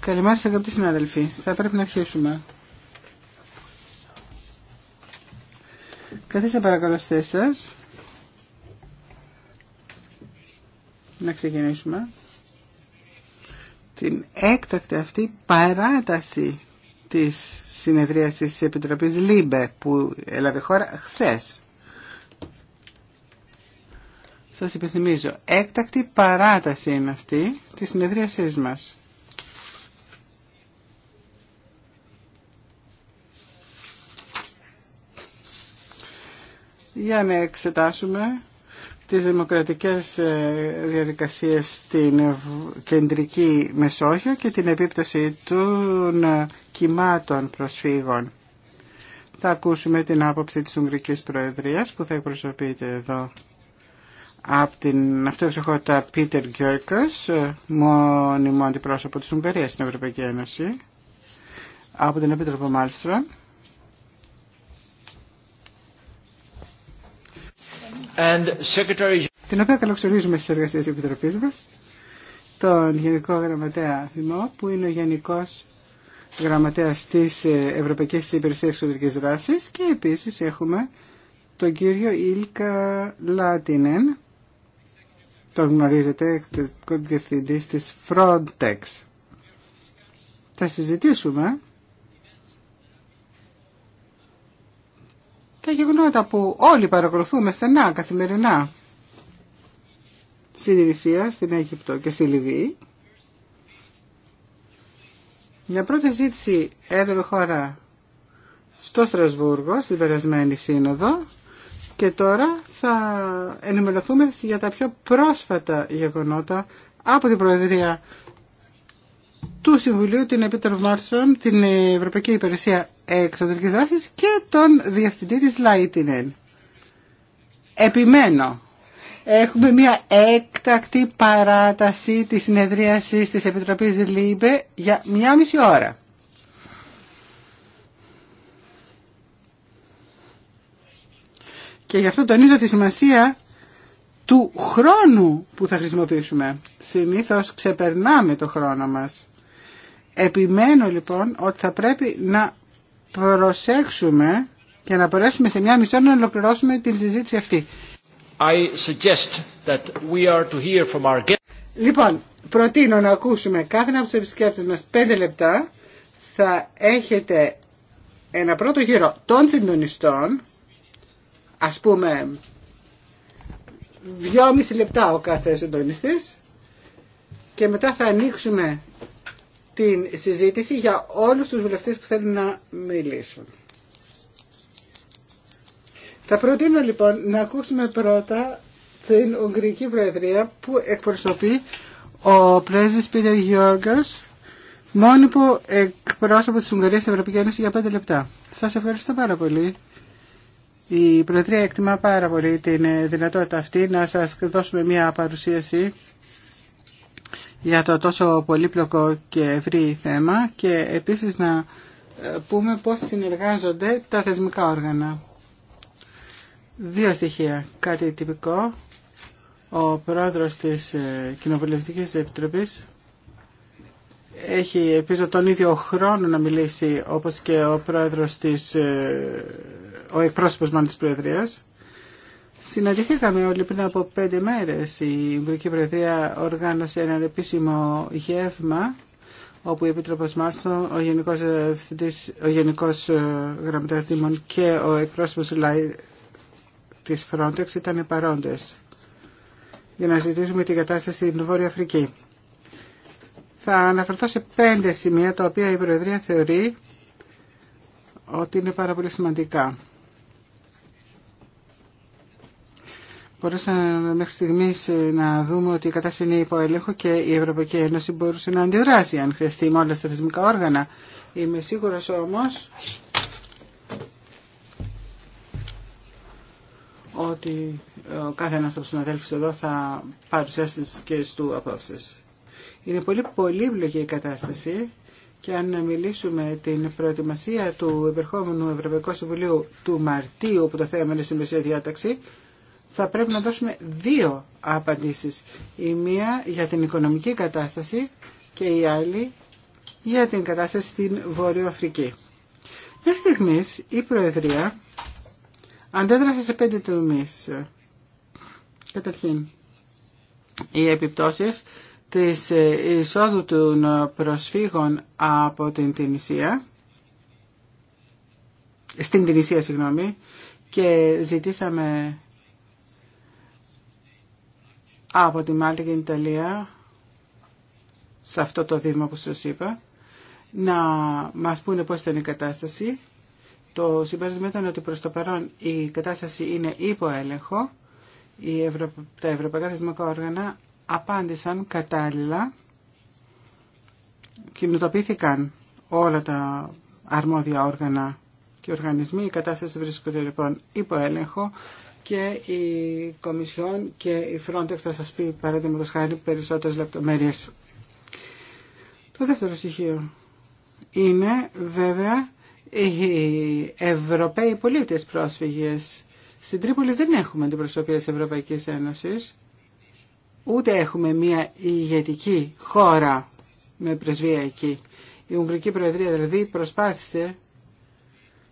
Καλημέρα σας αγαπητοί συνάδελφοι. Θα πρέπει να αρχίσουμε. Καθίστε παρακαλώ στές σας. Να ξεκινήσουμε. Την έκτακτη αυτή παράταση της συνεδρίασης της Επιτροπής ΛΥΜΠΕ που έλαβε χώρα χθες. Σας υπενθυμίζω, έκτακτη παράταση είναι αυτή της συνεδρίασής μας. Για να εξετάσουμε τις δημοκρατικές ε, διαδικασίες στην κεντρική Μεσόγειο και την επίπτωση των ε, κυμάτων προσφύγων. Θα ακούσουμε την άποψη της Ουγγρικής Προεδρίας που θα εκπροσωπείται εδώ από την αυτοεξοχότητα Πίτερ Γκέρκας, ε, μόνιμο αντιπρόσωπο της Ουγγαρίας στην Ευρωπαϊκή Ένωση, από την Επίτροπο Μάλστρα. Την οποία καλοξορίζουμε στις εργασίες της Επιτροπής μας, τον Γενικό Γραμματέα Δημό, που είναι ο Γενικός Γραμματέας της ε, Ευρωπαϊκής Υπηρεσίας Εξωτερικής Δράσης και επίσης έχουμε τον κύριο Ήλκα Λάτινεν, τον γνωρίζετε, εκτελεστικό διευθυντή της Frontex. Θα συζητήσουμε τα γεγονότα που όλοι παρακολουθούμε στενά, καθημερινά, στην Ιρυσία, στην Αίγυπτο και στη Λιβύη. Μια πρώτη ζήτηση έλαβε χώρα στο Στρασβούργο, στην περασμένη σύνοδο, και τώρα θα ενημερωθούμε για τα πιο πρόσφατα γεγονότα από την Προεδρία του Συμβουλίου, την Επίτροπη Μάρσον, την Ευρωπαϊκή Υπηρεσία Εξωτερικής Δράσης και τον Διευθυντή της Λαϊτινέν. Επιμένω. Έχουμε μια έκτακτη παράταση της συνεδρίασης της Επιτροπής ΛΥΜΠΕ για μια μισή ώρα. Και γι' αυτό τονίζω τη σημασία του χρόνου που θα χρησιμοποιήσουμε. Συνήθως ξεπερνάμε το χρόνο μας. Επιμένω λοιπόν ότι θα πρέπει να προσέξουμε και να μπορέσουμε σε μια μισή να ολοκληρώσουμε την συζήτηση αυτή. I suggest that we are to hear from our Λοιπόν, προτείνω να ακούσουμε κάθε ένα από τους επισκέπτες μας πέντε λεπτά. Θα έχετε ένα πρώτο γύρο των συντονιστών ας πούμε δυόμιση λεπτά ο κάθε συντονιστής και μετά θα ανοίξουμε την συζήτηση για όλους τους βουλευτές που θέλουν να μιλήσουν. Θα προτείνω λοιπόν να ακούσουμε πρώτα την Ουγγρική Προεδρία που εκπροσωπεί ο πρέσβης Πίτερ Γιώργος, που εκπρόσωπο της Ουγγαρίας στην Ευρωπαϊκή Ένωση για πέντε λεπτά. Σας ευχαριστώ πάρα πολύ. Η Προεδρία εκτιμά πάρα πολύ την ε, δυνατότητα αυτή να σας δώσουμε μια παρουσίαση για το τόσο πολύπλοκο και ευρύ θέμα και επίσης να ε, πούμε πώς συνεργάζονται τα θεσμικά όργανα. Δύο στοιχεία. Κάτι τυπικό. Ο πρόεδρος της ε, Κοινοβουλευτικής Επιτροπής έχει επίσης τον ίδιο χρόνο να μιλήσει όπως και ο πρόεδρος της ο εκπρόσωπος μάλλον της Προεδρίας. Συναντηθήκαμε όλοι πριν από πέντε μέρες. Η Ουγγρική Προεδρία οργάνωσε ένα επίσημο γεύμα όπου η Επίτροπος Μάρστον, ο Γενικός, Ευθυντής, Γενικός ε, Γραμματέας Δήμων και ο εκπρόσωπος Λαϊ της Frontex ήταν παρόντες για να συζητήσουμε την κατάσταση στην Βόρεια Αφρική. Θα αναφερθώ σε πέντε σημεία τα οποία η Προεδρία θεωρεί ότι είναι πάρα πολύ σημαντικά. μπορούσαμε μέχρι στιγμή ε, να δούμε ότι η κατάσταση είναι υπό έλεγχο και η Ευρωπαϊκή Ένωση μπορούσε να αντιδράσει αν χρειαστεί με όλα τα θεσμικά όργανα. Είμαι σίγουρο όμω ότι ε, ο κάθε ένα από του συναδέλφου εδώ θα παρουσιάσει τι δικέ του απόψει. Είναι πολύ πολύπλοκη η κατάσταση και αν μιλήσουμε την προετοιμασία του επερχόμενου Ευρωπαϊκού Συμβουλίου του Μαρτίου που το θέμα είναι στην Διάταξη, θα πρέπει να δώσουμε δύο απαντήσεις. Η μία για την οικονομική κατάσταση και η άλλη για την κατάσταση στην Βόρειο Αφρική. Μέχρι στιγμή η Προεδρία αντέδρασε σε πέντε τομείς. Καταρχήν, οι επιπτώσεις της ε, εισόδου των προσφύγων από την Τινησία, στην Τινησία συγγνώμη, και ζητήσαμε από τη Μάλτα και την Ιταλία σε αυτό το δείγμα που σας είπα να μας πούνε πώς ήταν η κατάσταση. Το συμπέρασμα ήταν ότι προς το παρόν η κατάσταση είναι υπό έλεγχο. Τα ευρωπαϊκά θεσμικά όργανα απάντησαν κατάλληλα. Κινητοποιήθηκαν όλα τα αρμόδια όργανα και οργανισμοί. Η κατάσταση βρίσκεται λοιπόν υπό έλεγχο και η Κομισιόν και η Frontex θα σας πει παραδείγματος χάρη περισσότερες λεπτομέρειες. Το δεύτερο στοιχείο είναι βέβαια οι Ευρωπαίοι πολίτες πρόσφυγες. Στην Τρίπολη δεν έχουμε την προσωπία της Ευρωπαϊκής Ένωσης, ούτε έχουμε μια ηγετική χώρα με πρεσβεία εκεί. Η Ουγγρική Προεδρία δηλαδή προσπάθησε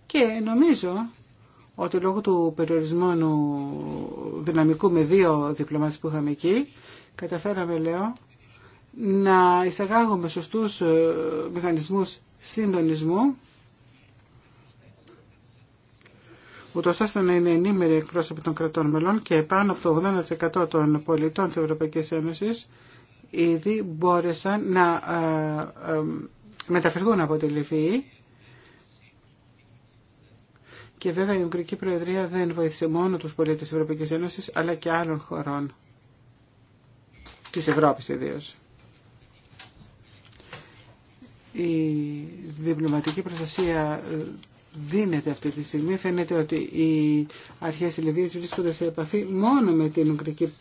και νομίζω ότι λόγω του περιορισμένου δυναμικού με δύο διπλωμάτες που είχαμε εκεί, καταφέραμε, λέω, να εισαγάγουμε σωστούς ε, μηχανισμούς συντονισμού, ούτως ώστε να είναι ενήμεροι εκπρόσωποι των κρατών μελών και πάνω από το 80% των πολιτών της Ευρωπαϊκής Ένωσης ήδη μπόρεσαν να ε, ε, μεταφερθούν από τη Λιβύη και βέβαια η Ουγγρική Προεδρία δεν βοήθησε μόνο τους πολίτες της Ευρωπαϊκής Ένωσης, αλλά και άλλων χωρών. Της Ευρώπης ιδίω. Η διπλωματική προστασία ε, δίνεται αυτή τη στιγμή. Φαίνεται ότι οι αρχές της Λιβύης βρίσκονται σε επαφή μόνο με την Ουγγρική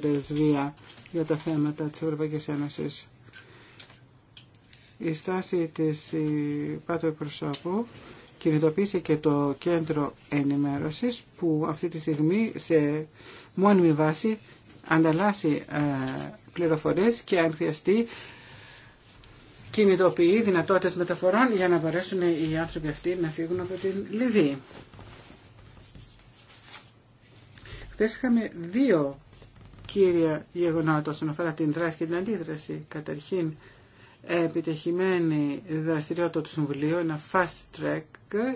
Πρεσβεία για τα θέματα της Ευρωπαϊκής Ένωσης. Η στάση της πάτου εκπροσώπου κινητοποίησε και το κέντρο ενημέρωσης που αυτή τη στιγμή σε μόνιμη βάση ανταλλάσσει ε, πληροφορίες και αν χρειαστεί κινητοποιεί δυνατότητες μεταφορών για να μπορέσουν οι άνθρωποι αυτοί να φύγουν από την Λιβύη. Χθες είχαμε δύο κύρια γεγονότα όσον αφορά την δράση και την αντίδραση. Καταρχήν επιτυχημένη δραστηριότητα του Συμβουλίου, ένα fast track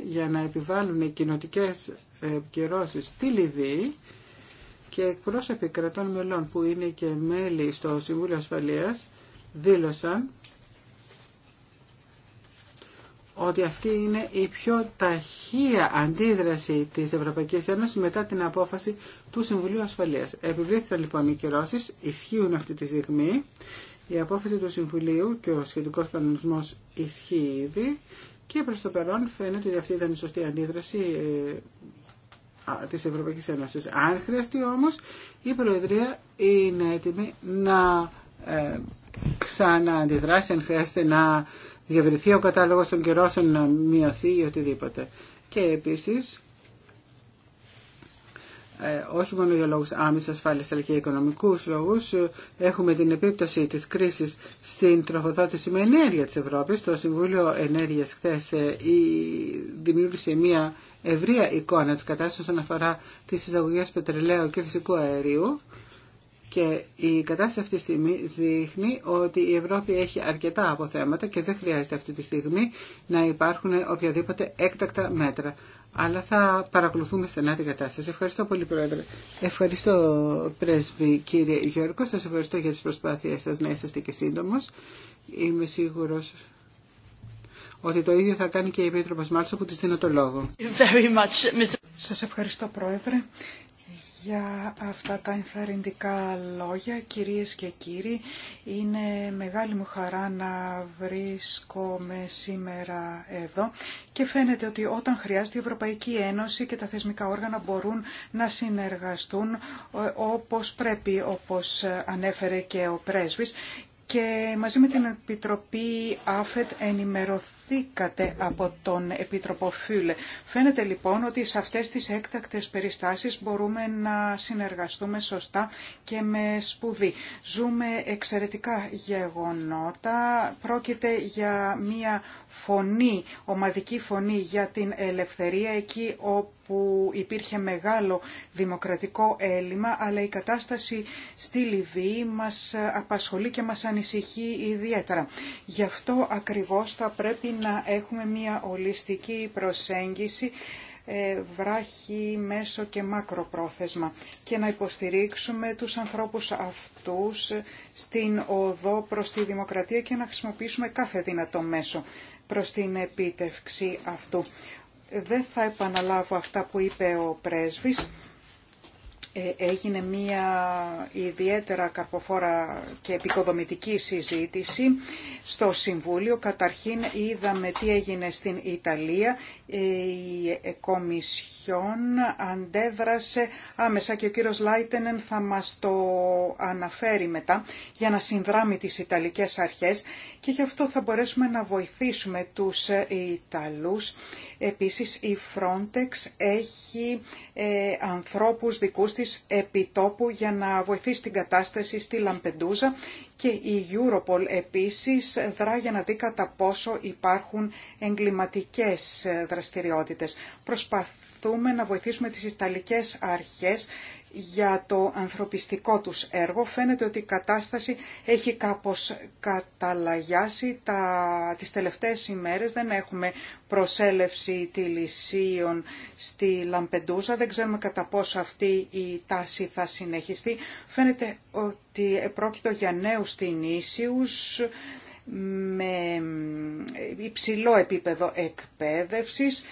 για να επιβάλλουν οι κοινοτικέ επικυρώσεις στη Λιβύη και εκπρόσωποι κρατών μελών που είναι και μέλη στο Συμβούλιο Ασφαλείας δήλωσαν ότι αυτή είναι η πιο ταχεία αντίδραση της Ευρωπαϊκής Ένωσης μετά την απόφαση του Συμβουλίου Ασφαλείας. Επιβλήθησαν λοιπόν οι κυρώσεις, ισχύουν αυτή τη στιγμή η απόφαση του Συμβουλίου και ο σχετικός κανονισμός ισχύει ήδη και προς το παρόν φαίνεται ότι αυτή ήταν η σωστή αντίδραση ε, της Ευρωπαϊκής Ένωσης. Αν χρειαστεί όμως, η Προεδρία είναι έτοιμη να ε, ξανααντιδράσει, αν χρειάζεται να διαβριθεί ο κατάλογος των καιρώσεων, να μειωθεί ή οτιδήποτε. Και επίσης, ε, όχι μόνο για λόγους άμεσης ασφάλειας αλλά και οικονομικούς λόγους έχουμε την επίπτωση της κρίσης στην τροφοδότηση με ενέργεια της Ευρώπης. Το Συμβούλιο Ενέργειας χθες ε, δημιούργησε μια ευρεία εικόνα της κατάστασης όσον αφορά τις εισαγωγές πετρελαίου και φυσικού αερίου και η κατάσταση αυτή τη στιγμή δείχνει ότι η Ευρώπη έχει αρκετά αποθέματα και δεν χρειάζεται αυτή τη στιγμή να υπάρχουν οποιαδήποτε έκτακτα μέτρα αλλά θα παρακολουθούμε στενά την κατάσταση. Ευχαριστώ πολύ, Πρόεδρε. Ευχαριστώ, Πρέσβη, κύριε Γιώργο. Σας ευχαριστώ για τις προσπάθειές σας να είσαστε και σύντομος. Είμαι σίγουρος ότι το ίδιο θα κάνει και η Επίτροπος Μάρτσο που της δίνω το λόγο. Very Σας ευχαριστώ, Πρόεδρε για αυτά τα ενθαρρυντικά λόγια. Κυρίες και κύριοι, είναι μεγάλη μου χαρά να βρίσκομαι σήμερα εδώ και φαίνεται ότι όταν χρειάζεται η Ευρωπαϊκή Ένωση και τα θεσμικά όργανα μπορούν να συνεργαστούν ε, όπως πρέπει, όπως ανέφερε και ο πρέσβης και μαζί με την Επιτροπή ΑΦΕΤ ενημερωθεί από τον Επίτροπο Φιούλε. Φαίνεται λοιπόν ότι σε αυτές τις έκτακτες περιστάσεις μπορούμε να συνεργαστούμε σωστά και με σπουδή. Ζούμε εξαιρετικά γεγονότα. Πρόκειται για μία φωνή, ομαδική φωνή για την ελευθερία εκεί όπου υπήρχε μεγάλο δημοκρατικό έλλειμμα, αλλά η κατάσταση στη Λιβύη μας απασχολεί και μας ανησυχεί ιδιαίτερα. Γι' αυτό ακριβώς θα πρέπει να έχουμε μια ολιστική προσέγγιση ε, βράχη, μέσο και μακροπρόθεσμα και να υποστηρίξουμε τους ανθρώπους αυτούς στην οδό προς τη δημοκρατία και να χρησιμοποιήσουμε κάθε δυνατό μέσο προς την επίτευξη αυτού. Δεν θα επαναλάβω αυτά που είπε ο πρέσβης ε, έγινε μία ιδιαίτερα καρποφόρα και επικοδομητική συζήτηση στο Συμβούλιο. Καταρχήν είδαμε τι έγινε στην Ιταλία. Ε, η Κομισιόν αντέδρασε άμεσα και ο κύριος Λάιτενεν θα μας το αναφέρει μετά για να συνδράμει τις Ιταλικές αρχές και γι' αυτό θα μπορέσουμε να βοηθήσουμε τους Ιταλούς Επίσης η Frontex έχει ε, ανθρώπους δικούς της επιτόπου για να βοηθήσει την κατάσταση στη Λαμπεντούζα και η Europol επίσης δρά για να δει κατά πόσο υπάρχουν εγκληματικές δραστηριότητες. Προσπαθούμε να βοηθήσουμε τις Ιταλικές αρχές για το ανθρωπιστικό τους έργο. Φαίνεται ότι η κατάσταση έχει κάπως καταλαγιάσει τα... τις τελευταίες ημέρες. Δεν έχουμε προσέλευση τηλησίων στη Λαμπεντούζα. Δεν ξέρουμε κατά πόσο αυτή η τάση θα συνεχιστεί. Φαίνεται ότι πρόκειται για νέους τινήσιους με υψηλό επίπεδο εκπαίδευσης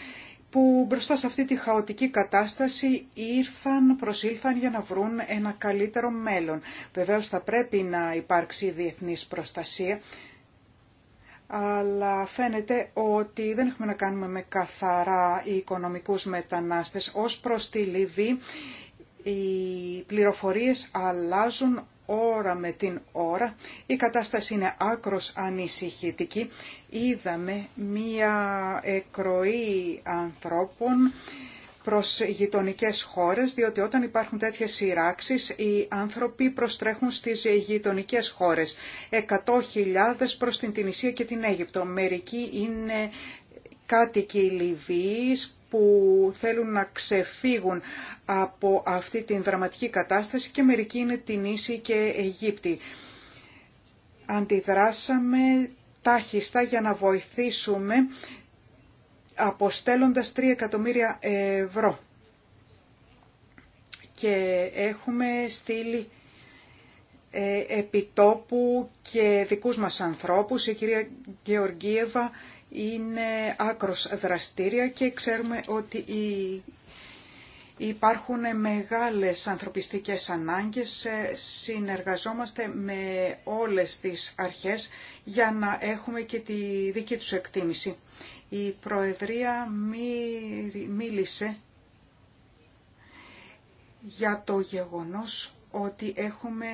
που μπροστά σε αυτή τη χαοτική κατάσταση ήρθαν, προσήλθαν για να βρουν ένα καλύτερο μέλλον. Βεβαίως θα πρέπει να υπάρξει διεθνής προστασία, αλλά φαίνεται ότι δεν έχουμε να κάνουμε με καθαρά οι οικονομικούς μετανάστες. Ως προς τη Λιβύη οι πληροφορίες αλλάζουν ώρα με την ώρα. Η κατάσταση είναι άκρος ανησυχητική. Είδαμε μία εκροή ανθρώπων προς γειτονικές χώρες, διότι όταν υπάρχουν τέτοιες σειράξεις, οι άνθρωποι προστρέχουν στις γειτονικές χώρες. χιλιάδες προς την Τινησία και την Αίγυπτο. Μερικοί είναι κάτοικοι Λιβύης που θέλουν να ξεφύγουν από αυτή την δραματική κατάσταση και μερικοί είναι την και Αιγύπτιοι. Αντιδράσαμε τάχιστα για να βοηθήσουμε αποστέλλοντας 3 εκατομμύρια ευρώ. Και έχουμε στείλει ε, επιτόπου και δικούς μας ανθρώπους, η κυρία Γεωργίεβα είναι άκρος δραστήρια και ξέρουμε ότι η Υπάρχουν μεγάλες ανθρωπιστικές ανάγκες, ε, συνεργαζόμαστε με όλες τις αρχές για να έχουμε και τη δική τους εκτίμηση. Η Προεδρία μίλησε για το γεγονός ότι έχουμε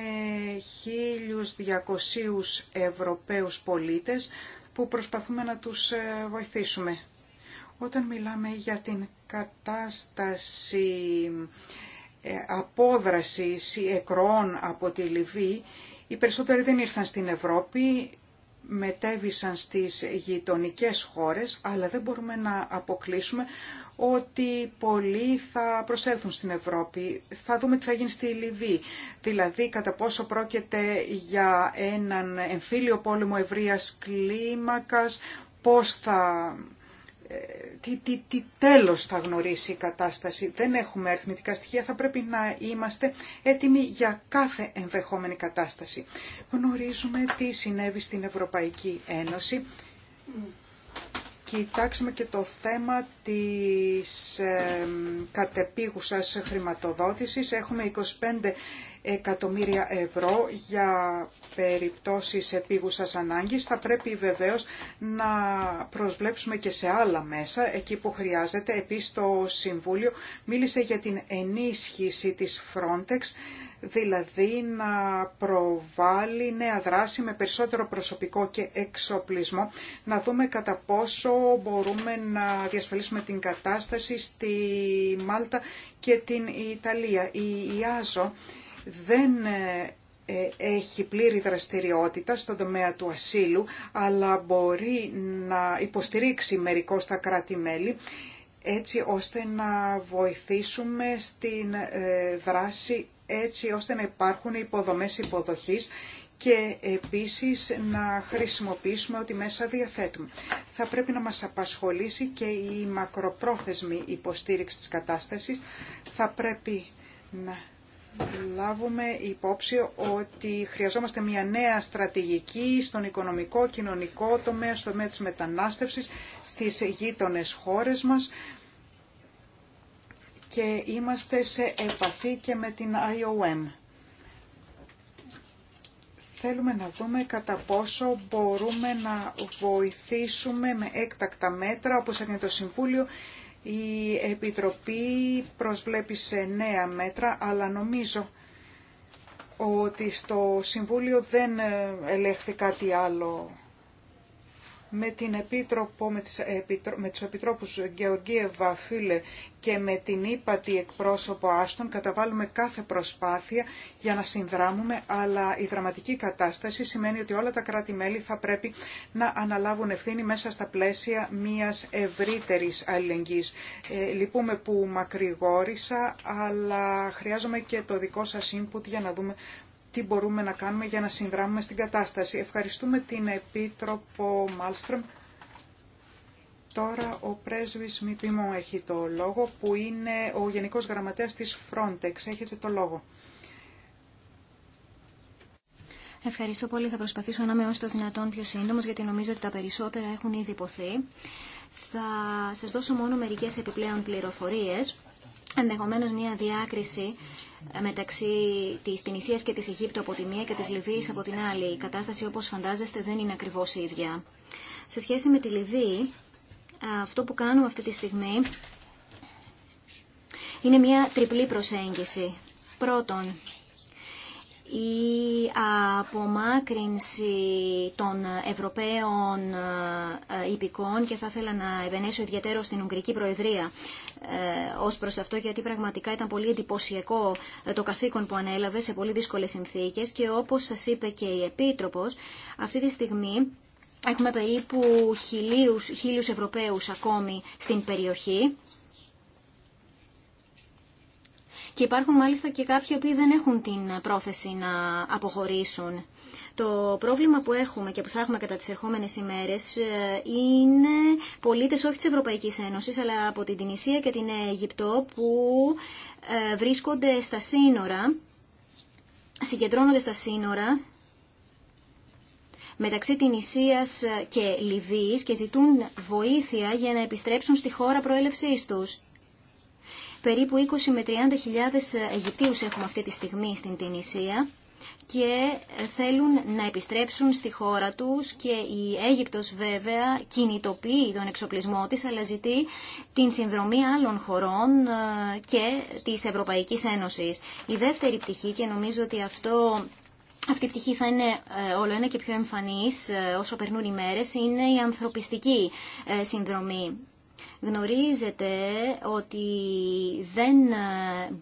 1.200 Ευρωπαίους πολίτες που προσπαθούμε να τους ε, βοηθήσουμε. Όταν μιλάμε για την κατάσταση ε, απόδρασης εκροών από τη Λιβύη, οι περισσότεροι δεν ήρθαν στην Ευρώπη, μετέβησαν στις γειτονικές χώρες, αλλά δεν μπορούμε να αποκλείσουμε ότι πολλοί θα προσέλθουν στην Ευρώπη. Θα δούμε τι θα γίνει στη Λιβύη. Δηλαδή, κατά πόσο πρόκειται για έναν εμφύλιο πόλεμο ευρεία κλίμακας, πώς θα... Ε, τι, τι, τι τέλος θα γνωρίσει η κατάσταση. Δεν έχουμε αριθμητικά στοιχεία, θα πρέπει να είμαστε έτοιμοι για κάθε ενδεχόμενη κατάσταση. Γνωρίζουμε τι συνέβη στην Ευρωπαϊκή Ένωση κοιτάξουμε και το θέμα της ε, κατεπίγουσας χρηματοδότησης. Έχουμε 25 εκατομμύρια ευρώ για περιπτώσεις επίγουσας ανάγκης. Θα πρέπει βεβαίως να προσβλέψουμε και σε άλλα μέσα, εκεί που χρειάζεται. Επίσης το Συμβούλιο μίλησε για την ενίσχυση της Frontex δηλαδή να προβάλλει νέα δράση με περισσότερο προσωπικό και εξοπλισμό, να δούμε κατά πόσο μπορούμε να διασφαλίσουμε την κατάσταση στη Μάλτα και την Ιταλία. Η ΙΑΖΟ δεν ε, έχει πλήρη δραστηριότητα στον τομέα του ασύλου, αλλά μπορεί να υποστηρίξει μερικώς τα κράτη-μέλη, έτσι ώστε να βοηθήσουμε στην ε, δράση έτσι ώστε να υπάρχουν υποδομές υποδοχής και επίσης να χρησιμοποιήσουμε ό,τι μέσα διαθέτουμε. Θα πρέπει να μας απασχολήσει και η μακροπρόθεσμη υποστήριξη της κατάστασης. Θα πρέπει να λάβουμε υπόψη ότι χρειαζόμαστε μια νέα στρατηγική στον οικονομικό, κοινωνικό τομέα, στο τομέα της μετανάστευσης, στις γείτονες χώρες μας και είμαστε σε επαφή και με την IOM. Θέλουμε να δούμε κατά πόσο μπορούμε να βοηθήσουμε με έκτακτα μέτρα, όπως έγινε το Συμβούλιο, η Επιτροπή προσβλέπει σε νέα μέτρα, αλλά νομίζω ότι στο Συμβούλιο δεν ε, ελέγχθη κάτι άλλο με, την Επίτροπο, με, με τους Επιτρόπους Γεωργίευα Φίλε και με την ύπατη εκπρόσωπο Άστον καταβάλουμε κάθε προσπάθεια για να συνδράμουμε, αλλά η δραματική κατάσταση σημαίνει ότι όλα τα κράτη-μέλη θα πρέπει να αναλάβουν ευθύνη μέσα στα πλαίσια μιας ευρύτερης αλληλεγγύης. Ε, λυπούμε που μακρηγόρησα, αλλά χρειάζομαι και το δικό σας input για να δούμε τι μπορούμε να κάνουμε για να συνδράμουμε στην κατάσταση. Ευχαριστούμε την Επίτροπο Μάλστρομ. Τώρα ο πρέσβης Μητήμων έχει το λόγο, που είναι ο Γενικός Γραμματέας της Frontex. Έχετε το λόγο. Ευχαριστώ πολύ. Θα προσπαθήσω να είμαι όσο το δυνατόν πιο σύντομο, γιατί νομίζω ότι τα περισσότερα έχουν ήδη υποθεί. Θα σας δώσω μόνο μερικές επιπλέον πληροφορίες, Ενδεχομένω μια διάκριση μεταξύ της Τινησίας και της Αιγύπτου από τη μία και της Λιβύης από την άλλη. Η κατάσταση όπως φαντάζεστε δεν είναι ακριβώς ίδια. Σε σχέση με τη Λιβύη, αυτό που κάνουμε αυτή τη στιγμή είναι μια τριπλή προσέγγιση. Πρώτον, η απομάκρυνση των Ευρωπαίων ε, υπηκών και θα ήθελα να επενέσω ιδιαίτερο στην Ουγγρική Προεδρία ε, ως προς αυτό γιατί πραγματικά ήταν πολύ εντυπωσιακό ε, το καθήκον που ανέλαβε σε πολύ δύσκολες συνθήκες και όπως σας είπε και η Επίτροπος αυτή τη στιγμή έχουμε περίπου χιλίους, χίλιους Ευρωπαίους ακόμη στην περιοχή Και υπάρχουν μάλιστα και κάποιοι που δεν έχουν την πρόθεση να αποχωρήσουν. Το πρόβλημα που έχουμε και που θα έχουμε κατά τις ερχόμενες ημέρες ε, είναι πολίτες όχι της Ευρωπαϊκής Ένωσης αλλά από την Τινησία και την Αιγυπτό που ε, βρίσκονται στα σύνορα, συγκεντρώνονται στα σύνορα μεταξύ Τινησίας και Λιβύης και ζητούν βοήθεια για να επιστρέψουν στη χώρα προέλευσής τους. Περίπου 20 με 30 χιλιάδες ε, Αιγυπτίους έχουμε αυτή τη στιγμή στην Τινησία και ε, θέλουν να επιστρέψουν στη χώρα τους και η Αίγυπτος βέβαια κινητοποιεί τον εξοπλισμό της αλλά ζητεί την συνδρομή άλλων χωρών ε, και της Ευρωπαϊκής Ένωσης. Η δεύτερη πτυχή και νομίζω ότι αυτό αυτή η πτυχή θα είναι όλο ένα και πιο εμφανής όσο περνούν οι μέρες, είναι η ανθρωπιστική συνδρομή. Γνωρίζετε ότι δεν ε,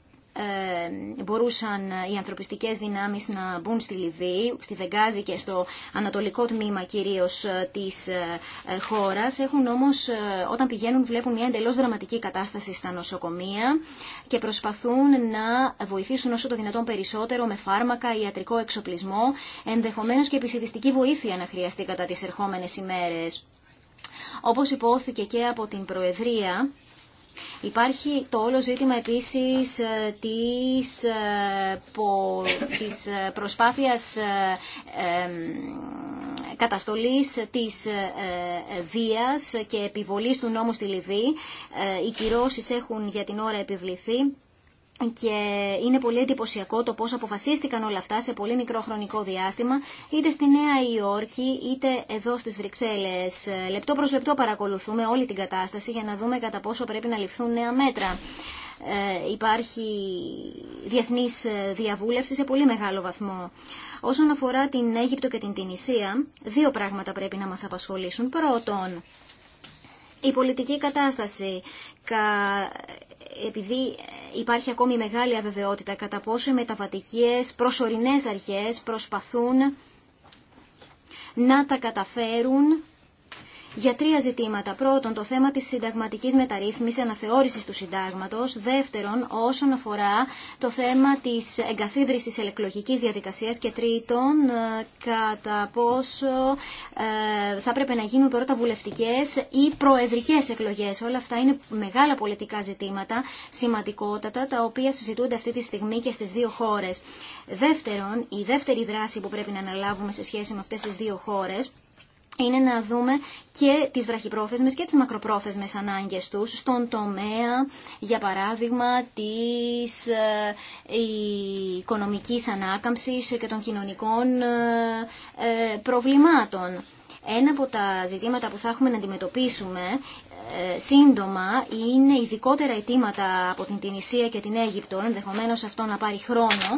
ε, μπορούσαν οι ανθρωπιστικές δυνάμεις να μπουν στη Λιβύη, στη Βεγγάζη και στο ανατολικό τμήμα κυρίως ε, της χώρας. Έχουν όμως, όταν πηγαίνουν βλέπουν μια εντελώς δραματική κατάσταση στα νοσοκομεία και προσπαθούν να βοηθήσουν όσο το δυνατόν περισσότερο με φάρμακα, ιατρικό εξοπλισμό, ενδεχομένως και επισητιστική βοήθεια να χρειαστεί κατά τις ερχόμενες ημέρες. Όπως υπόθηκε και από την Προεδρία, Υπάρχει το όλο ζήτημα επίσης ε, της, ε, της ε, προσπάθειας καταστολής της βίας και επιβολής του νόμου στη Λιβύη. Οι κυρώσεις έχουν για την ώρα επιβληθεί και είναι πολύ εντυπωσιακό το πώς αποφασίστηκαν όλα αυτά σε πολύ μικρό χρονικό διάστημα, είτε στη Νέα Υόρκη, είτε εδώ στις Βρυξέλλες. Λεπτό προς λεπτό παρακολουθούμε όλη την κατάσταση για να δούμε κατά πόσο πρέπει να ληφθούν νέα μέτρα. Ε, υπάρχει διεθνής ε, διαβούλευση σε πολύ μεγάλο βαθμό. Όσον αφορά την Αίγυπτο και την Τινησία, δύο πράγματα πρέπει να μας απασχολήσουν. Πρώτον, η πολιτική κατάσταση επειδή ε, υπάρχει ακόμη μεγάλη αβεβαιότητα κατά πόσο οι μεταβατικές προσωρινές αρχές προσπαθούν να τα καταφέρουν για τρία ζητήματα. Πρώτον, το θέμα τη συνταγματική μεταρρύθμισης, αναθεώρησης του συντάγματο. Δεύτερον, όσον αφορά το θέμα τη εγκαθίδρυσης ελεκλογική διαδικασία Και τρίτον, ε, κατά πόσο ε, θα πρέπει να γίνουν πρώτα βουλευτικέ ή προεδρικέ εκλογέ. Όλα αυτά είναι μεγάλα πολιτικά ζητήματα, σημαντικότατα, τα οποία συζητούνται αυτή τη στιγμή και στι δύο χώρε. Δεύτερον, η δεύτερη δράση που πρέπει να αναλάβουμε σε σχέση με αυτέ τι δύο χώρε είναι να δούμε και τις βραχυπρόθεσμες και τις μακροπρόθεσμες ανάγκες τους στον τομέα, για παράδειγμα, της ε, οικονομικής ανάκαμψης και των κοινωνικών ε, ε, προβλημάτων. Ένα από τα ζητήματα που θα έχουμε να αντιμετωπίσουμε σύντομα είναι ειδικότερα αιτήματα από την Τινησία και την Αίγυπτο, ενδεχομένως αυτό να πάρει χρόνο,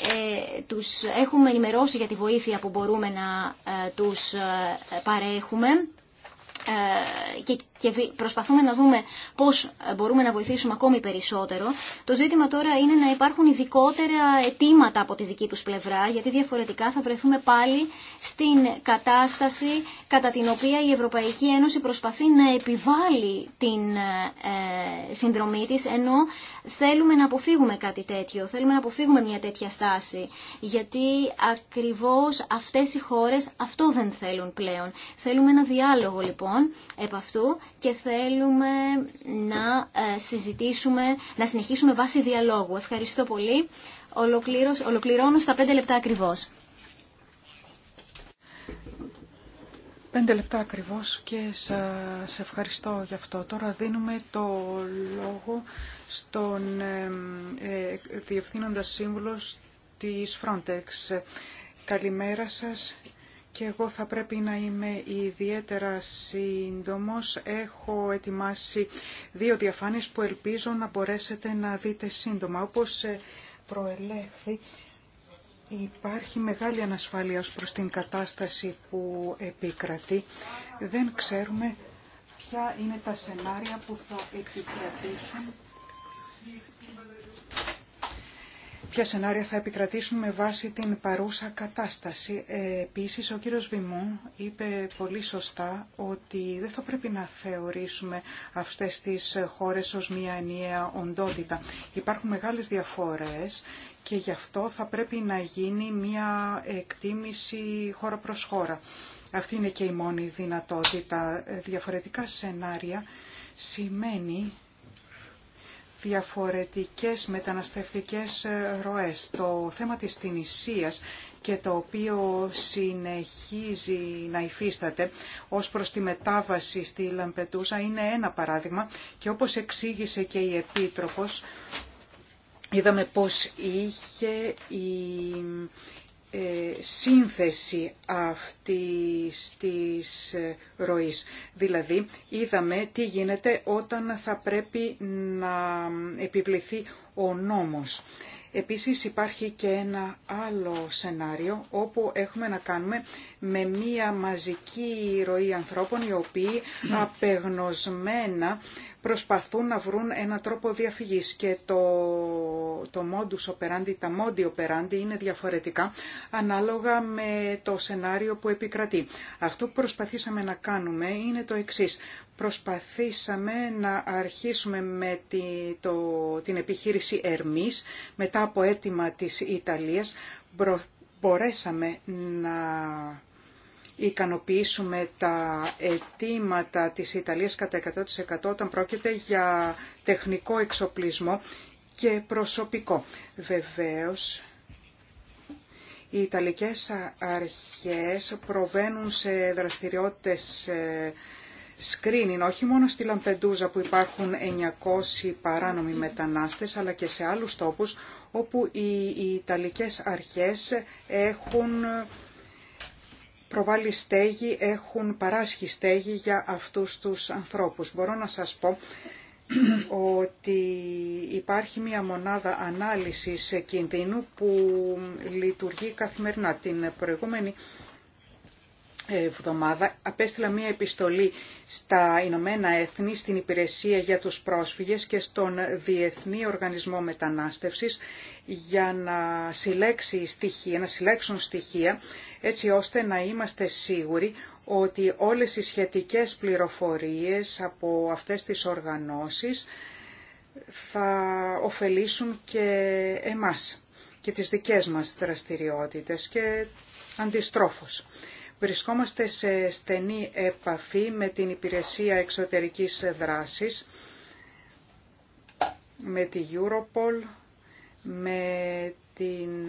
ε, τους έχουμε ενημερώσει για τη βοήθεια που μπορούμε να ε, τους ε, παρέχουμε και και προσπαθούμε να δούμε πώς ε, μπορούμε να βοηθήσουμε ακόμη περισσότερο. Το ζήτημα τώρα είναι να υπάρχουν ειδικότερα αιτήματα από τη δική τους πλευρά, γιατί διαφορετικά θα βρεθούμε πάλι στην κατάσταση κατά την οποία η Ευρωπαϊκή Ένωση προσπαθεί να επιβάλλει την ε, ε, συνδρομή της, ενώ θέλουμε να αποφύγουμε κάτι τέτοιο, θέλουμε να αποφύγουμε μια τέτοια στάση, γιατί ακριβώς αυτές οι χώρες αυτό δεν θέλουν πλέον. Θέλουμε ένα διάλογο λοιπόν επ' αυτού και θέλουμε να ε, συζητήσουμε, να συνεχίσουμε βάση διαλόγου. Ευχαριστώ πολύ. Ολοκληρώνω στα πέντε λεπτά ακριβώς. Πέντε λεπτά ακριβώς και σας ευχαριστώ γι' αυτό. Τώρα δίνουμε το λόγο στον ε, διευθύνοντα σύμβουλο της Frontex. Καλημέρα σας και εγώ θα πρέπει να είμαι ιδιαίτερα σύντομος. Έχω ετοιμάσει δύο διαφάνειες που ελπίζω να μπορέσετε να δείτε σύντομα. Όπως ε, προελέχθη, υπάρχει μεγάλη ανασφάλεια ως προς την κατάσταση που επικρατεί. Δεν ξέρουμε ποια είναι τα σενάρια που θα επικρατήσουν ποια σενάρια θα επικρατήσουν με βάση την παρούσα κατάσταση. Ε, επίσης, ο κύριος Βημού είπε πολύ σωστά ότι δεν θα πρέπει να θεωρήσουμε αυτές τις χώρες ως μια ενιαία οντότητα. Υπάρχουν μεγάλες διαφορές και γι' αυτό θα πρέπει να γίνει μια εκτίμηση χώρα προς χώρα. Αυτή είναι και η μόνη δυνατότητα. Ε, διαφορετικά σενάρια σημαίνει διαφορετικές μεταναστευτικές ε, ροές. Το θέμα της Τινησίας και το οποίο συνεχίζει να υφίσταται ως προς τη μετάβαση στη Λαμπετούσα είναι ένα παράδειγμα και όπως εξήγησε και η Επίτροπος είδαμε πως είχε η ε, σύνθεση αυτής της ε, ροής. Δηλαδή, είδαμε τι γίνεται όταν θα πρέπει να επιβληθεί ο νόμος. Επίσης υπάρχει και ένα άλλο σενάριο όπου έχουμε να κάνουμε με μία μαζική ροή ανθρώπων οι οποίοι απεγνωσμένα προσπαθούν να βρουν έναν τρόπο διαφυγής και το, το modus operandi, τα modi operandi είναι διαφορετικά ανάλογα με το σενάριο που επικρατεί. Αυτό που προσπαθήσαμε να κάνουμε είναι το εξής. Προσπαθήσαμε να αρχίσουμε με το, την επιχείρηση Ερμής μετά από αίτημα της Ιταλίας. Μπορέσαμε να ικανοποιήσουμε τα αιτήματα της Ιταλίας κατά 100% όταν πρόκειται για τεχνικό εξοπλισμό και προσωπικό. Βεβαίως, οι Ιταλικές αρχές προβαίνουν σε δραστηριότητες ε, screening, όχι μόνο στη Λαμπεντούζα που υπάρχουν 900 παράνομοι μετανάστες, αλλά και σε άλλους τόπους όπου οι Ιταλικές αρχές έχουν προβάλλει στέγη, έχουν παράσχει στέγη για αυτούς τους ανθρώπους. Μπορώ να σας πω ότι υπάρχει μια μονάδα ανάλυσης κινδύνου που λειτουργεί καθημερινά. Την προηγούμενη εβδομάδα απέστειλα μία επιστολή στα Ηνωμένα Έθνη στην Υπηρεσία για τους Πρόσφυγες και στον Διεθνή Οργανισμό Μετανάστευσης για να, συλλέξει στοιχεία, να συλλέξουν στοιχεία έτσι ώστε να είμαστε σίγουροι ότι όλες οι σχετικές πληροφορίες από αυτές τις οργανώσεις θα ωφελήσουν και εμάς και τις δικές μας δραστηριότητες και αντιστρόφως. Βρισκόμαστε σε στενή επαφή με την Υπηρεσία Εξωτερικής Δράσης, με τη Europol, με την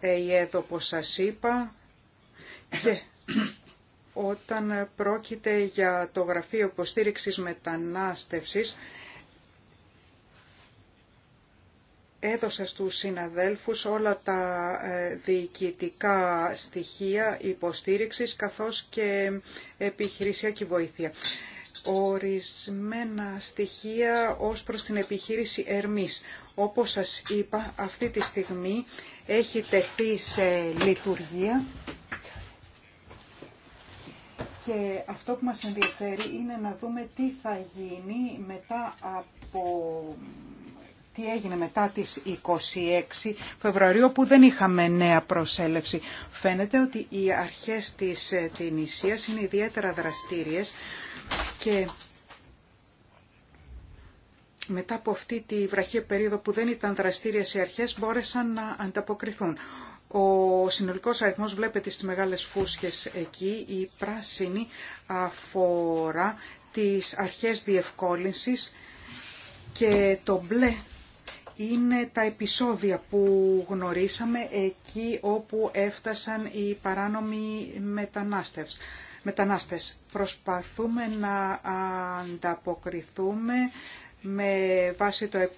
ΕΙΕΔ όπως σας είπα και όταν πρόκειται για το Γραφείο Υποστήριξης Μετανάστευσης έδωσα στους συναδέλφους όλα τα ε, διοικητικά στοιχεία υποστήριξης καθώς και επιχειρησιακή βοήθεια. Ορισμένα στοιχεία ως προς την επιχείρηση Ερμής. Όπως σας είπα, αυτή τη στιγμή έχει τεθεί σε λειτουργία και αυτό που μας ενδιαφέρει είναι να δούμε τι θα γίνει μετά από τι έγινε μετά τις 26 Φεβρουαρίου που δεν είχαμε νέα προσέλευση. Φαίνεται ότι οι αρχές της ε, Τινησίας είναι ιδιαίτερα δραστήριες και μετά από αυτή τη βραχή περίοδο που δεν ήταν δραστήριες οι αρχές μπόρεσαν να ανταποκριθούν. Ο συνολικός αριθμός βλέπετε στις μεγάλες φούσκες εκεί, η πράσινη αφορά τις αρχές διευκόλυνσης και το μπλε είναι τα επεισόδια που γνωρίσαμε εκεί όπου έφτασαν οι παράνομοι μετανάστευς. μετανάστες. Προσπαθούμε να ανταποκριθούμε με βάση το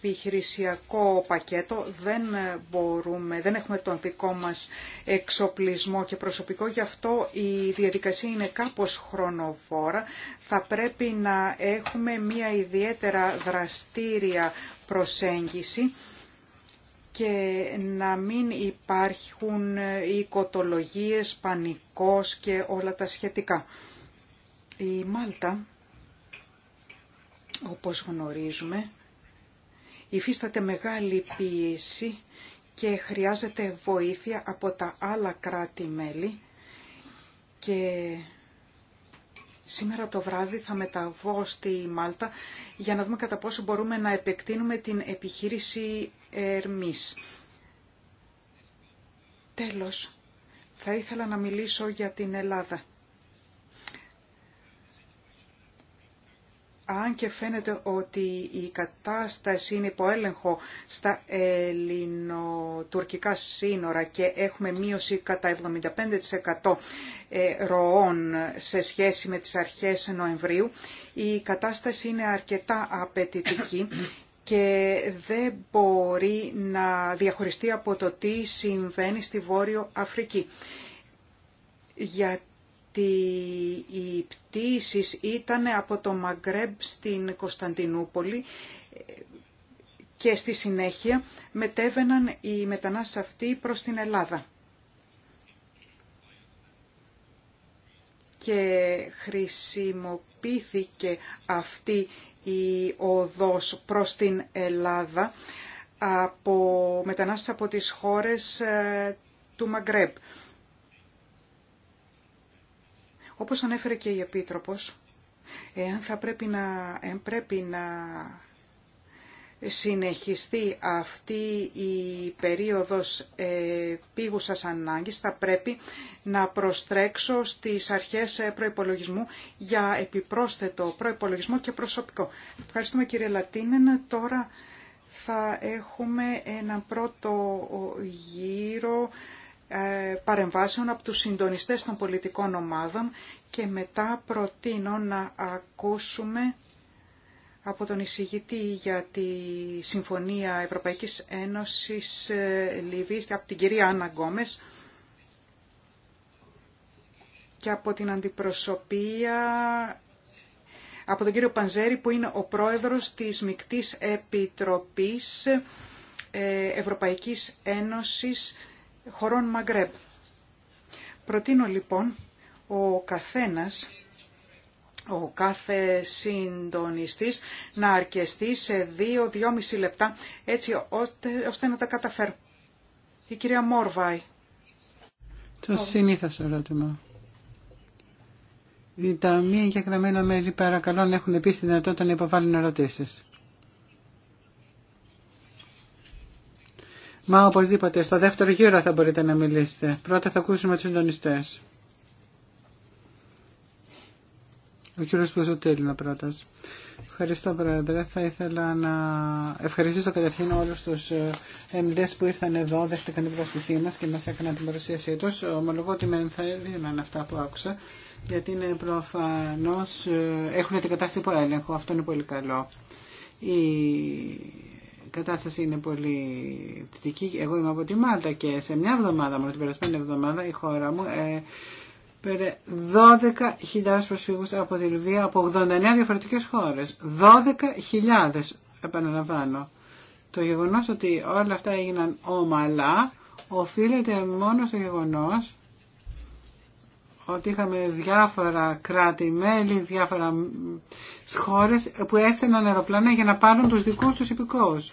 επιχειρησιακό πακέτο. Δεν μπορούμε, δεν έχουμε τον δικό μας εξοπλισμό και προσωπικό, γι' αυτό η διαδικασία είναι κάπως χρονοβόρα. Θα πρέπει να έχουμε μια ιδιαίτερα δραστήρια προσέγγιση και να μην υπάρχουν οικοτολογίες, πανικός και όλα τα σχετικά. Η Μάλτα, όπως γνωρίζουμε, υφίσταται μεγάλη πίεση και χρειάζεται βοήθεια από τα άλλα κράτη-μέλη και Σήμερα το βράδυ θα μεταβώ στη Μάλτα για να δούμε κατά πόσο μπορούμε να επεκτείνουμε την επιχείρηση Ερμής. Τέλος, θα ήθελα να μιλήσω για την Ελλάδα. αν και φαίνεται ότι η κατάσταση είναι υπό έλεγχο στα ελληνοτουρκικά σύνορα και έχουμε μείωση κατά 75% ε, ροών σε σχέση με τις αρχές Νοεμβρίου, η κατάσταση είναι αρκετά απαιτητική και δεν μπορεί να διαχωριστεί από το τι συμβαίνει στη Βόρειο Αφρική. Γιατί ότι οι πτήσεις ήταν από το Μαγκρέμπ στην Κωνσταντινούπολη και στη συνέχεια μετέβαιναν οι μετανάστες αυτοί προς την Ελλάδα. Και χρησιμοποιήθηκε αυτή η οδός προς την Ελλάδα από μετανάστες από τις χώρες ε, του Μαγκρέμπ. Όπως ανέφερε και η Επίτροπος, εάν θα πρέπει να, να συνεχιστεί αυτή η περίοδος ε, πήγουσας ανάγκης, θα πρέπει να προστρέξω στις αρχές προϋπολογισμού για επιπρόσθετο προϋπολογισμό και προσωπικό. Ευχαριστούμε κύριε Λατίνεν. Τώρα θα έχουμε ένα πρώτο γύρο ε, παρεμβάσεων από τους συντονιστές των πολιτικών ομάδων και μετά προτείνω να ακούσουμε από τον εισηγητή για τη Συμφωνία Ευρωπαϊκής Ένωσης ε, Λιβύης από την κυρία Άννα Γκόμες και από την αντιπροσωπεία από τον κύριο Πανζέρη που είναι ο πρόεδρος της Μικτής Επιτροπής ε, Ευρωπαϊκής Ένωσης χωρών Μαγκρέπ. Προτείνω λοιπόν ο καθένας, ο κάθε συντονιστής να αρκεστεί σε δύο 25 λεπτά έτσι ώστε να τα καταφέρω. Η κυρία Μόρβαϊ. Το συνήθως ερώτημα. Τα μία για μέλη παρακαλώ να έχουν επίσης δυνατότητα να υποβάλουν ερωτήσεις. Μα οπωσδήποτε, στο δεύτερο γύρο θα μπορείτε να μιλήσετε. Πρώτα θα ακούσουμε τους συντονιστές. Ο κύριος ο πρώτας. Ευχαριστώ Πρόεδρε. Θα ήθελα να ευχαριστήσω καταρχήν όλους τους MDs ε, που ήρθαν εδώ, δέχτηκαν την πρόσκλησή μας και μας έκαναν την παρουσίασή τους. Ομολογώ ότι με ενθαρρύναν αυτά που άκουσα, γιατί είναι προφανώς ε, έχουν την κατάσταση υπό έλεγχο. Αυτό είναι πολύ καλό. Η κατάσταση είναι πολύ θετική. Εγώ είμαι από τη Μάλτα και σε μια εβδομάδα, μόνο την περασμένη εβδομάδα, η χώρα μου ε, 12.000 προσφύγους από τη Λιβύα από 89 διαφορετικές χώρες. 12.000, επαναλαμβάνω. Το γεγονός ότι όλα αυτά έγιναν ομαλά οφείλεται μόνο στο γεγονός ότι είχαμε διάφορα κράτη-μέλη, διάφορα χώρες που έστεναν αεροπλάνα για να πάρουν τους δικούς τους υπηκόους.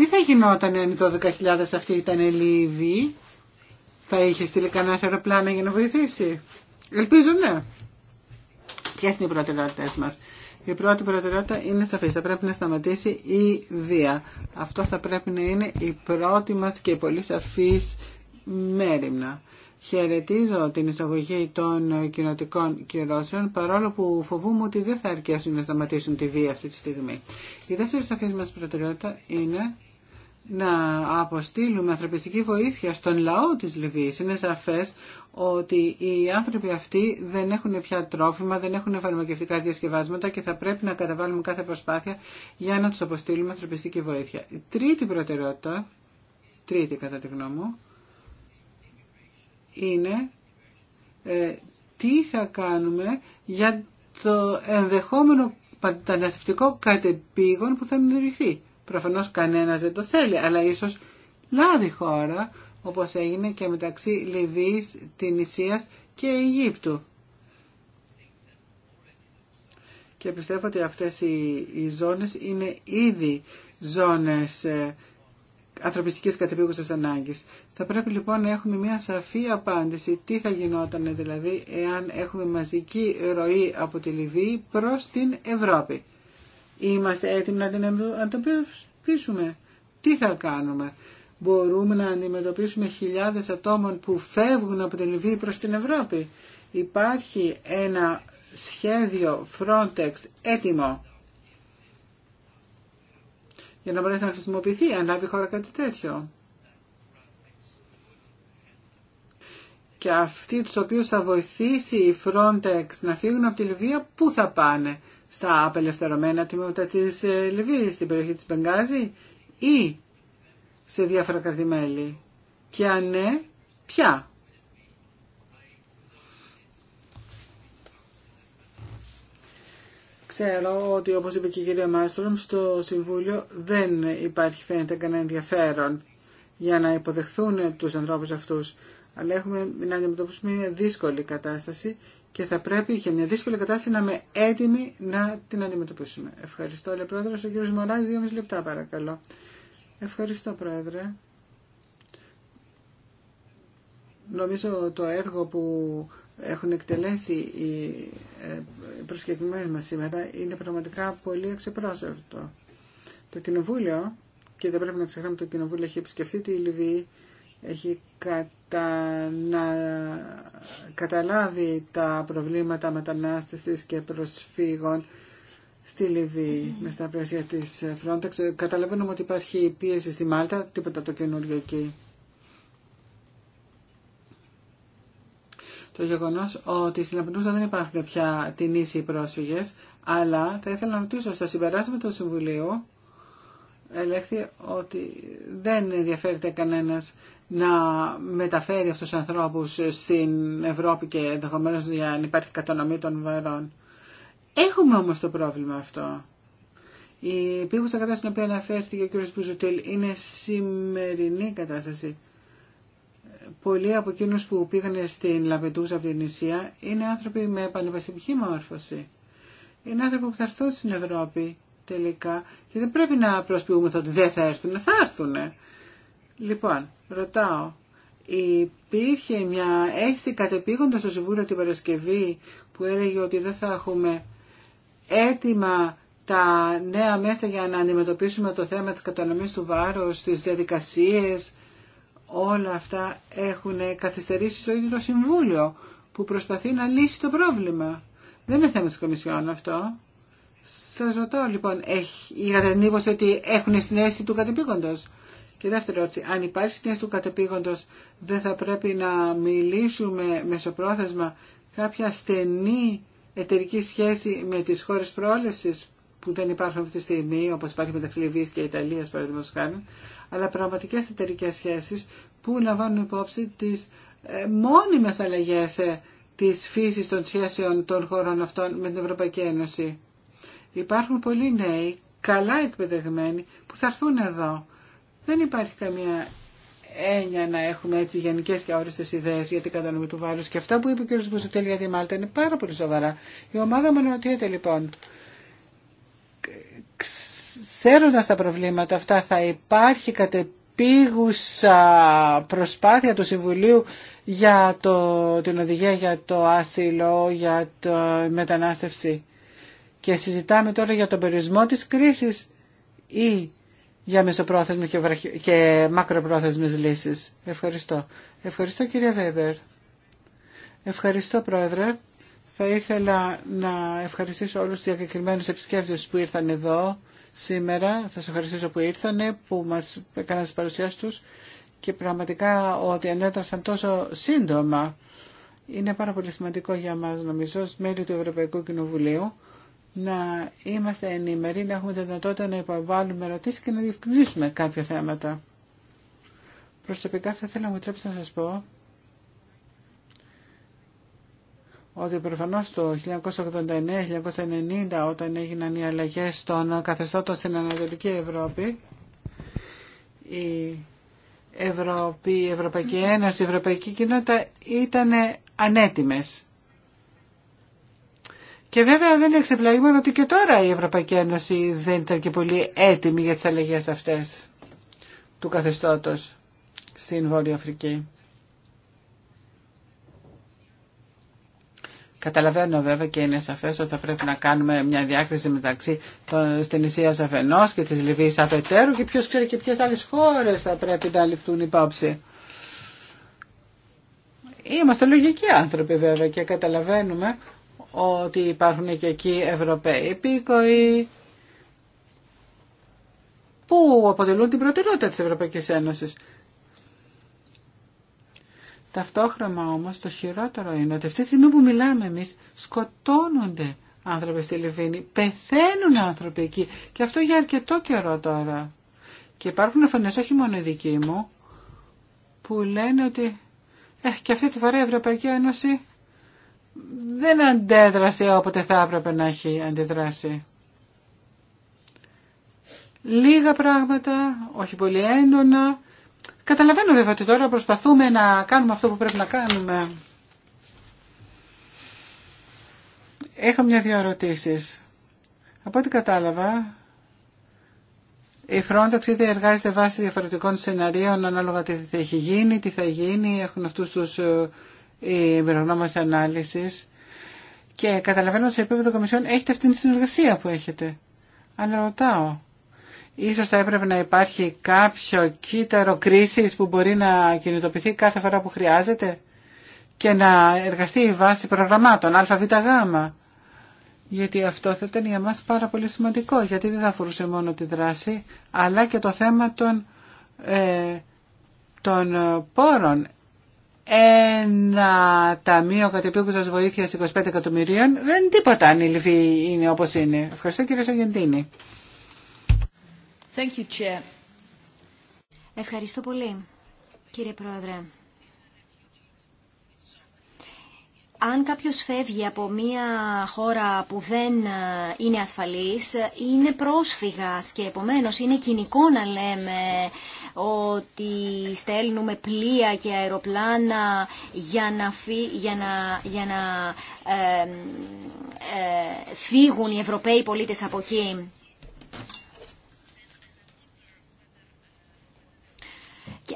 Τι θα γινόταν αν οι 12.000 αυτοί ήταν Λίβοι, θα είχε στείλει κανένα αεροπλάνο για να βοηθήσει. Ελπίζω ναι. Ποιε είναι οι προτεραιότητε μα. Η πρώτη προτεραιότητα είναι σαφή. Θα πρέπει να σταματήσει η βία. Αυτό θα πρέπει να είναι η πρώτη μα και πολύ σαφή μέρημνα. Χαιρετίζω την εισαγωγή των κοινοτικών κυρώσεων, παρόλο που φοβούμαι ότι δεν θα αρκέσουν να σταματήσουν τη βία αυτή τη στιγμή. Η δεύτερη σαφή μα προτεραιότητα είναι να αποστείλουμε ανθρωπιστική βοήθεια στον λαό της Λιβύης. Είναι σαφές ότι οι άνθρωποι αυτοί δεν έχουν πια τρόφιμα, δεν έχουν φαρμακευτικά διασκευάσματα και θα πρέπει να καταβάλουμε κάθε προσπάθεια για να τους αποστείλουμε ανθρωπιστική βοήθεια. Η τρίτη προτεραιότητα, τρίτη κατά τη γνώμη μου, είναι ε, τι θα κάνουμε για το ενδεχόμενο μεταναστευτικό κατεπήγον που θα δημιουργηθεί. Προφανώς κανένας δεν το θέλει, αλλά ίσως λάβει χώρα, όπως έγινε και μεταξύ Λιβύης, Ισίας και Αιγύπτου. Και πιστεύω ότι αυτές οι, οι ζώνες είναι ήδη ζώνες ε, ανθρωπιστικής κατεπίγουσας ανάγκης. Θα πρέπει λοιπόν να έχουμε μια σαφή απάντηση τι θα γινόταν δηλαδή εάν έχουμε μαζική ροή από τη Λιβύη προς την Ευρώπη. Είμαστε έτοιμοι να την αντιμετωπίσουμε. Τι θα κάνουμε. Μπορούμε να αντιμετωπίσουμε χιλιάδες ατόμων που φεύγουν από την Λιβύη προς την Ευρώπη. Υπάρχει ένα σχέδιο Frontex έτοιμο για να μπορέσει να χρησιμοποιηθεί αν λάβει χώρα κάτι τέτοιο. Και αυτοί τους οποίους θα βοηθήσει η Frontex να φύγουν από τη Λιβύη, πού θα πάνε στα απελευθερωμένα τμήματα της ε, Λιβύης, στην περιοχή της Μπενγκάζη ή σε διάφορα καρδιμέλη. Και αν ναι, ποια. Ξέρω ότι όπως είπε και η κυρία Μάστρομ στο Συμβούλιο δεν υπάρχει φαίνεται κανένα ενδιαφέρον για να υποδεχθούν τους ανθρώπους αυτούς. Αλλά έχουμε να αντιμετωπίσουμε μια δύσκολη κατάσταση και θα πρέπει για μια δύσκολη κατάσταση να είμαι έτοιμη να την αντιμετωπίσουμε. Ευχαριστώ, λέει πρόεδρο. Ο κύριο Μωράη, δύο μισή λεπτά παρακαλώ. Ευχαριστώ, πρόεδρε. Νομίζω το έργο που έχουν εκτελέσει οι ε, προσκεκριμένοι μας σήμερα είναι πραγματικά πολύ εξεπρόσευτο. Το Κοινοβούλιο, και δεν πρέπει να ξεχνάμε το Κοινοβούλιο έχει επισκεφθεί τη Λιβύη, έχει κατ τα, να καταλάβει τα προβλήματα μετανάστευσης και προσφύγων στη Λιβύη με στα πλαίσια της Frontex. Καταλαβαίνουμε ότι υπάρχει πίεση στη Μάλτα, τίποτα το καινούργιο εκεί. Το γεγονό ότι στην Λαμπεντούσα δεν υπάρχουν πια την ίση πρόσφυγες, αλλά θα ήθελα να ρωτήσω στα συμπεράσματα του Συμβουλίου ελέγχθη ότι δεν ενδιαφέρεται κανένας να μεταφέρει αυτούς τους ανθρώπους στην Ευρώπη και ενδεχομένω για να υπάρχει κατανομή των βαρών. Έχουμε όμως το πρόβλημα αυτό. Η επίγουσα κατάσταση στην οποία αναφέρθηκε ο κ. Μπουζουτήλ είναι σημερινή κατάσταση. Πολλοί από εκείνους που πήγαν στην Λαμπεντούζα από την Ισία είναι άνθρωποι με πανεπιστημική μόρφωση. Είναι άνθρωποι που θα έρθουν στην Ευρώπη τελικά και δεν πρέπει να προσποιούμε ότι δεν θα έρθουν, θα έρθουν. Λοιπόν, Ρωτάω, υπήρχε μια αίσθηση κατεπήγοντα στο Συμβούλιο την Παρασκευή που έλεγε ότι δεν θα έχουμε έτοιμα τα νέα μέσα για να αντιμετωπίσουμε το θέμα της κατανομής του βάρους, τις διαδικασίες, όλα αυτά έχουν καθυστερήσει στο ίδιο το Συμβούλιο που προσπαθεί να λύσει το πρόβλημα. Δεν είναι θέμα της Κομισιόν αυτό. Σας ρωτάω λοιπόν, είχατε την ότι έχουν στην αίσθηση του κατεπήγοντος. Και δεύτερη ερώτηση, αν υπάρχει σχέση του κατεπήγοντος, δεν θα πρέπει να μιλήσουμε μεσοπρόθεσμα κάποια στενή εταιρική σχέση με τις χώρες πρόλευσης που δεν υπάρχουν αυτή τη στιγμή, όπως υπάρχει μεταξύ Λιβύης και Ιταλίας, παραδείγματος χάρη, αλλά πραγματικές εταιρικέ σχέσεις που λαμβάνουν υπόψη τις ε, μόνιμες αλλαγές ε, της φύσης των σχέσεων των χώρων αυτών με την Ευρωπαϊκή Ένωση. Υπάρχουν πολλοί νέοι, καλά εκπαιδευμένοι, που θα έρθουν εδώ δεν υπάρχει καμία έννοια να έχουμε έτσι γενικέ και όριστε ιδέε για την κατανομή του βάρου. Και αυτά που είπε ο κ. Μπουζουτέλ για τη Μάλτα είναι πάρα πολύ σοβαρά. Η ομάδα μου αναρωτιέται λοιπόν, ξέροντα τα προβλήματα αυτά, θα υπάρχει κατεπίγουσα προσπάθεια του Συμβουλίου για το, την οδηγία για το άσυλο, για τη μετανάστευση. Και συζητάμε τώρα για τον περιορισμό της κρίσης ή για μεσοπρόθεσμες και, και μακροπρόθεσμες λύσεις. Ευχαριστώ. Ευχαριστώ κύριε Βέμπερ. Ευχαριστώ πρόεδρε. Θα ήθελα να ευχαριστήσω όλους τους διακεκριμένους επισκέπτες που ήρθαν εδώ σήμερα. Θα σας ευχαριστήσω που ήρθανε, που μας έκαναν τις παρουσιάσεις τους και πραγματικά ότι ανέτρασαν τόσο σύντομα. Είναι πάρα πολύ σημαντικό για μας νομίζω, μέλη του Ευρωπαϊκού Κοινοβουλίου, να είμαστε ενημεροί, να έχουμε τη δυνατότητα να υποβάλουμε ερωτήσεις και να διευκρινίσουμε κάποια θέματα. Προσωπικά θα ήθελα να μου τρέψει να σας πω ότι προφανώς το 1989-1990 όταν έγιναν οι αλλαγές στον καθεστώτων στην Ανατολική Ευρώπη η Ευρώπη, η Ευρωπαϊκή Ένωση, η Ευρωπαϊκή Κοινότητα ήταν ανέτοιμες και βέβαια δεν είναι εξεπλαγμένο ότι και τώρα η Ευρωπαϊκή Ένωση δεν ήταν και πολύ έτοιμη για τις αλλαγές αυτές του καθεστώτος στην Βόρεια Αφρική. Καταλαβαίνω βέβαια και είναι σαφές ότι θα πρέπει να κάνουμε μια διάκριση μεταξύ των, στην αφενός και της Λιβύης αφετέρου και ποιος ξέρει και ποιες άλλες χώρες θα πρέπει να ληφθούν υπόψη. Είμαστε λογικοί άνθρωποι βέβαια και καταλαβαίνουμε ότι υπάρχουν και εκεί Ευρωπαίοι επίκοοι που αποτελούν την προτεραιότητα της Ευρωπαϊκής Ένωσης. Ταυτόχρονα όμως το χειρότερο είναι ότι αυτή τη στιγμή που μιλάμε εμείς σκοτώνονται άνθρωποι στη Λιβύνη. πεθαίνουν άνθρωποι εκεί και αυτό για αρκετό καιρό τώρα. Και υπάρχουν φωνές όχι μόνο οι δικοί μου που λένε ότι «Ε, και αυτή τη φορά η Ευρωπαϊκή Ένωση δεν αντέδρασε όποτε θα έπρεπε να έχει αντιδράσει. Λίγα πράγματα, όχι πολύ έντονα. Καταλαβαίνω βέβαια ότι τώρα προσπαθούμε να κάνουμε αυτό που πρέπει να κάνουμε. Έχω μια-δυο ερωτήσεις. Από ό,τι κατάλαβα, η Frontex ήδη εργάζεται βάσει διαφορετικών σεναρίων ανάλογα τι θα έχει γίνει, τι θα γίνει, έχουν τους ε, η εμπειρογνώμας ανάλυσης και καταλαβαίνω ότι σε επίπεδο Κομισιόν έχετε αυτήν τη συνεργασία που έχετε. Αλλά ρωτάω, ίσως θα έπρεπε να υπάρχει κάποιο κύτταρο κρίσης που μπορεί να κινητοποιηθεί κάθε φορά που χρειάζεται και να εργαστεί η βάση προγραμμάτων ΑΒΓ. Γιατί αυτό θα ήταν για μας πάρα πολύ σημαντικό, γιατί δεν θα αφορούσε μόνο τη δράση, αλλά και το θέμα των, ε, των πόρων ένα ταμείο κατεπίκουσας βοήθεια 25 εκατομμυρίων. Δεν τίποτα αν η Λιβύη είναι όπως είναι. Ευχαριστώ κύριε Σαγεντίνη. Ευχαριστώ πολύ κύριε Πρόεδρε. Αν κάποιος φεύγει από μια χώρα που δεν ε, είναι ασφαλής, είναι πρόσφυγας και επομένως είναι κοινικό να λέμε ότι στέλνουμε πλοία και αεροπλάνα για να, για να, για να ε, ε, φύγουν οι Ευρωπαίοι πολίτες από εκεί.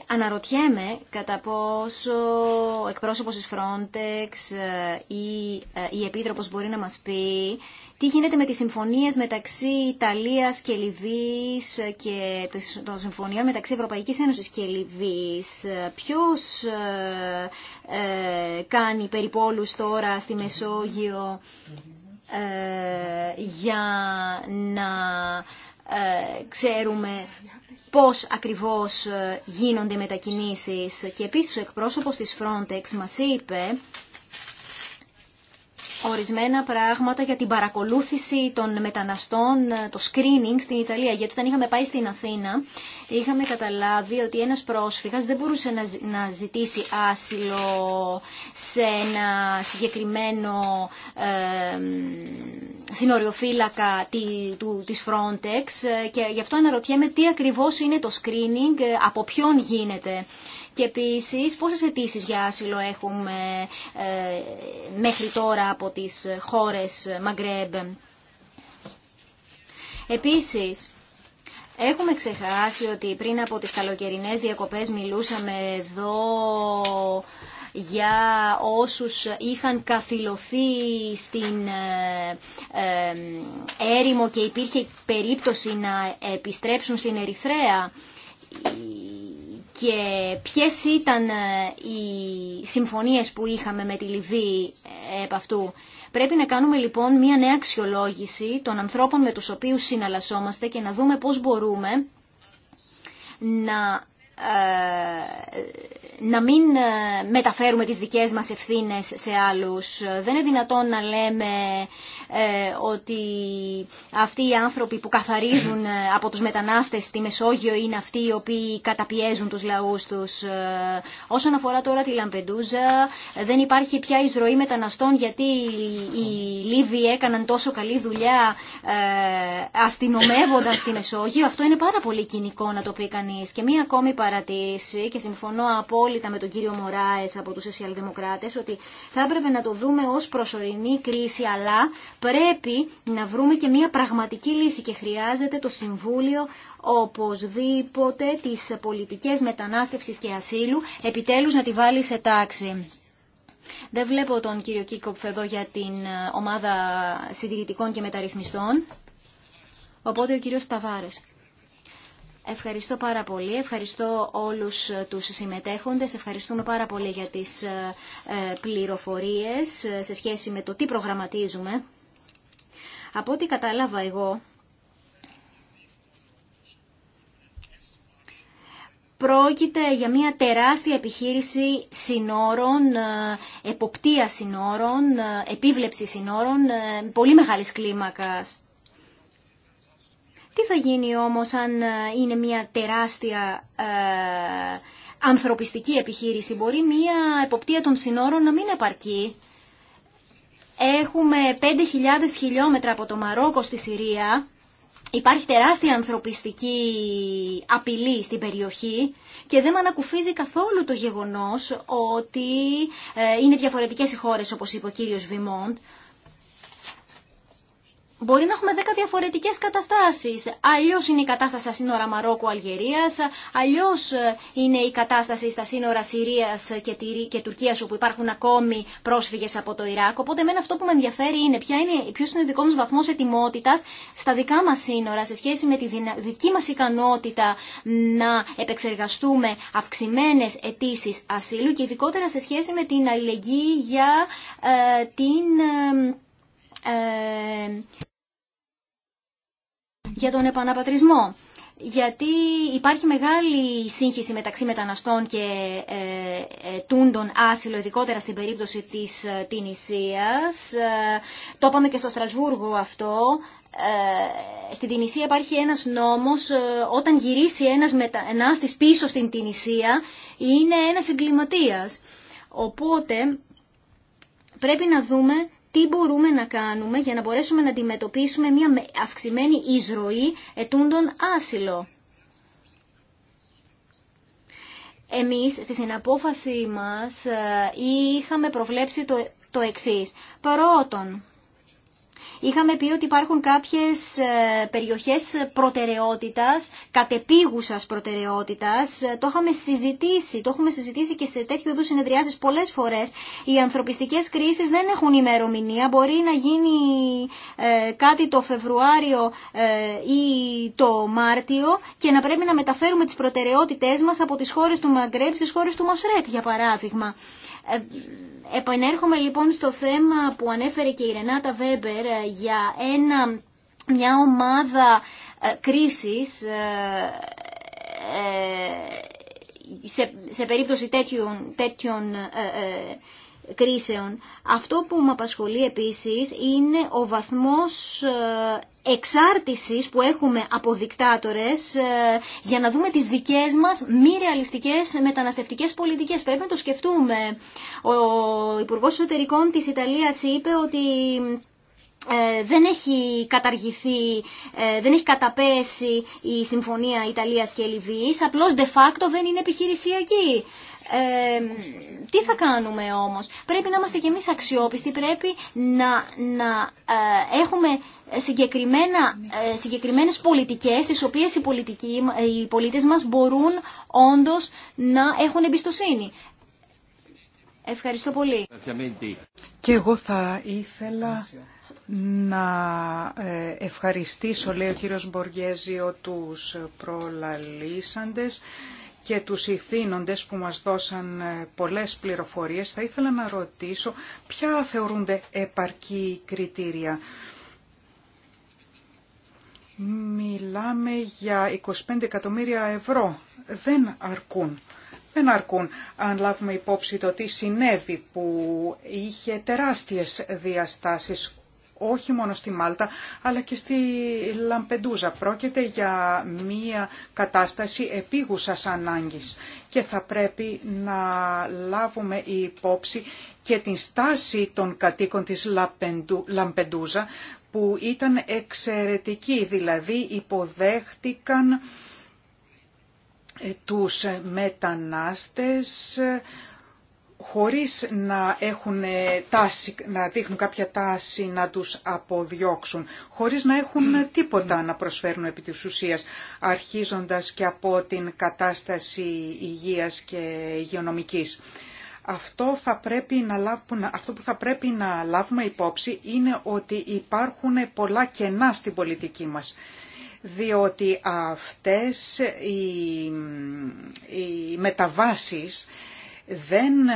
αναρωτιέμαι κατά πόσο ο εκπρόσωπος της Frontex ε, ή ε, η Επίτροπος μπορεί να μας πει τι γίνεται με τις συμφωνίες μεταξύ Ιταλίας και Λιβύης ε, και των συμφωνιών μεταξύ Ευρωπαϊκής Ένωσης και Λιβύης. Ποιος κάνει περιπόλους τώρα στη Μεσόγειο για να ξέρουμε πώς ακριβώς ε, γίνονται μετακινήσεις. Και επίσης ο εκπρόσωπος της Frontex μας είπε ορισμένα πράγματα για την παρακολούθηση των μεταναστών, ε, το screening στην Ιταλία. Γιατί όταν είχαμε πάει στην Αθήνα, είχαμε καταλάβει ότι ένας πρόσφυγας δεν μπορούσε να ζητήσει άσυλο σε ένα συγκεκριμένο ε, συνοριοφύλακα της Frontex ε, και γι' αυτό αναρωτιέμαι τι ακριβώς είναι το screening, ε, από ποιον γίνεται και επίση πόσε αιτήσει για άσυλο έχουμε ε, μέχρι τώρα από τις χώρες Μαγκρέμπ. Επίσης, Έχουμε ξεχάσει ότι πριν από τις καλοκαιρινέ διακοπές μιλούσαμε εδώ για όσους είχαν καθυλωθεί στην ε, ε, έρημο και υπήρχε περίπτωση να επιστρέψουν στην Ερυθρέα και ποιες ήταν ε, οι συμφωνίες που είχαμε με τη Λιβύη ε, επ' αυτού. Πρέπει να κάνουμε λοιπόν μια νέα αξιολόγηση των ανθρώπων με τους οποίους συναλλασσόμαστε και να δούμε πώς μπορούμε να ε, να μην ε, μεταφέρουμε τις δικές μας ευθύνες σε άλλους. Δεν είναι δυνατόν να λέμε ε, ότι αυτοί οι άνθρωποι που καθαρίζουν από τους μετανάστες στη Μεσόγειο είναι αυτοί οι οποίοι καταπιέζουν τους λαούς τους. Όσον αφορά τώρα τη Λαμπεντούζα, δεν υπάρχει πια εισρωή μεταναστών γιατί οι Λίβοι έκαναν τόσο καλή δουλειά αστυνομεύοντας τη Μεσόγειο. Αυτό είναι πάρα πολύ κοινικό να το πει κανείς. Και μία ακόμη και συμφωνώ απόλυτα με τον κύριο Μωράε από τους Σοσιαλδημοκράτε ότι θα έπρεπε να το δούμε ως προσωρινή κρίση αλλά πρέπει να βρούμε και μια πραγματική λύση και χρειάζεται το Συμβούλιο οπωσδήποτε τις πολιτικές μετανάστευση και ασύλου επιτέλους να τη βάλει σε τάξη. Δεν βλέπω τον κύριο Κίκοπφ εδώ για την ομάδα συντηρητικών και μεταρρυθμιστών. Οπότε ο κύριος Σταβάρες. Ευχαριστώ πάρα πολύ. Ευχαριστώ όλους τους συμμετέχοντες. Ευχαριστούμε πάρα πολύ για τις ε, ε, πληροφορίες ε, σε σχέση με το τι προγραμματίζουμε. Από ό,τι κατάλαβα εγώ, πρόκειται για μια τεράστια επιχείρηση συνόρων, εποπτεία συνόρων, επίβλεψη συνόρων, πολύ μεγάλης κλίμακας. Τι θα γίνει όμως αν ε, είναι μια τεράστια ε, ανθρωπιστική επιχείρηση. Μπορεί μια εποπτεία των συνόρων να μην επαρκεί. Έχουμε 5.000 χιλιόμετρα από το Μαρόκο στη Συρία. Υπάρχει τεράστια ανθρωπιστική απειλή στην περιοχή και δεν με ανακουφίζει καθόλου το γεγονός ότι ε, είναι διαφορετικές οι χώρες όπως είπε ο κύριος Βιμόντ Μπορεί να έχουμε 10 διαφορετικέ καταστάσει. Αλλιώ είναι η κατάσταση στα σύνορα Μαρόκου-Αλγερία, αλλιώ ε, είναι η κατάσταση στα σύνορα Συρία και Τουρκία, όπου υπάρχουν ακόμη πρόσφυγε από το Ιράκ. Οπότε, εμένα αυτό που με ενδιαφέρει είναι ποιο είναι, ποιος είναι ο δικό μα βαθμό ετοιμότητα στα δικά μα σύνορα σε σχέση με τη δική μα ικανότητα να επεξεργαστούμε αυξημένε αιτήσει ασύλου και ειδικότερα σε σχέση με την αλληλεγγύη για ε, την. Ε, για τον επαναπατρισμό. Γιατί υπάρχει μεγάλη σύγχυση μεταξύ μεταναστών και ε, τούντων άσυλο, ειδικότερα στην περίπτωση της ε, Τινησίας. Ε, το είπαμε και στο Στρασβούργο αυτό. Στην Τινησία υπάρχει ένας νόμος, όταν γυρίσει ένας μετανάστης πίσω στην Τινησία, είναι ένας εγκληματίας. Οπότε πρέπει να δούμε τι μπορούμε να κάνουμε για να μπορέσουμε να αντιμετωπίσουμε μια αυξημένη εισρωή ετούντων άσυλο. Εμείς στη συναπόφαση μας ε, είχαμε προβλέψει το, το εξής. Πρώτον, είχαμε πει ότι υπάρχουν κάποιες ε, περιοχές προτεραιότητας, κατεπίγουσας προτεραιότητας. Ε, το είχαμε συζητήσει, το έχουμε συζητήσει και σε τέτοιου είδους συνεδριάσεις πολλές φορές. Οι ανθρωπιστικές κρίσεις δεν έχουν ημερομηνία, μπορεί να γίνει ε, κάτι το Φεβρουάριο ή το Μάρτιο και να πρέπει να μεταφέρουμε τις προτεραιότητές μας από τις χώρες του Μαγκρέπ στις χώρες του Μασρέπ, για παράδειγμα. Ε, επανέρχομαι λοιπόν στο θέμα που ανέφερε και η Ρενάτα Βέμπερ ε, για ένα, μια ομάδα ε, κρίσης σε, περίπτωση τέτοιων, κρίσεων. Αυτό που με απασχολεί επίσης είναι ο βαθμός ε, εξάρτησης που έχουμε από δικτάτορες ε, για να δούμε τις δικές μας μη ρεαλιστικές μεταναστευτικές πολιτικές. Πρέπει να το σκεφτούμε. Ο Υπουργός Εσωτερικών της Ιταλίας είπε ότι ε, δεν έχει καταργηθεί, δεν έχει καταπέσει η Συμφωνία Ιταλίας και Λιβύης, απλώς de facto δεν είναι επιχειρησιακή τι θα κάνουμε όμως. Πρέπει να είμαστε κι εμείς αξιόπιστοι, πρέπει να, ε, έχουμε συγκεκριμένα, ε, συγκεκριμένες πολιτικές τις οποίες οι, πολιτικοί, οι πολίτες μας μπορούν όντως να έχουν εμπιστοσύνη. Ευχαριστώ πολύ. Και εγώ θα ήθελα να ε, ευχαριστήσω, λέει ο κύριος Μποργέζιο, τους προλαλήσαντες και τους ηθήνοντες που μας δώσαν ε, πολλές πληροφορίες, θα ήθελα να ρωτήσω ποια θεωρούνται επαρκή κριτήρια. Μιλάμε για 25 εκατομμύρια ευρώ. Δεν αρκούν. Δεν αρκούν αν λάβουμε υπόψη το τι συνέβη που είχε τεράστιες διαστάσεις όχι μόνο στη Μάλτα, αλλά και στη Λαμπεντούζα. Πρόκειται για μία κατάσταση επίγουσας ανάγκης και θα πρέπει να λάβουμε υπόψη και την στάση των κατοίκων της Λαμπεντούζα που ήταν εξαιρετική, δηλαδή υποδέχτηκαν ε, τους μετανάστες χωρίς να, έχουν ε, τάση, να δείχνουν κάποια τάση να τους αποδιώξουν, χωρίς να έχουν ε, τίποτα να προσφέρουν επί της ουσίας, αρχίζοντας και από την κατάσταση υγείας και υγειονομικής. Αυτό, θα πρέπει να λάβουν, αυτό που θα πρέπει να λάβουμε υπόψη είναι ότι υπάρχουν πολλά κενά στην πολιτική μας διότι αυτές οι, οι μεταβάσεις δεν ε,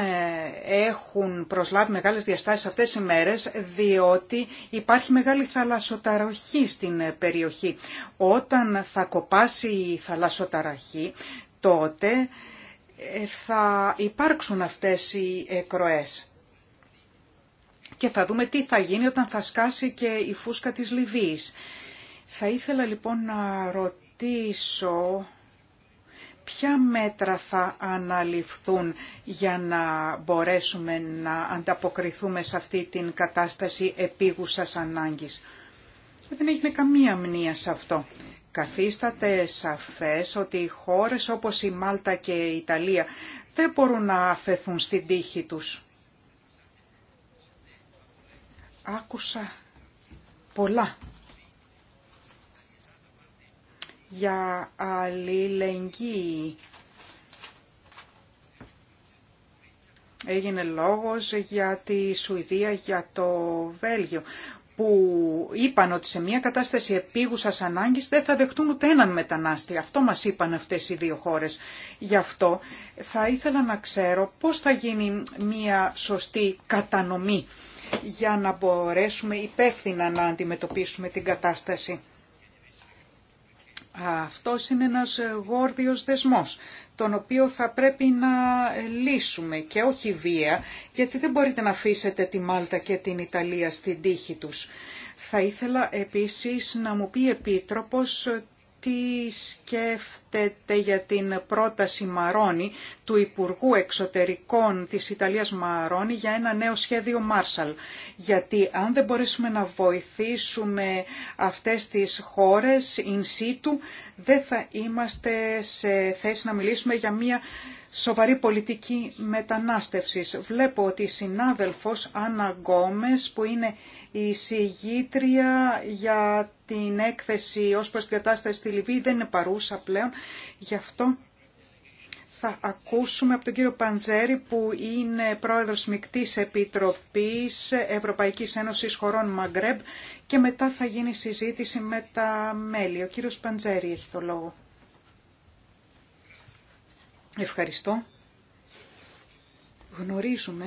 έχουν προσλάβει μεγάλες διαστάσεις αυτές οι μέρες διότι υπάρχει μεγάλη θαλασσοταραχή στην ε, περιοχή. Όταν θα κοπάσει η θαλασσοταραχή τότε ε, θα υπάρξουν αυτές οι εκροές. Και θα δούμε τι θα γίνει όταν θα σκάσει και η φούσκα της Λιβύης. Θα ήθελα λοιπόν να ρωτήσω ποια μέτρα θα αναλυφθούν για να μπορέσουμε να ανταποκριθούμε σε αυτή την κατάσταση επίγουσας ανάγκης. Δεν έγινε καμία μνήμα σε αυτό. Καθίσταται σαφές ότι οι χώρες όπως η Μάλτα και η Ιταλία δεν μπορούν να αφαιθούν στην τύχη τους. Άκουσα πολλά για αλληλεγγύη. Έγινε λόγος για τη Σουηδία, για το Βέλγιο, που είπαν ότι σε μια κατάσταση επίγουσας ανάγκης δεν θα δεχτούν ούτε έναν μετανάστη. Αυτό μας είπαν αυτές οι δύο χώρες. Γι' αυτό θα ήθελα να ξέρω πώς θα γίνει μια σωστή κατανομή για να μπορέσουμε υπεύθυνα να αντιμετωπίσουμε την κατάσταση. Αυτό είναι ένας ε, γόρδιος δεσμός, τον οποίο θα πρέπει να ε, λύσουμε και όχι βία, γιατί δεν μπορείτε να αφήσετε τη Μάλτα και την Ιταλία στην τύχη τους. Θα ήθελα επίσης να μου πει επίτροπος ε, τι σκέφτεται για την πρόταση Μαρόνι του Υπουργού Εξωτερικών της Ιταλίας Μαρόνι για ένα νέο σχέδιο Μάρσαλ γιατί αν δεν μπορέσουμε να βοηθήσουμε αυτές τις χώρες in situ, δεν θα είμαστε σε θέση να μιλήσουμε για μια σοβαρή πολιτική μετανάστευσης. Βλέπω ότι η συνάδελφος Άννα Γκόμες, που είναι η συγγήτρια για την έκθεση ως προς την κατάσταση στη Λιβύη, δεν είναι παρούσα πλέον. Γι' αυτό θα ακούσουμε από τον κύριο Παντζέρη που είναι πρόεδρος Μικτής Επιτροπής Ευρωπαϊκής Ένωσης Χωρών Μαγκρέμπ και μετά θα γίνει συζήτηση με τα μέλη. Ο κύριος Παντζέρη έχει το λόγο. Ευχαριστώ. Γνωρίζουμε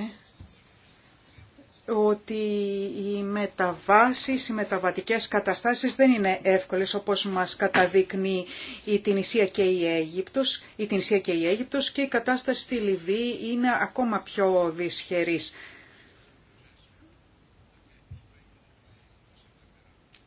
ότι οι μεταβάσεις, οι μεταβατικές καταστάσεις δεν είναι εύκολες όπως μας καταδείκνει η Τινησία και η Αίγυπτος. Η Τινησία και η Αίγυπτος και η κατάσταση στη Λιβύη είναι ακόμα πιο δυσχερής.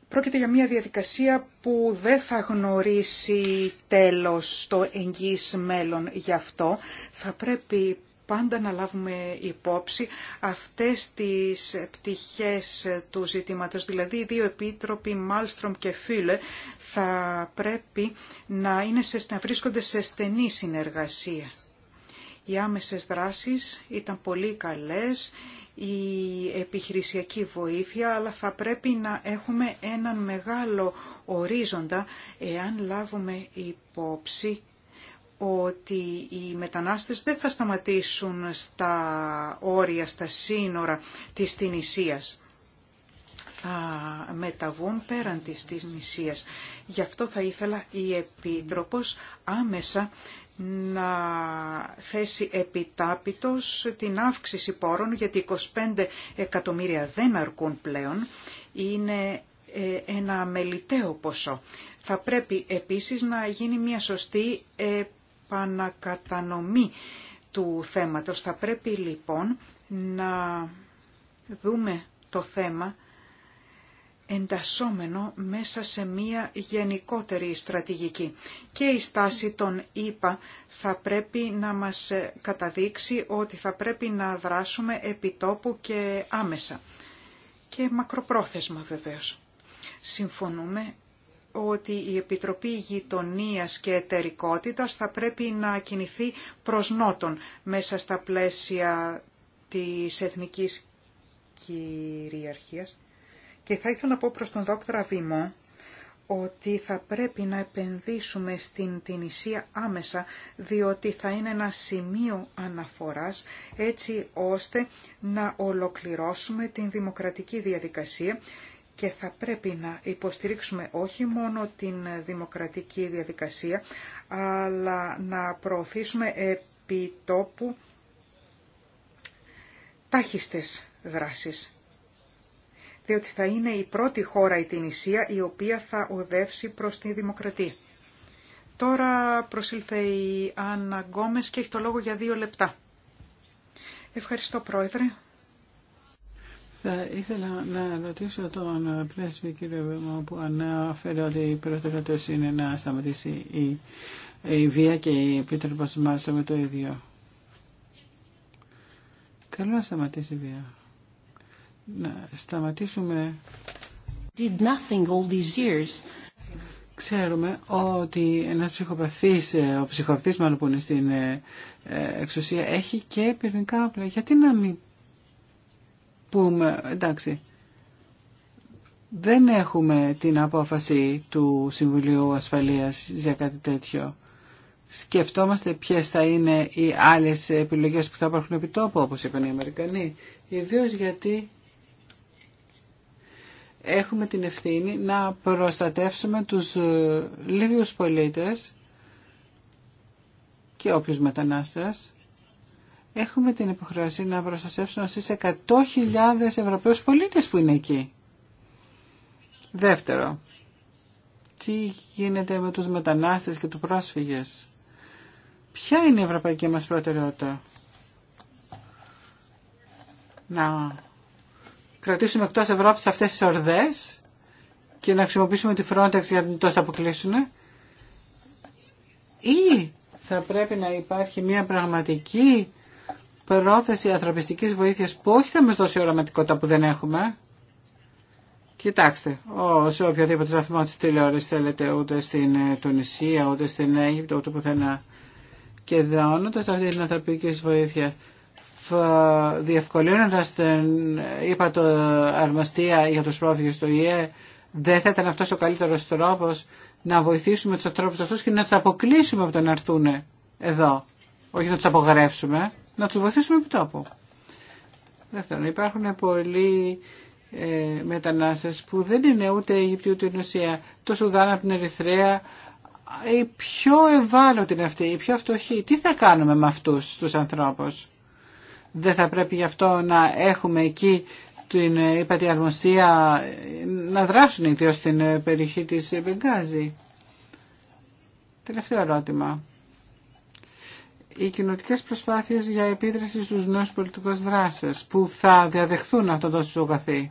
Πρόκειται για μια διαδικασία που δεν θα γνωρίσει τέλος το εγγύς μέλλον. Γι' αυτό θα πρέπει πάντα να λάβουμε υπόψη αυτές τις πτυχές του ζητήματος. Δηλαδή οι δύο επίτροποι Μάλστρομ και Φίλε θα πρέπει να, είναι σε, να βρίσκονται σε στενή συνεργασία. Οι άμεσες δράσεις ήταν πολύ καλές, η επιχειρησιακή βοήθεια, αλλά θα πρέπει να έχουμε έναν μεγάλο ορίζοντα εάν λάβουμε υπόψη ότι οι μετανάστες δεν θα σταματήσουν στα όρια, στα σύνορα της Τινησίας. Θα μεταβούν πέραν της Τινησίας. Γι' αυτό θα ήθελα η Επίτροπος άμεσα να θέσει επιτάπητος την αύξηση πόρων, γιατί 25 εκατομμύρια δεν αρκούν πλέον. Είναι ε, ένα μελιτέο ποσό. Θα πρέπει επίσης να γίνει μια σωστή επανακατανομή του θέματος. Θα πρέπει λοιπόν να δούμε το θέμα εντασσόμενο μέσα σε μία γενικότερη στρατηγική. Και η στάση των ΙΠΑ θα πρέπει να μας καταδείξει ότι θα πρέπει να δράσουμε επιτόπου και άμεσα. Και μακροπρόθεσμα βεβαίως. Συμφωνούμε ότι η Επιτροπή Γειτονίας και Εταιρικότητας θα πρέπει να κινηθεί προς νότον μέσα στα πλαίσια της εθνικής κυριαρχίας. Και θα ήθελα να πω προς τον Δόκτρα Βήμο ότι θα πρέπει να επενδύσουμε στην Ισία άμεσα, διότι θα είναι ένα σημείο αναφοράς, έτσι ώστε να ολοκληρώσουμε την δημοκρατική διαδικασία και θα πρέπει να υποστηρίξουμε όχι μόνο την δημοκρατική διαδικασία, αλλά να προωθήσουμε επί τόπου τάχιστες δράσεις. Διότι θα είναι η πρώτη χώρα η Τινησία η οποία θα οδεύσει προς τη δημοκρατία. Τώρα προσήλθε η Άννα Γκόμες και έχει το λόγο για δύο λεπτά. Ευχαριστώ Πρόεδρε. Θα ήθελα να ρωτήσω τον πρέσβη κύριο Βήμα που αναφέρει ότι η προτεραιότητα είναι να σταματήσει η, η βία και η επίτροπος μάλιστα με το ίδιο. Καλό να σταματήσει η βία. Να σταματήσουμε... Did nothing all these years. Ξέρουμε ότι ένας ψυχοπαθής, ε, ο ψυχοπαθής μάλλον που είναι στην ε, ε, εξουσία, έχει και πυρνικά όπλα. Γιατί να μην πούμε, εντάξει, δεν έχουμε την απόφαση του Συμβουλίου Ασφαλείας για κάτι τέτοιο. Σκεφτόμαστε ποιες θα είναι οι άλλες επιλογές που θα υπάρχουν επί τόπου, όπως είπαν οι Αμερικανοί. Ιδίως γιατί έχουμε την ευθύνη να προστατεύσουμε τους ε, Λίβιους πολίτες και όποιους μετανάστες έχουμε την υποχρέωση να προστασέψουμε στις 100.000 Ευρωπαίους πολίτες που είναι εκεί. Δεύτερο, τι γίνεται με τους μετανάστες και τους πρόσφυγες. Ποια είναι η ευρωπαϊκή μας προτεραιότητα. Να κρατήσουμε εκτός Ευρώπης αυτές τις ορδές και να χρησιμοποιήσουμε τη Frontex για να τόσο αποκλείσουν ή θα πρέπει να υπάρχει μια πραγματική πρόθεση ανθρωπιστικής βοήθειας που όχι θα μας δώσει οραματικότητα που δεν έχουμε. Κοιτάξτε, ό, σε οποιοδήποτε σταθμό της τηλεόρασης θέλετε, ούτε στην ε, Τουνησία, ούτε στην Αίγυπτο, ούτε πουθενά. Και δώνοντας αυτή την ανθρωπική βοήθεια, διευκολύνοντας την, είπα το αρμοστία για τους πρόφυγες του ΙΕ, δεν θα ήταν αυτός ο καλύτερος τρόπος να βοηθήσουμε τους ανθρώπους αυτούς και να τους αποκλείσουμε από το να έρθουν εδώ, όχι να τους απογρεύσουμε να του βοηθήσουμε επί τόπου. Δεύτερον, υπάρχουν πολλοί ε, μετανάστες που δεν είναι ούτε Αιγυπτιού ούτε Ινωσία, το Σουδάν από την Ερυθρέα, οι πιο ευάλωτοι είναι αυτοί, οι πιο φτωχοί. Τι θα κάνουμε με αυτούς τους ανθρώπους. Δεν θα πρέπει γι' αυτό να έχουμε εκεί την υπατιαρμοστία ε, ε, να δράσουν ιδίως στην ε, περιοχή της Μπεγκάζη. Τελευταίο ερώτημα οι κοινωτικές προσπάθειες για επίδραση στους νέους πολιτικούς δράσεις που θα διαδεχθούν αυτό το στρογαθή.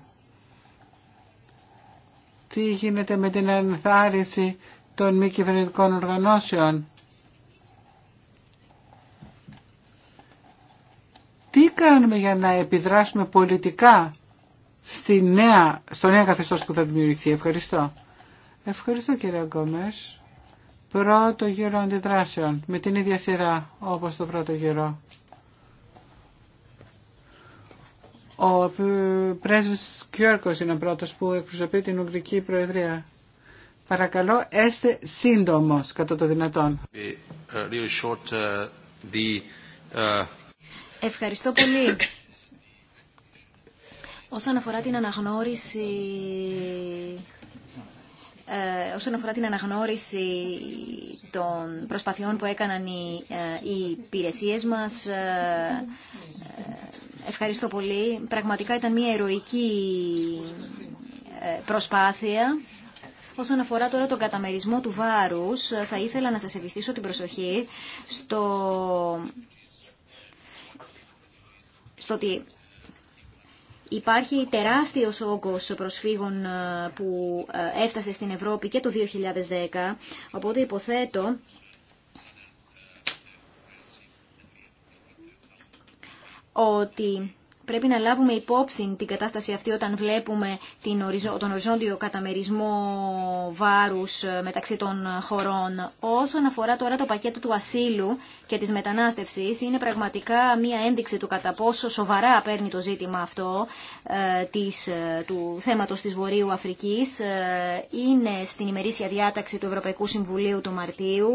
Τι γίνεται με την ενθάρρυνση των μη κυβερνητικών οργανώσεων. Τι κάνουμε για να επιδράσουμε πολιτικά στη νέα, στο νέο καθεστώς που θα δημιουργηθεί. Ευχαριστώ. Ευχαριστώ κύριε Γκόμες πρώτο γύρο αντιδράσεων με την ίδια σειρά όπως το πρώτο γύρο. Ο πρέσβης Κιόρκος είναι ο πρώτος που εκπροσωπεί την Ουγγρική Προεδρία. Παρακαλώ, έστε σύντομος κατά το δυνατόν. Uh, uh, uh, Ευχαριστώ πολύ. Όσον αφορά την αναγνώριση ε, όσον αφορά την αναγνώριση των προσπαθειών που έκαναν οι, ε, οι υπηρεσίε μας. Ε, ευχαριστώ πολύ. Πραγματικά ήταν μια ερωική προσπάθεια. Όσον αφορά τώρα τον καταμερισμό του βάρους, θα ήθελα να σας ευχηστήσω την προσοχή στο, στο ότι Υπάρχει τεράστιος όγκος προσφύγων ε, που ε, έφτασε στην Ευρώπη και το 2010, οπότε υποθέτω ότι Πρέπει να λάβουμε υπόψη την κατάσταση αυτή όταν βλέπουμε τον οριζόντιο καταμερισμό βάρους ε, μεταξύ των χωρών. Όσον αφορά τώρα το πακέτο του ασύλου και της μετανάστευσης, είναι πραγματικά μία ένδειξη του κατά πόσο σοβαρά παίρνει το ζήτημα αυτό ε, της, ε, του θέματος της Βορείου Αφρικής. Είναι στην ημερήσια διάταξη του Ευρωπαϊκού Συμβουλίου του Μαρτίου.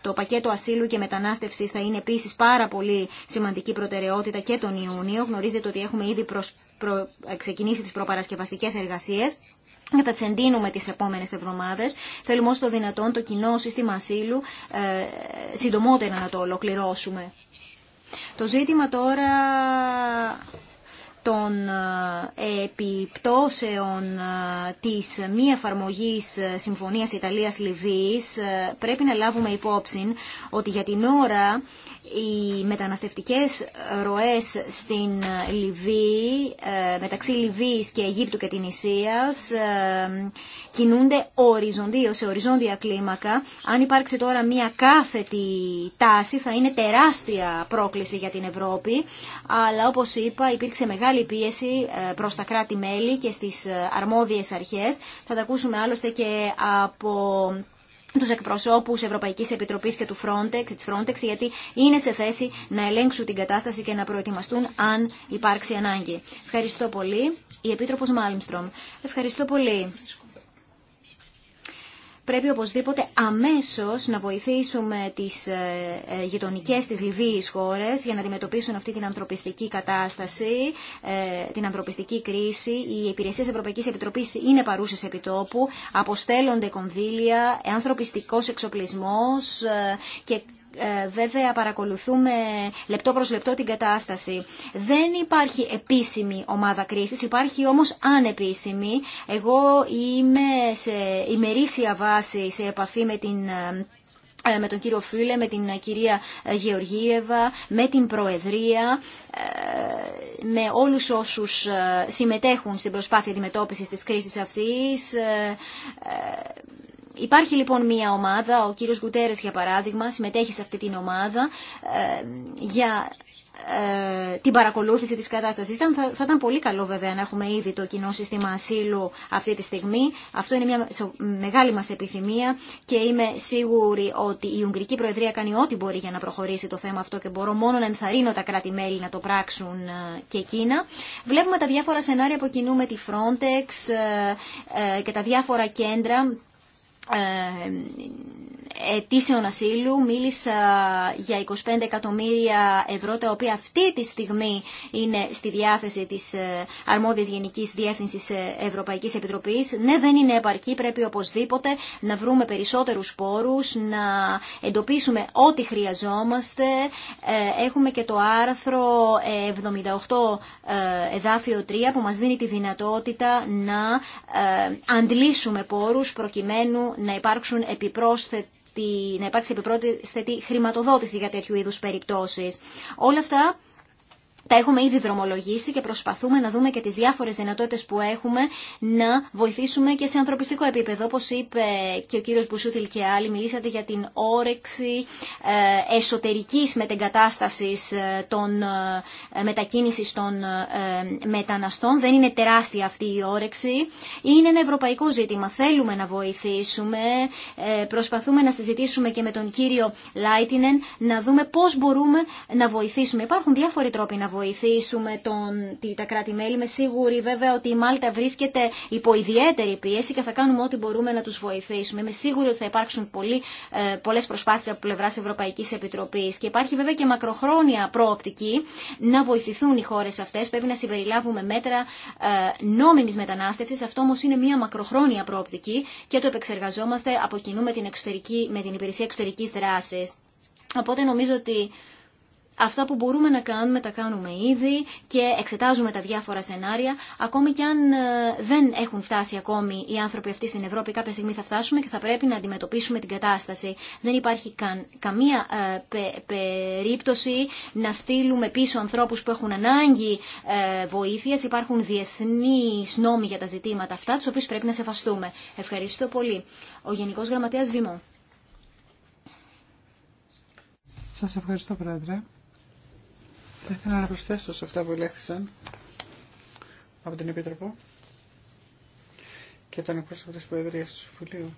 Το πακέτο ασύλου και μετανάστευσης θα είναι επίση πάρα πολύ σημαντική προτεραιότητα και τον Ιούνιο. Γνωρίζετε ότι έχουμε ήδη προς, ξεκινήσει τις προπαρασκευαστικές εργασίες και θα τι εντείνουμε επόμενες εβδομάδες, εβδομάδε. Θέλουμε όσο το δυνατόν το κοινό σύστημα ασύλου ε, συντομότερα να το ολοκληρώσουμε. Το ζήτημα τώρα των ε, επιπτώσεων ε, της μη εφαρμογής ε, Συμφωνίας Ιταλίας-Λιβύης πρέπει να λάβουμε υπόψη ότι για την ώρα οι μεταναστευτικές ροές στην Λιβύη, μεταξύ Λιβύης και Αιγύπτου και την Ισίας, κινούνται οριζοντίως, σε οριζόντια κλίμακα. Αν υπάρξει τώρα μια κάθετη τάση, θα είναι τεράστια πρόκληση για την Ευρώπη, αλλά όπως είπα υπήρξε μεγάλη μεγάλη πίεση ε, προς τα κράτη-μέλη και στις ε, αρμόδιες αρχές. Θα τα ακούσουμε άλλωστε και από τους εκπροσώπους Ευρωπαϊκής Επιτροπής και του Frontex, της Frontex, γιατί είναι σε θέση να ελέγξουν την κατάσταση και να προετοιμαστούν αν υπάρξει ανάγκη. Ευχαριστώ πολύ. Η Επίτροπος Μάλμστρομ. Ευχαριστώ πολύ πρέπει οπωσδήποτε αμέσως να βοηθήσουμε τις ε, ε, γειτονικές της Λιβύης χώρες για να αντιμετωπίσουν αυτή την ανθρωπιστική κατάσταση, ε, την ανθρωπιστική κρίση. Οι υπηρεσίες Ευρωπαϊκής Επιτροπής είναι παρούσες επιτόπου, αποστέλλονται κονδύλια, ανθρωπιστικός εξοπλισμός και ε, βέβαια παρακολουθούμε λεπτό προς λεπτό την κατάσταση. Δεν υπάρχει επίσημη ομάδα κρίσης, υπάρχει όμως ανεπίσημη. Εγώ είμαι σε ημερήσια βάση σε επαφή με την ε, με τον κύριο Φίλε, με την κυρία Γεωργίευα, με την Προεδρία, ε, με όλους όσους συμμετέχουν στην προσπάθεια αντιμετώπισης της κρίσης αυτής. Υπάρχει λοιπόν μία ομάδα, ο κύριος Γκουτέρες για παράδειγμα συμμετέχει σε αυτή την ομάδα ε, για ε, την παρακολούθηση της κατάστασης. θα, θα ήταν πολύ καλό βέβαια να έχουμε ήδη το κοινό σύστημα ασύλου αυτή τη στιγμή. Αυτό είναι μια μεγάλη μας επιθυμία και είμαι σίγουρη ότι η Ουγγρική Προεδρία κάνει ό,τι μπορεί για να προχωρήσει το θέμα αυτό και μπορώ μόνο να ενθαρρύνω τα κράτη-μέλη να το πράξουν ε, και εκείνα. Βλέπουμε τα διάφορα σενάρια που κινούμε τη Frontex και τα διάφορα κέντρα ε, αιτήσεων ασύλου. Μίλησα για 25 εκατομμύρια ευρώ, τα οποία αυτή τη στιγμή είναι στη διάθεση της ε, αρμόδιας Γενικής Διεύθυνσης ε, Ευρωπαϊκής Επιτροπής. Ναι, δεν είναι επαρκή, πρέπει οπωσδήποτε να βρούμε περισσότερους πόρους, να εντοπίσουμε ό,τι χρειαζόμαστε. Ε, έχουμε και το άρθρο 78 εδάφιο 3 που μας δίνει τη δυνατότητα να αντλήσουμε πόρους προκειμένου να υπάρξουν επιπρόσθετα να υπάρξει επιπρόσθετη χρηματοδότηση για τέτοιου είδους περιπτώσεις. Όλα αυτά τα έχουμε ήδη δρομολογήσει και προσπαθούμε να δούμε και τις διάφορες δυνατότητες που έχουμε να βοηθήσουμε και σε ανθρωπιστικό επίπεδο. Όπως είπε και ο κύριος Μπουσούτιλ και άλλοι, μιλήσατε για την όρεξη ε, εσωτερικής μετεγκατάστασης ε, των ε, μετακίνησης των μεταναστών. Δεν είναι τεράστια αυτή η όρεξη. Είναι ένα ευρωπαϊκό ζήτημα. Θέλουμε να βοηθήσουμε. Προσπαθούμε να συζητήσουμε και με τον κύριο Λάιτινεν να δούμε πώς μπορούμε να βοηθήσουμε. Υπάρχουν διάφοροι τρόποι να βοηθήσουμε βοηθήσουμε τον, τα κράτη-μέλη. Είμαι σίγουρη βέβαια ότι η Μάλτα βρίσκεται υπό ιδιαίτερη πίεση και θα κάνουμε ό,τι μπορούμε να τους βοηθήσουμε. Είμαι σίγουρη ότι θα υπάρξουν πολλέ ε, προσπάθειες από πλευράς Ευρωπαϊκής Επιτροπής και υπάρχει βέβαια και μακροχρόνια προοπτική να βοηθηθούν οι χώρες αυτές. Πρέπει να συμπεριλάβουμε μέτρα νόμιμη ε, νόμιμης Αυτό όμως είναι μια μακροχρόνια προοπτική και το επεξεργαζόμαστε από κοινού με την, την υπηρεσία εξωτερικής δράσης. Οπότε νομίζω ότι Αυτά που μπορούμε να κάνουμε τα κάνουμε ήδη και εξετάζουμε τα διάφορα σενάρια. Ακόμη και αν ε, δεν έχουν φτάσει ακόμη οι άνθρωποι αυτοί στην Ευρώπη, κάποια στιγμή θα φτάσουμε και θα πρέπει να αντιμετωπίσουμε την κατάσταση. Δεν υπάρχει καν, καμία ε, περίπτωση να στείλουμε πίσω ανθρώπους που έχουν ανάγκη ε, βοήθειας. Υπάρχουν διεθνείς νόμοι για τα ζητήματα αυτά, του οποίου πρέπει να σεβαστούμε. Ευχαριστώ πολύ. Ο γενικό Γραμματέας Βημό. Σας ευχαριστώ, Πρόεδρε. Θα ήθελα να προσθέσω σε αυτά που ελέγχθησαν από την Επίτροπο και τον εκπρόσωπο της Προεδρίας του Συμβουλίου.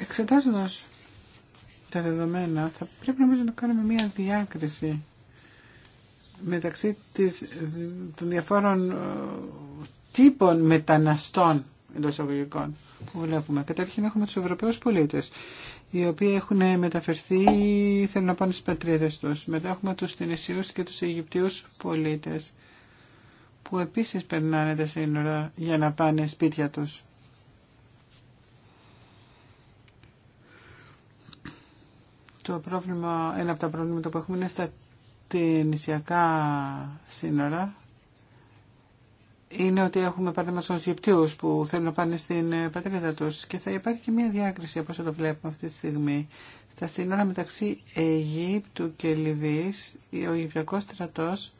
Εξετάζοντας τα δεδομένα, θα πρέπει νομίζω να κάνουμε μία διάκριση μεταξύ της, των διαφόρων ε, τύπων μεταναστών εντό εισαγωγικών που βλέπουμε. Καταρχήν έχουμε τους Ευρωπαίους πολίτες, οι οποίοι έχουν μεταφερθεί ή θέλουν να πάνε στις πατρίδες τους. Μετά έχουμε τους Τινησίους και τους Αιγυπτίους πολίτες που επίσης περνάνε τα σύνορα για να πάνε σπίτια τους. Το πρόβλημα, ένα από τα προβλήματα που έχουμε είναι στα νησιακά σύνορα είναι ότι έχουμε παραδείγματος στους Αιγυπτίους που θέλουν να πάνε στην ε, πατρίδα τους και θα υπάρχει και μια διάκριση όπως το βλέπουμε αυτή τη στιγμή. Στα σύνορα μεταξύ Αιγύπτου και Λιβύης ο Αιγυπτιακός στρατός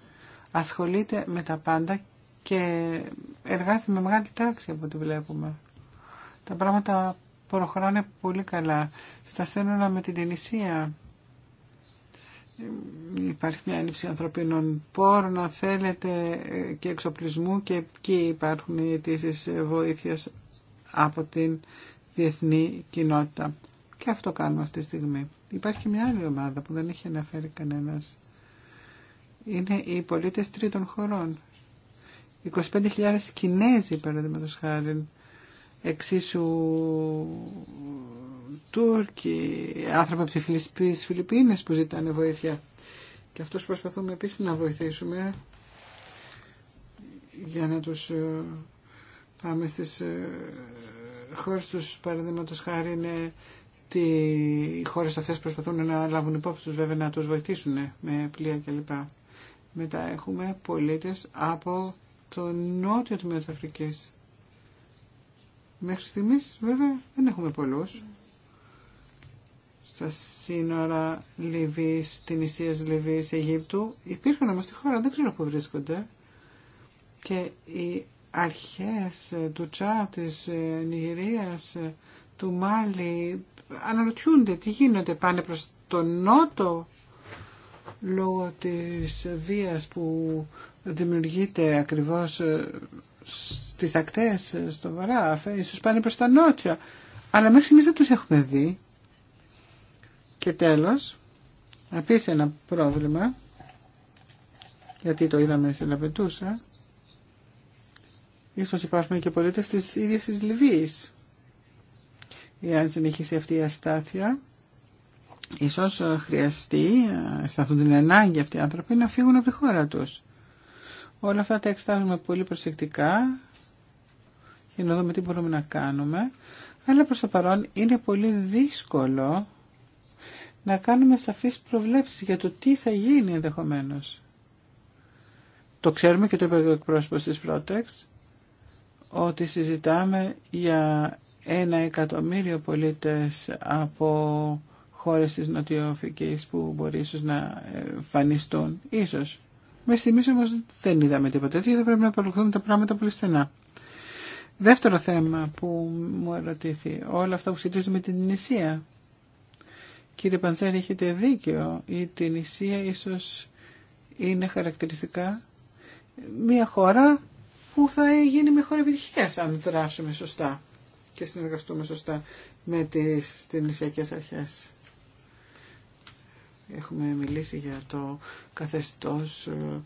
ασχολείται με τα πάντα και εργάζεται με μεγάλη τάξη από ό,τι βλέπουμε. Τα πράγματα προχωράνε πολύ καλά. Στα σύνορα με την Τινησία υπάρχει μια έλλειψη ανθρωπίνων πόρων, αν θέλετε, και εξοπλισμού και εκεί υπάρχουν οι αιτήσει βοήθειας από την διεθνή κοινότητα. Και αυτό κάνουμε αυτή τη στιγμή. Υπάρχει μια άλλη ομάδα που δεν έχει αναφέρει κανένας. Είναι οι πολίτες τρίτων χωρών. 25.000 Κινέζοι, παραδείγματος χάρη, εξίσου Τούρκοι, άνθρωποι από τις Φιλιππίνες που ζητάνε βοήθεια. Και αυτούς προσπαθούμε επίσης να βοηθήσουμε για να τους ε, πάμε στις ε, χώρες τους παραδείγματο χάρη είναι ότι οι χώρες αυτές προσπαθούν να λάβουν υπόψη τους βέβαια να τους βοηθήσουν ναι, με πλοία κλπ. Μετά έχουμε πολίτες από το νότιο τμήμα της Αφρικής. Μέχρι στιγμής βέβαια δεν έχουμε πολλούς στα σύνορα Λιβύης, την Ισίας Λιβύης, Αιγύπτου. Υπήρχαν όμως στη χώρα, δεν ξέρω πού βρίσκονται. Και οι αρχές του Τσά, της ε, Νιγηρίας, ε, του Μάλι, αναρωτιούνται τι γίνεται, πάνε προς τον Νότο λόγω της βίας που δημιουργείται ακριβώς ε, στις ακτές στο Βορρά ίσως πάνε προς τα νότια. Αλλά μέχρι στιγμής δεν τους έχουμε δει. Και τέλος, επίσης ένα πρόβλημα, γιατί το είδαμε στην Λαπετούσα, ίσως υπάρχουν και πολίτες της ίδια της Λιβύης. Εάν συνεχίσει αυτή η αστάθεια, ίσως χρειαστεί, αισθανθούν την ανάγκη αυτοί οι άνθρωποι να φύγουν από τη χώρα τους. Όλα αυτά τα εξετάζουμε πολύ προσεκτικά για να δούμε τι μπορούμε να κάνουμε. Αλλά προς το παρόν είναι πολύ δύσκολο να κάνουμε σαφείς προβλέψεις για το τι θα γίνει ενδεχομένω. Το ξέρουμε και το είπε ο εκπρόσωπος της Frontex, ότι συζητάμε για ένα εκατομμύριο πολίτες από χώρες της Νοτιοαφρικής που μπορεί ίσως να εμφανιστούν, ίσως. Με στιγμής όμως δεν είδαμε τίποτα τέτοιο, δεν πρέπει να παρακολουθούμε τα πράγματα πολύ στενά. Δεύτερο θέμα που μου ερωτήθη, όλα αυτά που σχετίζονται με την νησία. Κύριε παντζέρη, έχετε δίκιο. Η Τινησία ίσως είναι χαρακτηριστικά μια χώρα που θα γίνει μια χώρα επιτυχίας αν δράσουμε σωστά και συνεργαστούμε σωστά με τις τινησιακές αρχές. Έχουμε μιλήσει για το καθεστώς ε,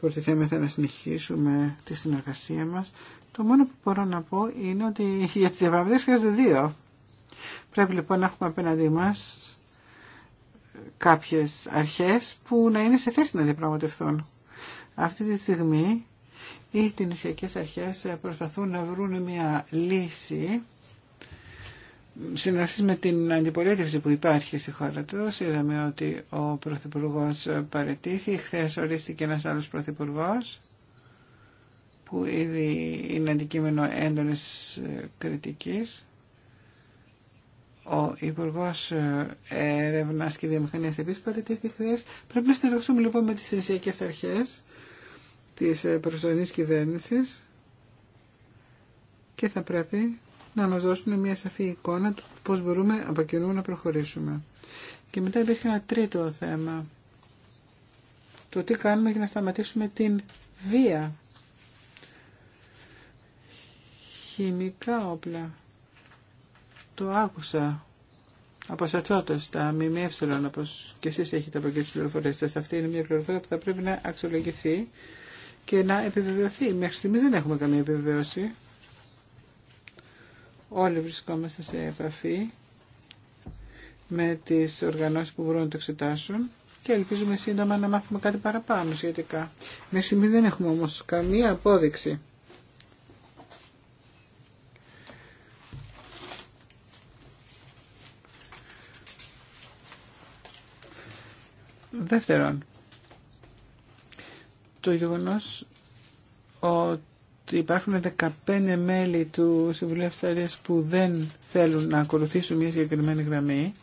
προτιθέμεθα να συνεχίσουμε τη συνεργασία μας. Το μόνο που μπορώ να πω είναι ότι για τις διαπραγματεύσεις χρειάζονται δύο. Πρέπει λοιπόν να έχουμε απέναντί μας κάποιες αρχές που να είναι σε θέση να διαπραγματευτούν. Αυτή τη στιγμή οι τυνησιακές αρχές προσπαθούν να βρουν μια λύση συνεργασίες με την αντιπολίτευση που υπάρχει στη χώρα του. Είδαμε ότι ο Πρωθυπουργό παρετήθη. Χθε ορίστηκε ένας άλλος Πρωθυπουργό που ήδη είναι αντικείμενο έντονης κριτικής. Ο Υπουργό ε, Έρευνα και Βιομηχανία επίση παρατηρήθηκε Πρέπει να συνεργαστούμε λοιπόν με τι θρησκευτικέ αρχέ τη ε, προσωρινή κυβέρνηση και θα πρέπει να μα δώσουν μια σαφή εικόνα του πώς μπορούμε από κοινού να προχωρήσουμε. Και μετά υπήρχε ένα τρίτο θέμα. Το τι κάνουμε για να σταματήσουμε την βία. Χημικά όπλα. Το άκουσα από στρατιώτε τα ΜΜΕ, όπω και εσεί έχετε από εκεί τι πληροφορίε σα. Αυτή είναι μια πληροφορία που θα πρέπει να αξιολογηθεί και να επιβεβαιωθεί. Μέχρι στιγμή δεν έχουμε καμία επιβεβαίωση. Όλοι βρισκόμαστε σε επαφή με τι οργανώσει που μπορούν να το εξετάσουν και ελπίζουμε σύντομα να μάθουμε κάτι παραπάνω σχετικά. Μέχρι στιγμή δεν έχουμε όμω καμία απόδειξη. Δεύτερον, το γεγονός ότι υπάρχουν 15 μέλη του Συμβουλίου Αυστραλίας που δεν θέλουν να ακολουθήσουν μια συγκεκριμένη γραμμή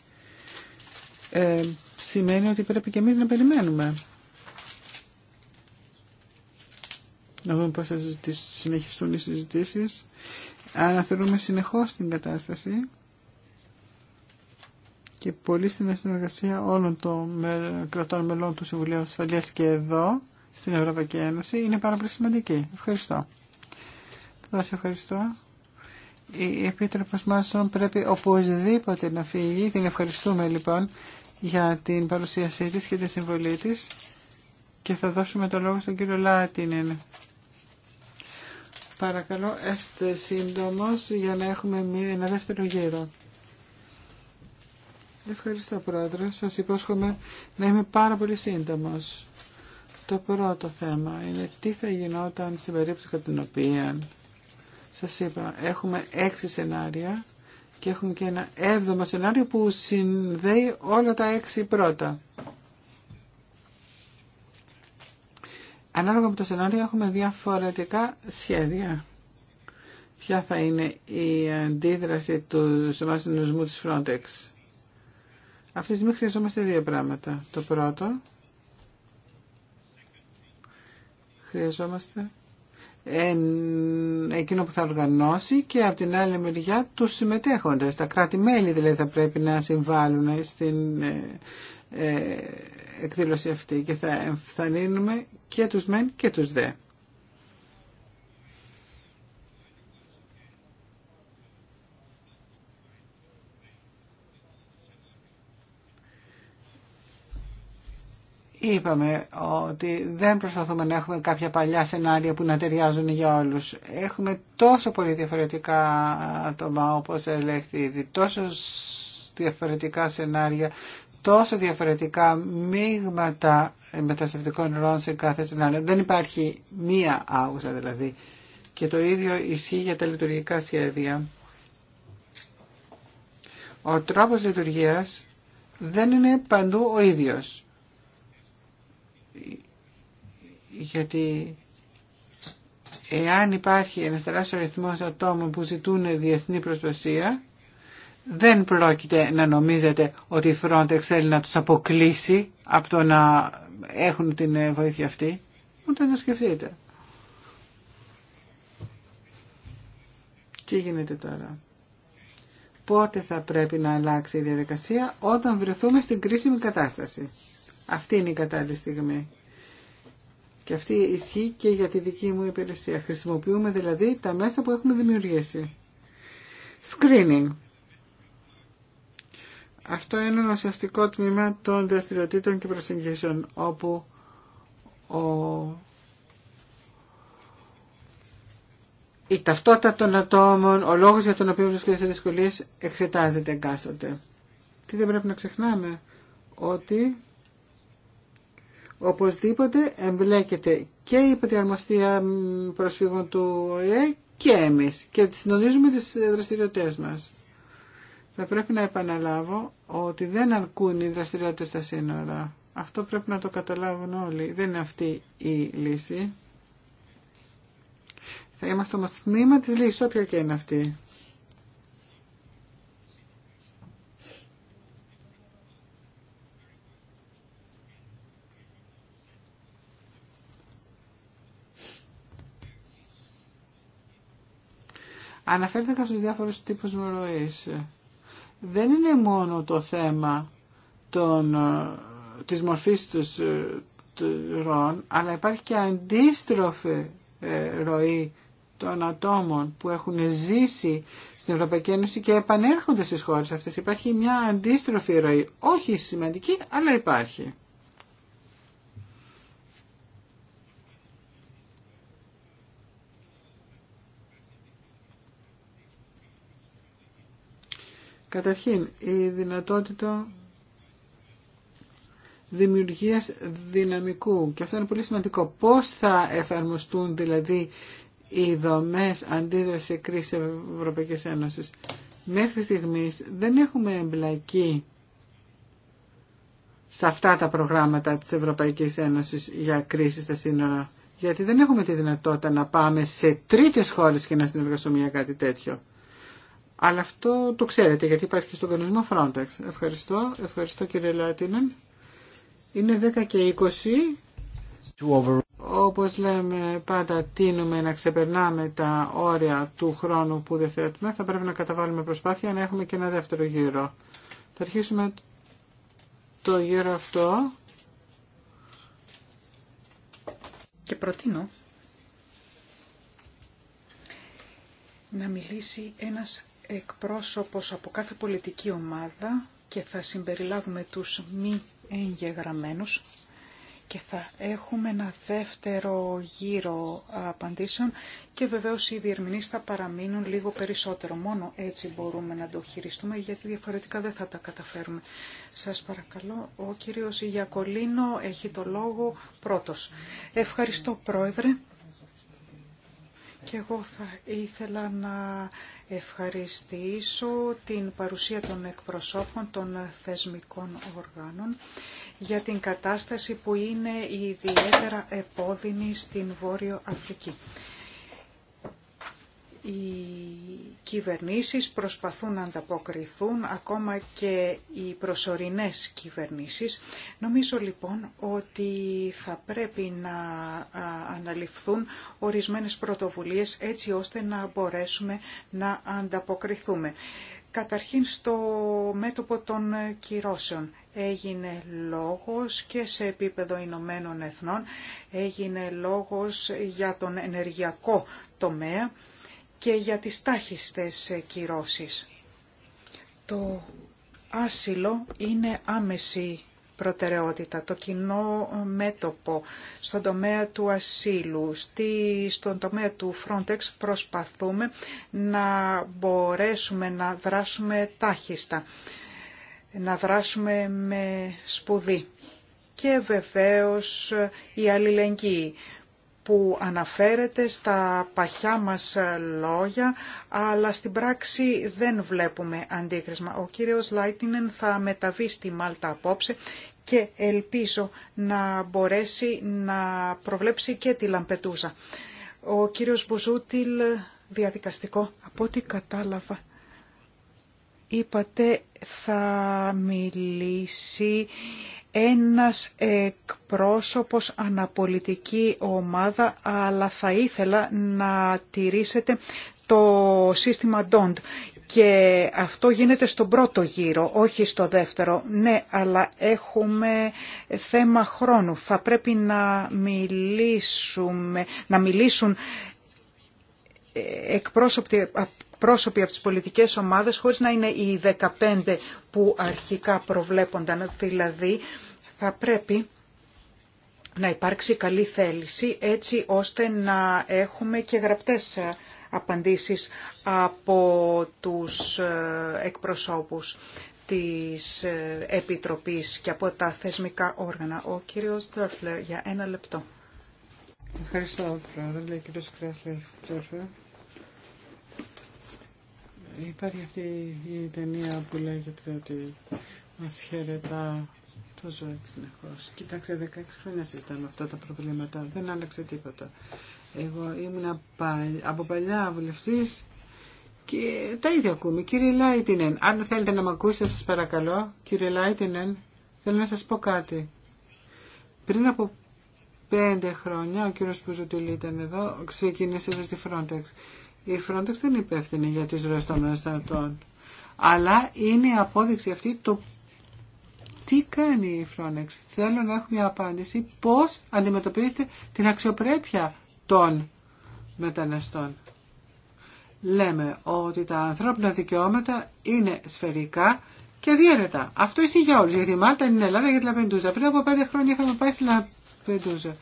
ε, σημαίνει ότι πρέπει και εμείς να περιμένουμε. Να δούμε πώς θα συνεχιστούν οι συζητήσεις. Αναφερούμε συνεχώς την κατάσταση και πολύ στην συνεργασία όλων των κρατών μελών του Συμβουλίου Ασφαλεία και εδώ, στην Ευρωπαϊκή Ένωση, είναι πάρα πολύ σημαντική. Ευχαριστώ. Θα σας ευχαριστώ. Η Επίτροπος Μάρσον πρέπει οπωσδήποτε να φύγει. Την ευχαριστούμε λοιπόν για την παρουσίασή τη και τη συμβολή τη και θα δώσουμε το λόγο στον κύριο Λάτινεν. Παρακαλώ, έστε σύντομος για να έχουμε ένα δεύτερο γύρο. Ευχαριστώ Πρόεδρε. Σας υπόσχομαι να είμαι πάρα πολύ σύντομος. Το πρώτο θέμα είναι τι θα γινόταν στην περίπτωση κατά την οποία σας είπα έχουμε έξι σενάρια και έχουμε και ένα έβδομο σενάριο που συνδέει όλα τα έξι πρώτα. Ανάλογα με το σενάριο έχουμε διαφορετικά σχέδια. Ποια θα είναι η αντίδραση του συνοσμού της Frontex. Αυτή τη στιγμή χρειαζόμαστε δύο πράγματα. Το πρώτο, χρειαζόμαστε εκείνο που θα οργανώσει και από την άλλη μεριά τους συμμετέχοντες. Τα κράτη-μέλη δηλαδή θα πρέπει να συμβάλλουν στην ε, ε, εκδήλωση αυτή και θα εμφανίνουμε και τους μεν και τους δε. Είπαμε ότι δεν προσπαθούμε να έχουμε κάποια παλιά σενάρια που να ταιριάζουν για όλους. Έχουμε τόσο πολύ διαφορετικά άτομα όπως ελέγχθη ήδη, τόσο διαφορετικά σενάρια, τόσο διαφορετικά μείγματα μετασταυτικών ροών σε κάθε σενάριο. Δεν υπάρχει μία άγουσα δηλαδή. Και το ίδιο ισχύει για τα λειτουργικά σχέδια. Ο τρόπος λειτουργίας δεν είναι παντού ο ίδιος γιατί εάν υπάρχει ένας τεράστιο αριθμό ατόμων που ζητούν διεθνή προστασία, δεν πρόκειται να νομίζετε ότι η Frontex θέλει να τους αποκλείσει από το να έχουν την βοήθεια αυτή. Ούτε να σκεφτείτε. Τι γίνεται τώρα. Πότε θα πρέπει να αλλάξει η διαδικασία όταν βρεθούμε στην κρίσιμη κατάσταση. Αυτή είναι η κατάλληλη στιγμή. Και αυτή ισχύει και για τη δική μου υπηρεσία. Χρησιμοποιούμε δηλαδή τα μέσα που έχουμε δημιουργήσει. Screening. Αυτό είναι ένα ουσιαστικό τμήμα των δραστηριοτήτων και προσεγγίσεων, όπου ο... η ταυτότητα των ατόμων, ο λόγος για τον οποίο βρίσκεται σε δυσκολίες εξετάζεται εγκάστοτε. Τι δεν πρέπει να ξεχνάμε, ότι Οπωσδήποτε εμπλέκεται και η Πατριαρμοστία Προσφύγων του ΟΕ και εμείς και συντονίζουμε τις δραστηριότητες μας. Θα πρέπει να επαναλάβω ότι δεν αρκούν οι δραστηριότητες στα σύνορα. Αυτό πρέπει να το καταλάβουν όλοι. Δεν είναι αυτή η λύση. Θα είμαστε όμως τμήμα της λύσης, όποια και είναι αυτή. Αναφέρθηκα στους διάφορους τύπους μορροής. Δεν είναι μόνο το θέμα των, ε, της μορφής τους, ε, του ροών, αλλά υπάρχει και αντίστροφη ε, ροή των ατόμων που έχουν ζήσει στην Ευρωπαϊκή Ένωση και επανέρχονται στις χώρες αυτές. Υπάρχει μια αντίστροφη ροή, όχι σημαντική, αλλά υπάρχει. Καταρχήν, η δυνατότητα δημιουργίας δυναμικού. Και αυτό είναι πολύ σημαντικό. Πώς θα εφαρμοστούν δηλαδή οι δομές αντίδρασης σε της Ευρωπαϊκής Ένωσης. Μέχρι στιγμής δεν έχουμε εμπλακεί σε αυτά τα προγράμματα της Ευρωπαϊκής Ένωσης για κρίση στα σύνορα. Γιατί δεν έχουμε τη δυνατότητα να πάμε σε τρίτες χώρες και να συνεργαστούμε για κάτι τέτοιο. Αλλά αυτό το ξέρετε γιατί υπάρχει και στον κανονισμό Frontex. Ευχαριστώ, ευχαριστώ κύριε Λάτινεν. Είναι 10 και 20. Όπως λέμε πάντα τίνουμε να ξεπερνάμε τα όρια του χρόνου που διαθέτουμε. Θα πρέπει να καταβάλουμε προσπάθεια να έχουμε και ένα δεύτερο γύρο. Θα αρχίσουμε το γύρο αυτό. Και προτείνω να μιλήσει ένας εκπρόσωπος από κάθε πολιτική ομάδα και θα συμπεριλάβουμε τους μη εγγεγραμμένους και θα έχουμε ένα δεύτερο γύρο απαντήσεων και βεβαίως οι διερμηνείς θα παραμείνουν λίγο περισσότερο. Μόνο έτσι μπορούμε να το χειριστούμε γιατί διαφορετικά δεν θα τα καταφέρουμε. Σας παρακαλώ, ο κύριος Ιακολίνο έχει το λόγο πρώτος. Ευχαριστώ πρόεδρε. Και εγώ θα ήθελα να ευχαριστήσω την παρουσία των εκπροσώπων των θεσμικών οργάνων για την κατάσταση που είναι ιδιαίτερα επώδυνη στην Βόρειο Αφρική οι κυβερνήσεις προσπαθούν να ανταποκριθούν, ακόμα και οι προσωρινές κυβερνήσεις. Νομίζω λοιπόν ότι θα πρέπει να αναλυφθούν ορισμένες πρωτοβουλίες έτσι ώστε να μπορέσουμε να ανταποκριθούμε. Καταρχήν στο μέτωπο των κυρώσεων έγινε λόγος και σε επίπεδο Ηνωμένων Εθνών έγινε λόγος για τον ενεργειακό τομέα και για τις τάχιστες κυρώσεις. Το άσυλο είναι άμεση προτεραιότητα, το κοινό μέτωπο στον τομέα του ασύλου, στη, στον τομέα του Frontex προσπαθούμε να μπορέσουμε να δράσουμε τάχιστα, να δράσουμε με σπουδή. Και βεβαίως η αλληλεγγύη που αναφέρεται στα παχιά μας λόγια, αλλά στην πράξη δεν βλέπουμε αντίκρισμα. Ο κύριος Λάιτινεν θα μεταβεί στη Μάλτα απόψε και ελπίζω να μπορέσει να προβλέψει και τη Λαμπετούζα. Ο κύριος Μπουζούτιλ, διαδικαστικό, από ό,τι κατάλαβα, είπατε θα μιλήσει ένας εκπρόσωπος αναπολιτική ομάδα, αλλά θα ήθελα να τηρήσετε το σύστημα DONT. Και αυτό γίνεται στον πρώτο γύρο, όχι στο δεύτερο. Ναι, αλλά έχουμε θέμα χρόνου. Θα πρέπει να, μιλήσουμε, να μιλήσουν ε, εκπρόσωποι πρόσωποι από τις πολιτικές ομάδες χωρίς να είναι οι 15 που αρχικά προβλέπονταν. Δηλαδή θα πρέπει να υπάρξει καλή θέληση έτσι ώστε να έχουμε και γραπτές ε, απαντήσεις από τους ε, εκπροσώπους της ε, Επιτροπής και από τα θεσμικά όργανα. Ο κύριος Ντόρφλερ για ένα λεπτό. Ευχαριστώ, Πρόεδρε, κύριος Υπάρχει αυτή η ταινία που λέγεται ότι μας χαιρετά το ζωή συνεχώ. Κοιτάξτε, 16 χρόνια συζητάμε αυτά τα προβλήματα. Δεν άλλαξε τίποτα. Εγώ ήμουν από παλιά βουλευτή και τα ίδια ακούμε. Κύριε Λάιτινεν, αν θέλετε να με ακούσετε σα παρακαλώ, κύριε Λάιτινεν, θέλω να σα πω κάτι. Πριν από πέντε χρόνια, ο κύριο Πουζουτήλη ήταν εδώ, ξεκίνησε στη Frontex. Η Frontex δεν είναι υπεύθυνη για τις ροές των μεταναστών. Αλλά είναι η απόδειξη αυτή το τι κάνει η Frontex. Θέλω να έχω μια απάντηση πώς αντιμετωπίζετε την αξιοπρέπεια των μεταναστών. Λέμε ότι τα ανθρώπινα δικαιώματα είναι σφαιρικά και διέρετα. Αυτό ισχύει για όλους. Γιατί τη Μάλτα, η Ελλάδα, για τη Λαπεντούζα. Πριν από πέντε χρόνια είχαμε πάει στη Λαπεντούζα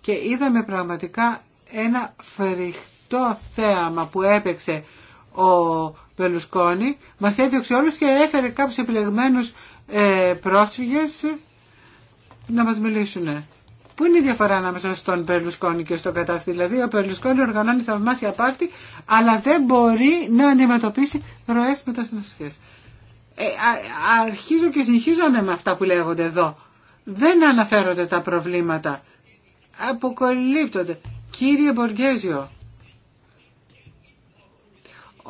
και είδαμε πραγματικά ένα φεριχτό το θέαμα που έπαιξε ο Πελουσκόνη μας έδιωξε όλους και έφερε κάποιους επιλεγμένους ε, πρόσφυγες να μας μιλήσουν. Πού είναι η διαφορά ανάμεσα στον Περλουσκόνη και στον κατάφτη. Δηλαδή ο Περλουσκόνη οργανώνει θαυμάσια πάρτι αλλά δεν μπορεί να αντιμετωπίσει ροέ μεταστασίε. αρχίζω και συνεχίζομαι με αυτά που λέγονται εδώ. Δεν αναφέρονται τα προβλήματα. Αποκολύπτονται. Κύριε Μποργέζιο,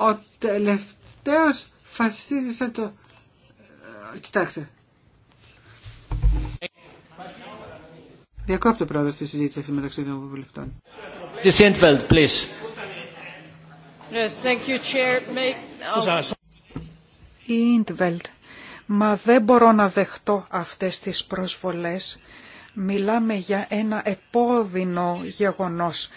ο τελευταίος φασιστής ήταν το... Ε, κοιτάξτε. Διακόπτω πρόεδρο τη συζήτηση αυτή μεταξύ των βουλευτών. Η oh. Ιντβελτ, μα δεν μπορώ να δεχτώ αυτές τις προσβολές. Μιλάμε για ένα επώδυνο γεγονός.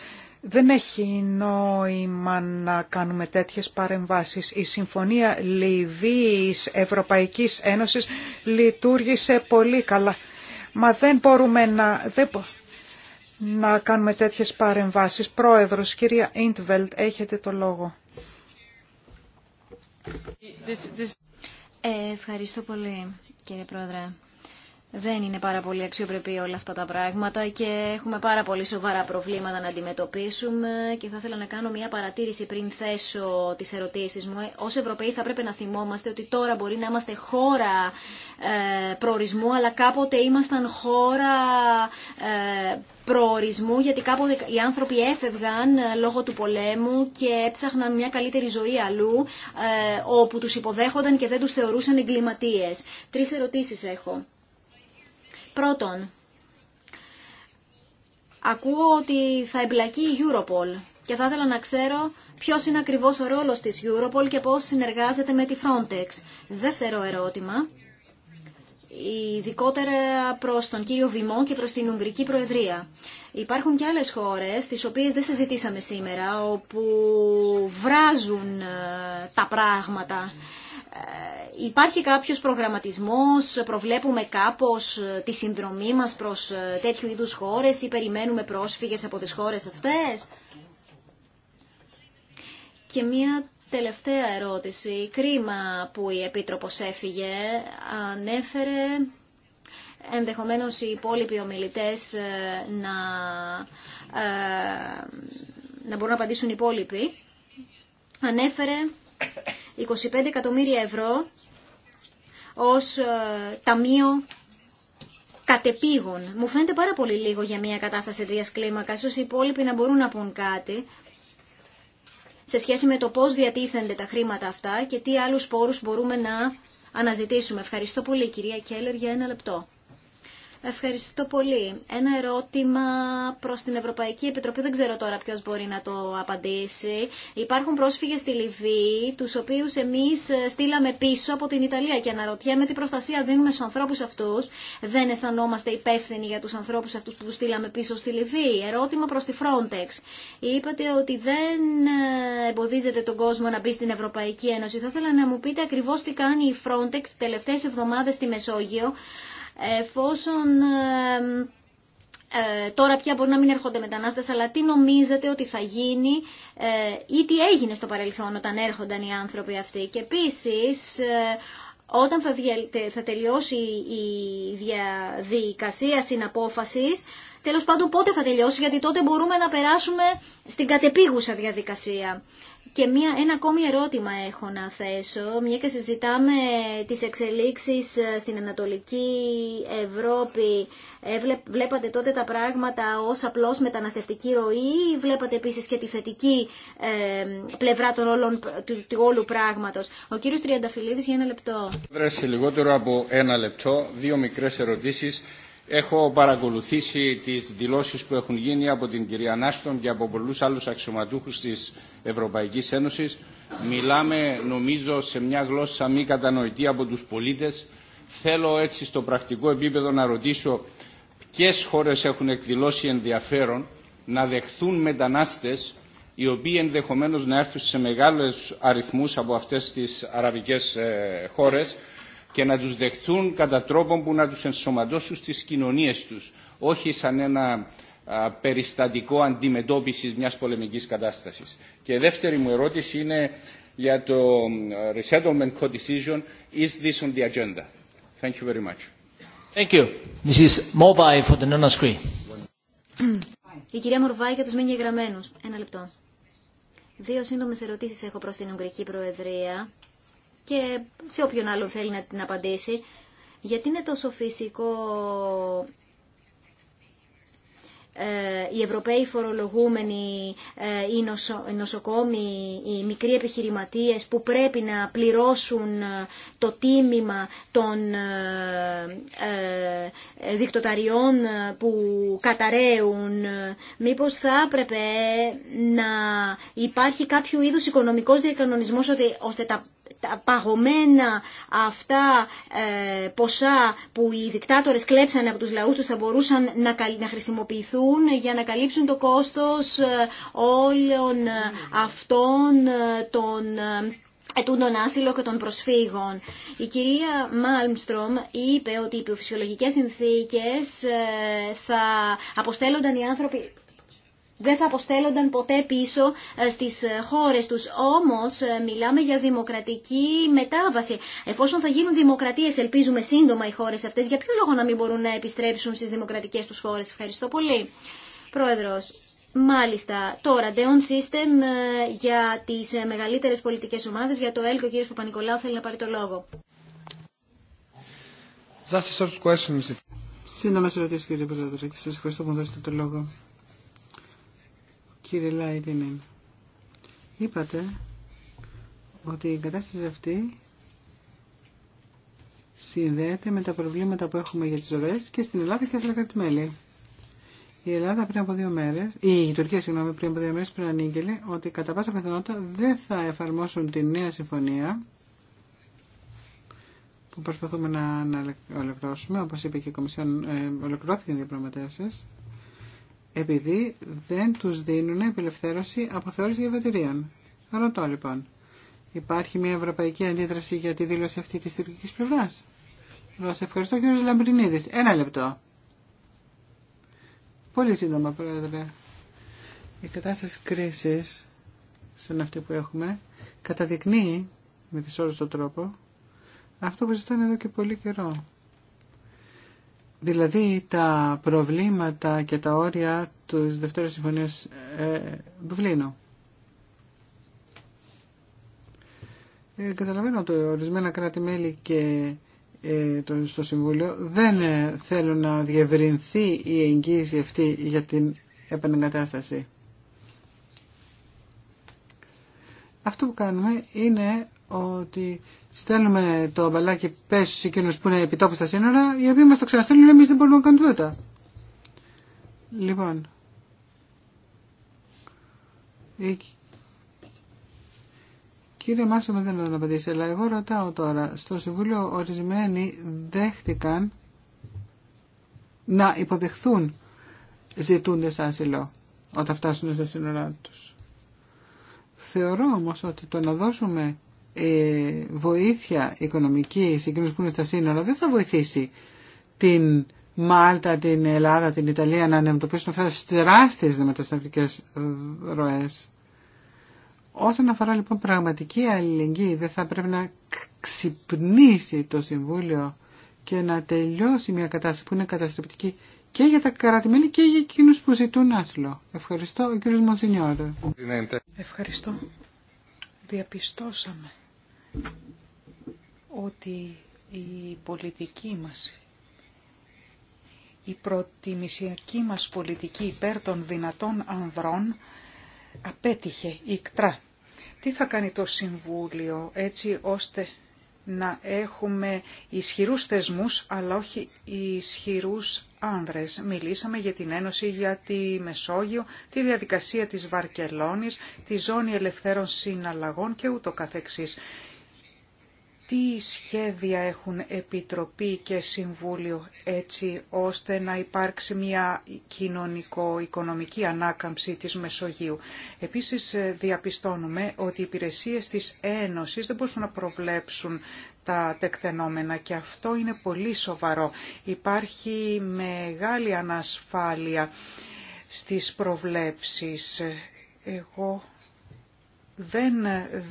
Δεν έχει νόημα να κάνουμε τέτοιες παρεμβάσεις. Η Συμφωνία Λιβύης Ευρωπαϊκής Ένωσης λειτουργήσε πολύ καλά. Μα δεν μπορούμε να, δεν, να κάνουμε τέτοιες παρεμβάσεις. Πρόεδρος, κυρία Ιντβελτ, έχετε το λόγο. Ε, ευχαριστώ πολύ, κύριε Πρόεδρε. Δεν είναι πάρα πολύ αξιοπρεπή όλα αυτά τα πράγματα και έχουμε πάρα πολύ σοβαρά προβλήματα να αντιμετωπίσουμε και θα ήθελα να κάνω μια παρατήρηση πριν θέσω τις ερωτήσεις μου. Ε, ως Ευρωπαίοι θα πρέπει να θυμόμαστε ότι τώρα μπορεί να είμαστε χώρα ε, προορισμού αλλά κάποτε ήμασταν χώρα ε, προορισμού γιατί κάποτε οι άνθρωποι έφευγαν λόγω του πολέμου και έψαχναν μια καλύτερη ζωή αλλού όπου τους υποδέχονταν και δεν τους θεωρούσαν εγκληματίες. Τρεις ερωτήσεις έχω. Πρώτον, ακούω ότι θα εμπλακεί η Europol και θα ήθελα να ξέρω ποιος είναι ακριβώς ο ρόλος της Europol και πώς συνεργάζεται με τη Frontex. Δεύτερο ερώτημα, ειδικότερα προς τον κύριο Βημό και προς την Ουγγρική Προεδρία. Υπάρχουν και άλλες χώρες, τις οποίες δεν συζητήσαμε σήμερα, όπου βράζουν ε, τα πράγματα. Ε, υπάρχει κάποιος προγραμματισμός, προβλέπουμε κάπως ε, τη συνδρομή μας προς ε, τέτοιου είδους χώρες ή περιμένουμε πρόσφυγες από τις χώρες αυτές. Και μία τελευταία ερώτηση. Κρίμα που η Επίτροπος έφυγε. Ανέφερε ενδεχομένως οι υπόλοιποι ομιλητές να, να μπορούν να απαντήσουν οι υπόλοιποι. Ανέφερε 25 εκατομμύρια ευρώ ως ε, ταμείο κατεπήγων. Μου φαίνεται πάρα πολύ λίγο για μια κατάσταση τέτοιας κλίμακας. Ίσως οι υπόλοιποι να μπορούν να πούν κάτι σε σχέση με το πώς διατίθενται τα χρήματα αυτά και τι άλλους πόρους μπορούμε να αναζητήσουμε. Ευχαριστώ πολύ κυρία Κέλλερ για ένα λεπτό. Ευχαριστώ πολύ. Ένα ερώτημα προς την Ευρωπαϊκή Επιτροπή, δεν ξέρω τώρα ποιος μπορεί να το απαντήσει. Υπάρχουν πρόσφυγες στη Λιβύη, τους οποίους εμείς στείλαμε πίσω από την Ιταλία και αναρωτιέμαι τι προστασία δίνουμε στους ανθρώπους αυτούς. Δεν αισθανόμαστε υπεύθυνοι για τους ανθρώπους αυτούς που τους στείλαμε πίσω στη Λιβύη. Ερώτημα προς τη Frontex. Είπατε ότι δεν εμποδίζεται τον κόσμο να μπει στην Ευρωπαϊκή Ένωση. Θα ήθελα να μου πείτε ακριβώς τι κάνει η Frontex τελευταίες εβδομάδες στη Μεσόγειο εφόσον ε, τώρα πια μπορεί να μην έρχονται μετανάστες, αλλά τι νομίζετε ότι θα γίνει ε, ή τι έγινε στο παρελθόν όταν έρχονταν οι άνθρωποι αυτοί. Και επίσης, ε, όταν θα, θα τελειώσει η διαδικασία συναπόφασης, τέλος πάντων πότε θα τελειώσει, γιατί τότε μπορούμε να περάσουμε στην κατεπίγουσα διαδικασία. Και μια, ένα ακόμη ερώτημα έχω να θέσω, μια και συζητάμε τις εξελίξεις ε, στην Ανατολική Ευρώπη. Ε, βλέπατε τότε τα πράγματα ως απλώς μεταναστευτική ροή ή βλέπατε επίσης και τη θετική ε, πλευρά των όλων, του, του όλου πράγματος. Ο κύριος Τριανταφυλλίδης για ένα λεπτό. Βρέσει λιγότερο από ένα λεπτό, δύο μικρές ερωτήσεις Έχω παρακολουθήσει τις δηλώσεις που έχουν γίνει από την κυρία Νάστον και από πολλούς άλλους αξιωματούχους της Ευρωπαϊκής Ένωσης. Μιλάμε, νομίζω, σε μια γλώσσα μη κατανοητή από τους πολίτες. Θέλω έτσι στο πρακτικό επίπεδο να ρωτήσω ποιες χώρες έχουν εκδηλώσει ενδιαφέρον να δεχθούν μετανάστες οι οποίοι ενδεχομένως να έρθουν σε μεγάλους αριθμούς από αυτές τις αραβικές ε, χώρες και να τους δεχθούν κατά τρόπον που να τους ενσωματώσουν στις κοινωνίες τους, όχι σαν ένα περιστατικό αντιμετώπισης μιας πολεμικής κατάστασης. Και δεύτερη μου ερώτηση είναι για το resettlement co-decision, is this on the agenda? Thank you very much. Thank you. Mrs. Mobile for the non Η κυρία Μορβάη για τους μη Ένα λεπτό. Δύο σύντομες ερωτήσεις έχω προς την Ουγγρική Προεδρία και σε όποιον άλλον θέλει να την απαντήσει. Γιατί είναι τόσο φυσικό ε, οι Ευρωπαίοι φορολογούμενοι, ε, οι, νοσο, οι νοσοκόμοι, οι μικροί επιχειρηματίες που πρέπει να πληρώσουν ε, το τίμημα των ε, δικτοταριών που καταραίουν. Μήπως θα έπρεπε να υπάρχει κάποιο είδους οικονομικός διακανονισμός ώστε τα τα παγωμένα αυτά ε, ποσά που οι δικτάτορες κλέψανε από τους λαούς τους θα μπορούσαν να χρησιμοποιηθούν για να καλύψουν το κόστος ε, όλων ε, αυτών των τον άσυλο και των προσφύγων. Η κυρία Μάλμστρομ είπε ότι οι φυσιολογικές συνθήκες θα αποστέλλονταν οι άνθρωποι δεν θα αποστέλλονταν ποτέ πίσω ε, στις ε, χώρες τους. Όμως ε, μιλάμε για δημοκρατική μετάβαση. Εφόσον θα γίνουν δημοκρατίες, ελπίζουμε σύντομα οι χώρες αυτές, για ποιο λόγο να μην μπορούν να επιστρέψουν στις δημοκρατικές τους χώρες. Ευχαριστώ πολύ. Πρόεδρος, Μάλιστα. Τώρα, Deon System για τις μεγαλύτερες πολιτικές ομάδες, για το ΕΛΚ, ο κύριος Παπα-Νικολάου θέλει να πάρει το λόγο. Σύντομες ερωτήσει κύριε Πρόεδρε και σα ευχαριστώ που μου δώσετε το λόγο. Κύριε Λάιτινεν, είπατε ότι η κατάσταση αυτή συνδέεται με τα προβλήματα που έχουμε για τις ζωές και στην Ελλάδα και στα κρατημέλη. Η Ελλάδα πριν από δύο μέρες, η Τουρκία συγγνώμη, πριν από δύο μέρες πριν ανήγγελε ότι κατά πάσα πιθανότητα δεν θα εφαρμόσουν τη νέα συμφωνία που προσπαθούμε να ολοκληρώσουμε, όπως είπε και η Κομισιόν, ε, ολοκληρώθηκαν οι διαπραγματεύσεις επειδή δεν τους δίνουν απελευθέρωση από θεώρηση διαβατηρίων. Ρωτώ λοιπόν, υπάρχει μια ευρωπαϊκή αντίδραση για τη δήλωση αυτή της τουρκικής πλευράς. Σας ευχαριστώ κύριος Λαμπρινίδης. Ένα λεπτό. Πολύ σύντομα πρόεδρε. Η κατάσταση κρίσης, σαν αυτή που έχουμε, καταδεικνύει με τον τρόπο αυτό που ζητάνε εδώ και πολύ καιρό. Δηλαδή τα προβλήματα και τα όρια τους δεύτερους Συμφωνίας ε, Δουβλίνου. Ε, καταλαβαίνω ότι ορισμένα κράτη-μέλη και ε, στο Συμβούλιο δεν ε, θέλουν να διευρυνθεί η εγγύηση αυτή για την επανεγκατάσταση. Αυτό που κάνουμε είναι ότι στέλνουμε το μπαλάκι πέσει σε εκείνους που είναι επιτόπου στα σύνορα, οι οποίοι μας το ξαναστέλνουν εμείς δεν μπορούμε να κάνουμε τίποτα. Λοιπόν. Ε, κύριε Μάρσο, δεν να απαντήσει, αλλά εγώ ρωτάω τώρα. Στο Συμβούλιο ορισμένοι δέχτηκαν να υποδεχθούν ζητούντες άσυλο όταν φτάσουν στα σύνορά τους. Θεωρώ όμως ότι το να δώσουμε ε, βοήθεια οικονομική σε εκείνους που είναι στα σύνορα δεν θα βοηθήσει την Μάλτα, την Ελλάδα, την Ιταλία να αντιμετωπίσουν αυτές τις τεράστιες μεταστατικές ροές. Όσον αφορά λοιπόν πραγματική αλληλεγγύη δεν θα πρέπει να ξυπνήσει το Συμβούλιο και να τελειώσει μια κατάσταση που είναι καταστροφική και για τα καρατημένη και για εκείνους που ζητούν άσυλο. Ευχαριστώ, ο κύριος Μοζινιόρ. Ευχαριστώ. Διαπιστώσαμε ότι η πολιτική μας, η προτιμησιακή μας πολιτική υπέρ των δυνατών ανδρών απέτυχε ικτρά. Τι θα κάνει το Συμβούλιο έτσι ώστε να έχουμε ισχυρούς θεσμούς αλλά όχι ισχυρούς άνδρες. Μιλήσαμε για την Ένωση για τη Μεσόγειο, τη διαδικασία της Βαρκελόνης, τη Ζώνη Ελευθέρων Συναλλαγών και ούτω καθεξής τι σχέδια έχουν Επιτροπή και Συμβούλιο έτσι ώστε να υπάρξει μια κοινωνικο-οικονομική ανάκαμψη της Μεσογείου. Επίσης ε, διαπιστώνουμε ότι οι υπηρεσίες της Ένωσης δεν μπορούν να προβλέψουν τα τεκτενόμενα και αυτό είναι πολύ σοβαρό. Υπάρχει μεγάλη ανασφάλεια στις προβλέψεις. Εγώ δεν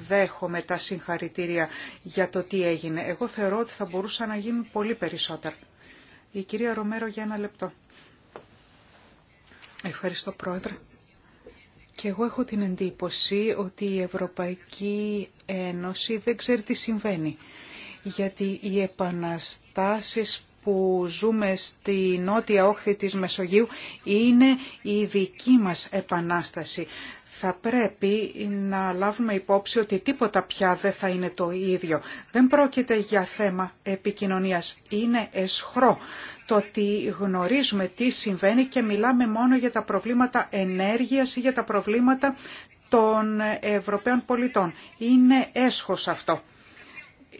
δέχομαι τα συγχαρητήρια για το τι έγινε. Εγώ θεωρώ ότι θα μπορούσαν να γίνουν πολύ περισσότερα. Η κυρία Ρομέρο για ένα λεπτό. Ευχαριστώ πρόεδρε. Και εγώ έχω την εντύπωση ότι η Ευρωπαϊκή Ένωση δεν ξέρει τι συμβαίνει. Γιατί οι επαναστάσεις που ζούμε στη νότια όχθη της Μεσογείου είναι η δική μας επανάσταση θα πρέπει να λάβουμε υπόψη ότι τίποτα πια δεν θα είναι το ίδιο. Δεν πρόκειται για θέμα επικοινωνίας. Είναι εσχρό το ότι γνωρίζουμε τι συμβαίνει και μιλάμε μόνο για τα προβλήματα ενέργειας ή για τα προβλήματα των Ευρωπαίων πολιτών. Είναι έσχος αυτό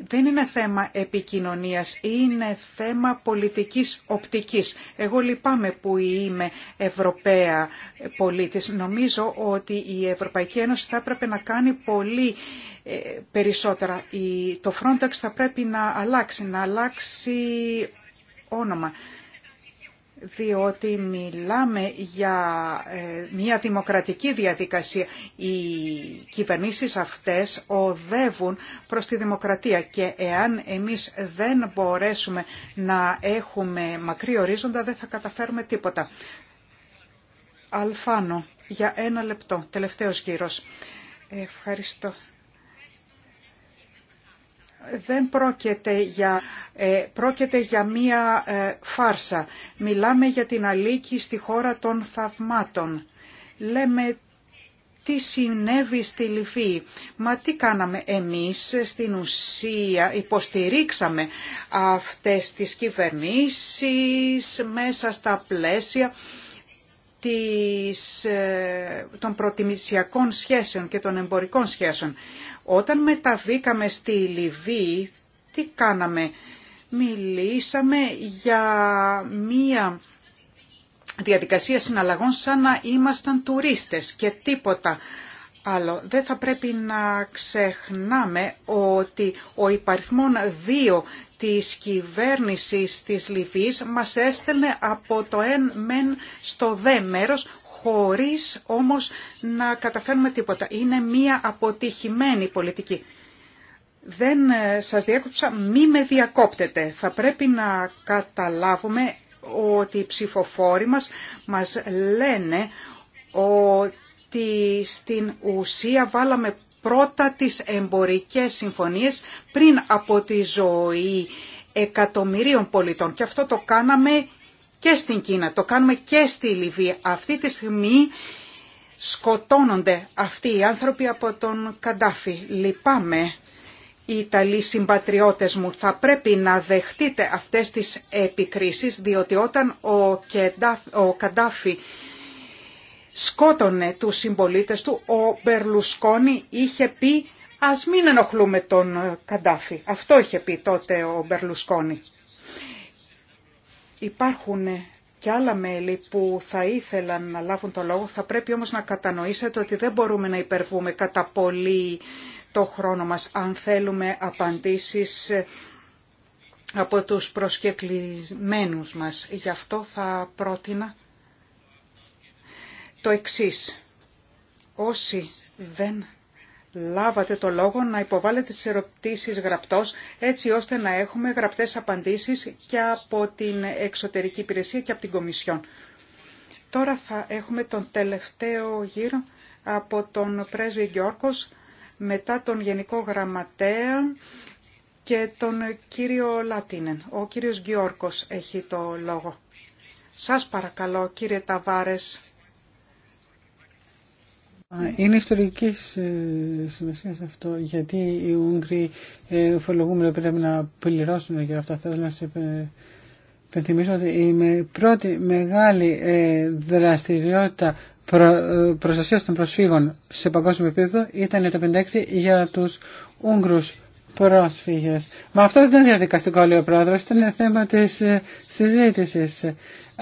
δεν είναι θέμα επικοινωνίας, είναι θέμα πολιτικής οπτικής. Εγώ λυπάμαι που είμαι Ευρωπαία πολίτης. Νομίζω ότι η Ευρωπαϊκή Ένωση θα έπρεπε να κάνει πολύ ε, περισσότερα. Το Frontex θα πρέπει να αλλάξει, να αλλάξει όνομα διότι μιλάμε για ε, μια δημοκρατική διαδικασία. Οι κυβερνήσεις αυτές οδεύουν προς τη δημοκρατία και εάν εμείς δεν μπορέσουμε να έχουμε μακρύ ορίζοντα δεν θα καταφέρουμε τίποτα. Αλφάνο, για ένα λεπτό, τελευταίος γύρος. Ευχαριστώ δεν πρόκειται για, ε, για μία ε, φάρσα. Μιλάμε για την αλήκη στη χώρα των θαυμάτων. Λέμε τι συνέβη στη Λιβύη. Μα τι κάναμε εμείς στην ουσία, υποστηρίξαμε αυτές τις κυβερνήσεις μέσα στα πλαίσια ε, των προτιμησιακών σχέσεων και των εμπορικών σχέσεων. Όταν μεταβήκαμε στη Λιβύη, τι κάναμε. Μιλήσαμε για μία διαδικασία συναλλαγών σαν να ήμασταν τουρίστες και τίποτα άλλο. Δεν θα πρέπει να ξεχνάμε ότι ο υπαριθμόν δύο της κυβέρνησης της Λιβύης μας έστελνε από το εν μεν στο δε μέρος χωρίς όμως να καταφέρουμε τίποτα. Είναι μία αποτυχημένη πολιτική. Δεν ε, σας διέκοψα, μη με διακόπτετε. Θα πρέπει να καταλάβουμε ότι οι ψηφοφόροι μας μας λένε ότι στην ουσία βάλαμε πρώτα τις εμπορικές συμφωνίες πριν από τη ζωή εκατομμυρίων πολιτών. Και αυτό το κάναμε και στην Κίνα, το κάνουμε και στη Λιβύη. Αυτή τη στιγμή σκοτώνονται αυτοί οι άνθρωποι από τον Καντάφη. Λυπάμαι οι Ιταλοί συμπατριώτες μου θα πρέπει να δεχτείτε αυτές τις επικρίσεις διότι όταν ο, Κεντάφ, ο Καντάφη σκότωνε του συμπολίτες του, ο Μπερλουσκόνη είχε πει «Ας μην ενοχλούμε τον ε, Καντάφη». Αυτό είχε πει τότε ο Μπερλουσκόνη. Υπάρχουν ε, και άλλα μέλη που θα ήθελαν να λάβουν το λόγο, θα πρέπει όμως να κατανοήσετε ότι δεν μπορούμε να υπερβούμε κατά πολύ το χρόνο μας, αν θέλουμε απαντήσεις ε, από τους προσκεκλημένους μας. Γι' αυτό θα πρότεινα το εξής. Όσοι δεν λάβατε το λόγο να υποβάλλετε τις ερωτήσεις γραπτός, έτσι ώστε να έχουμε γραπτές απαντήσεις και από την εξωτερική υπηρεσία και από την Κομισιόν. Τώρα θα έχουμε τον τελευταίο γύρο από τον πρέσβη Γιώργος, μετά τον Γενικό Γραμματέα και τον κύριο Λάτινεν. Ο κύριος Γιώργος έχει το λόγο. Σας παρακαλώ κύριε Ταβάρες είναι ιστορική ε, σημασία αυτό, γιατί οι Ούγγροι ε, φορολογούμενοι πρέπει να πληρώσουν για αυτά. Θέλω να σε υπενθυμίσω ότι η πρώτη μεγάλη ε, δραστηριότητα προ, προστασία των προσφύγων σε παγκόσμιο επίπεδο ήταν το 56 για τους Ούγγρους πρόσφυγες. Μα αυτό δεν ήταν διαδικαστικό, λέει ο πρόεδρο, ήταν θέμα της συζήτηση.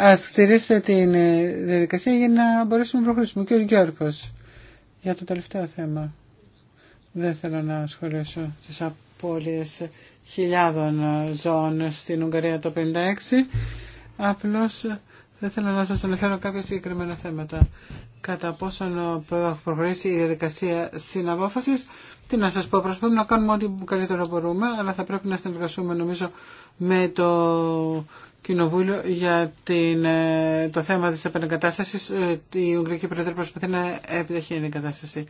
Α στηρίξετε την διαδικασία για να μπορέσουμε να προχωρήσουμε. Και ο Γιώργος. Για το τελευταίο θέμα, δεν θέλω να σχολιάσω τις απώλειες χιλιάδων ζώων στην Ουγγαρία το 1956. Απλώς δεν θέλω να σας αναφέρω κάποια συγκεκριμένα θέματα. Κατά πόσο πόσον προχωρήσει η διαδικασία συναπόφασης, τι να σας πω, προσπαθούμε να κάνουμε ό,τι καλύτερο μπορούμε, αλλά θα πρέπει να συνεργαστούμε νομίζω με το Κοινοβούλιο για την, ε, το θέμα της επανεγκατάστασης. Ε, η Ουγγρική Προεδρία προσπαθεί να επιταχύνει την κατάσταση.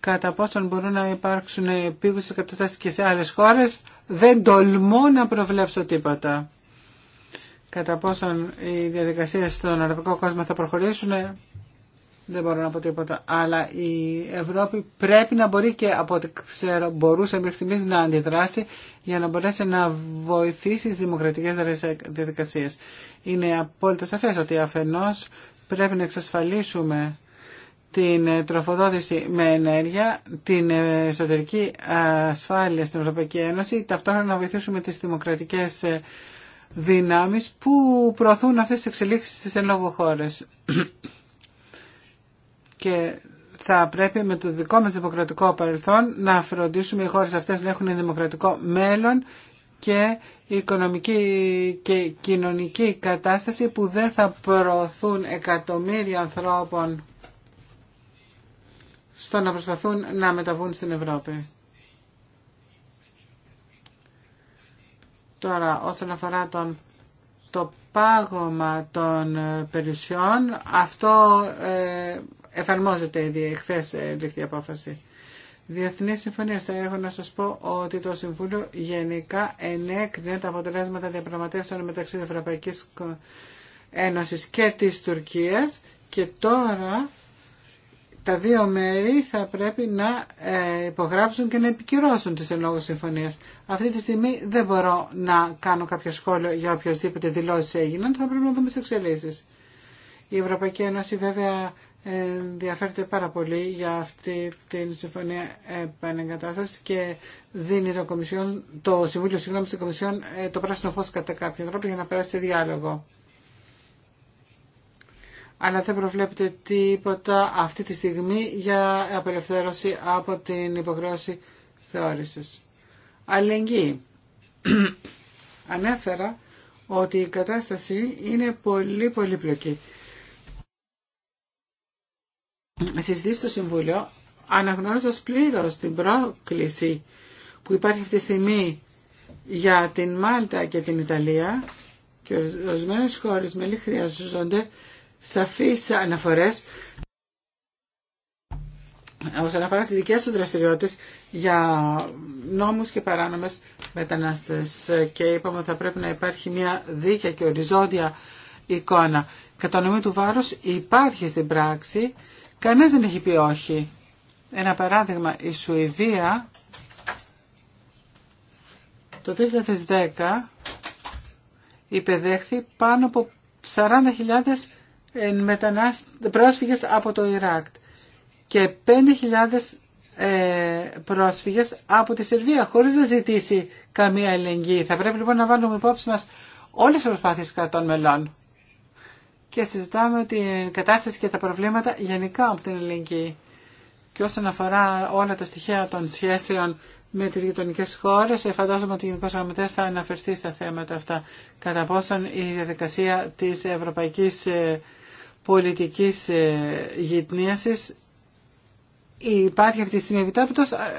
Κατά πόσον μπορούν να υπάρξουν επίγουσε καταστάσει και σε άλλες χώρες, δεν τολμώ να προβλέψω τίποτα. Κατά πόσον οι διαδικασίες στον αραβικό κόσμο θα προχωρήσουν, δεν μπορώ να πω τίποτα. Αλλά η Ευρώπη πρέπει να μπορεί και από ό,τι ξέρω μπορούσε μέχρι στιγμής να αντιδράσει για να μπορέσει να βοηθήσει τις δημοκρατικές διαδικασίες. Είναι απόλυτα σαφές ότι αφενός πρέπει να εξασφαλίσουμε την τροφοδότηση με ενέργεια, την εσωτερική ασφάλεια στην Ευρωπαϊκή Ένωση, ταυτόχρονα να βοηθήσουμε τις δημοκρατικές δυνάμεις που προωθούν αυτές τις εξελίξεις στις εν χώρε και θα πρέπει με το δικό μας δημοκρατικό παρελθόν να φροντίσουμε οι χώρες αυτές να έχουν δημοκρατικό μέλλον και η οικονομική και κοινωνική κατάσταση που δεν θα προωθούν εκατομμύρια ανθρώπων στο να προσπαθούν να μεταβούν στην Ευρώπη. Τώρα, όσον αφορά τον, το πάγωμα των περιουσιών, αυτό ε, εφαρμόζεται ήδη εχθές ε, ληφθεί απόφαση. Διεθνή συμφωνία θα έχω να σα πω ότι το Συμβούλιο γενικά ενέκρινε τα αποτελέσματα διαπραγματεύσεων μεταξύ της Ευρωπαϊκής Ένωσης και τη Τουρκία, και τώρα τα δύο μέρη θα πρέπει να ε, υπογράψουν και να επικυρώσουν τις εν συμφωνίες. Αυτή τη στιγμή δεν μπορώ να κάνω κάποιο σχόλιο για οποιασδήποτε δηλώσει έγιναν, θα πρέπει να δούμε τις εξελίξεις. Η Ευρωπαϊκή Ένωση βέβαια ενδιαφέρεται πάρα πολύ για αυτή την συμφωνία επανεγκατάσταση και δίνει το, Κομισιόν, το Συμβούλιο συγγνώμη, στην Κομισιόν ε, το πράσινο φως κατά κάποιο τρόπο για να περάσει σε διάλογο. Αλλά δεν προβλέπεται τίποτα αυτή τη στιγμή για απελευθέρωση από την υποχρέωση θεώρησης. Αλληλεγγύη. Ανέφερα ότι η κατάσταση είναι πολύ πολύπλοκη συζητήσει το Συμβούλιο αναγνώριζα πλήρω την πρόκληση που υπάρχει αυτή τη στιγμή για την Μάλτα και την Ιταλία και ορισμένε χώρε μέλη χρειαζόνται σαφεί αναφορές όσον αφορά τι δικέ του δραστηριότητε για νόμους και παράνομε μετανάστες και είπαμε ότι θα πρέπει να υπάρχει μια δίκαια και οριζόντια εικόνα. Κατανομή του βάρου υπάρχει στην πράξη Κανένας δεν έχει πει όχι. Ένα παράδειγμα, η Σουηδία το 2010 υπεδέχθη πάνω από 40.000 μετανάστες πρόσφυγες από το Ιράκ και 5.000 ε, πρόσφυγες από τη Σερβία χωρίς να ζητήσει καμία ελεγγύη. Θα πρέπει λοιπόν να βάλουμε υπόψη μας όλες τις προσπάθειες κρατών μελών και συζητάμε την κατάσταση και τα προβλήματα γενικά από την ελληνική. Και όσον αφορά όλα τα στοιχεία των σχέσεων με τις γειτονικές χώρες, ε, φαντάζομαι ότι ο Γενικός Γραμματέας θα αναφερθεί στα θέματα αυτά, κατά πόσον η διαδικασία της ευρωπαϊκής ε, πολιτικής ε, γειτνίασης υπάρχει αυτή η στιγμή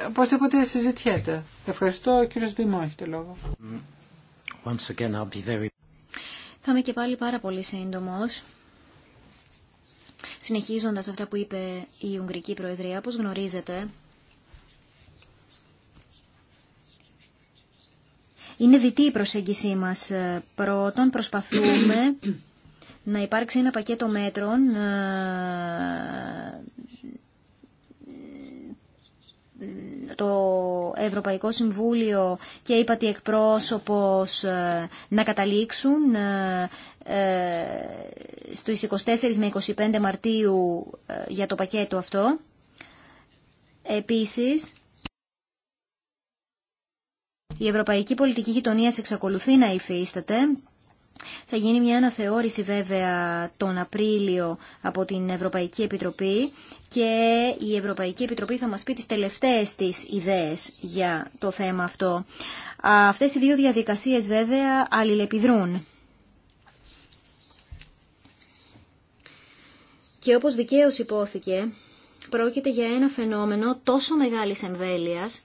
όπως είπατε, συζητιέται. Ευχαριστώ, κύριος Δημό, έχετε λόγο. Mm. Once θα είμαι και πάλι πάρα πολύ σύντομο, Συνεχίζοντας αυτά που είπε η Ουγγρική Προεδρία, όπω γνωρίζετε, είναι διτή η προσέγγιση μας. Πρώτον, προσπαθούμε να υπάρξει ένα πακέτο μέτρων ε, το Ευρωπαϊκό Συμβούλιο και είπα τι εκπρόσωπος ε, να καταλήξουν ε, ε, στις 24 με 25 Μαρτίου για το πακέτο αυτό. Επίσης, η Ευρωπαϊκή Πολιτική Γειτονίας εξακολουθεί να υφίσταται θα γίνει μια αναθεώρηση βέβαια τον Απρίλιο από την Ευρωπαϊκή Επιτροπή και η Ευρωπαϊκή Επιτροπή θα μας πει τις τελευταίες της ιδέες για το θέμα αυτό. Αυτές οι δύο διαδικασίες βέβαια αλληλεπιδρούν. Και όπως δικαίως υπόθηκε, πρόκειται για ένα φαινόμενο τόσο μεγάλης εμβέλειας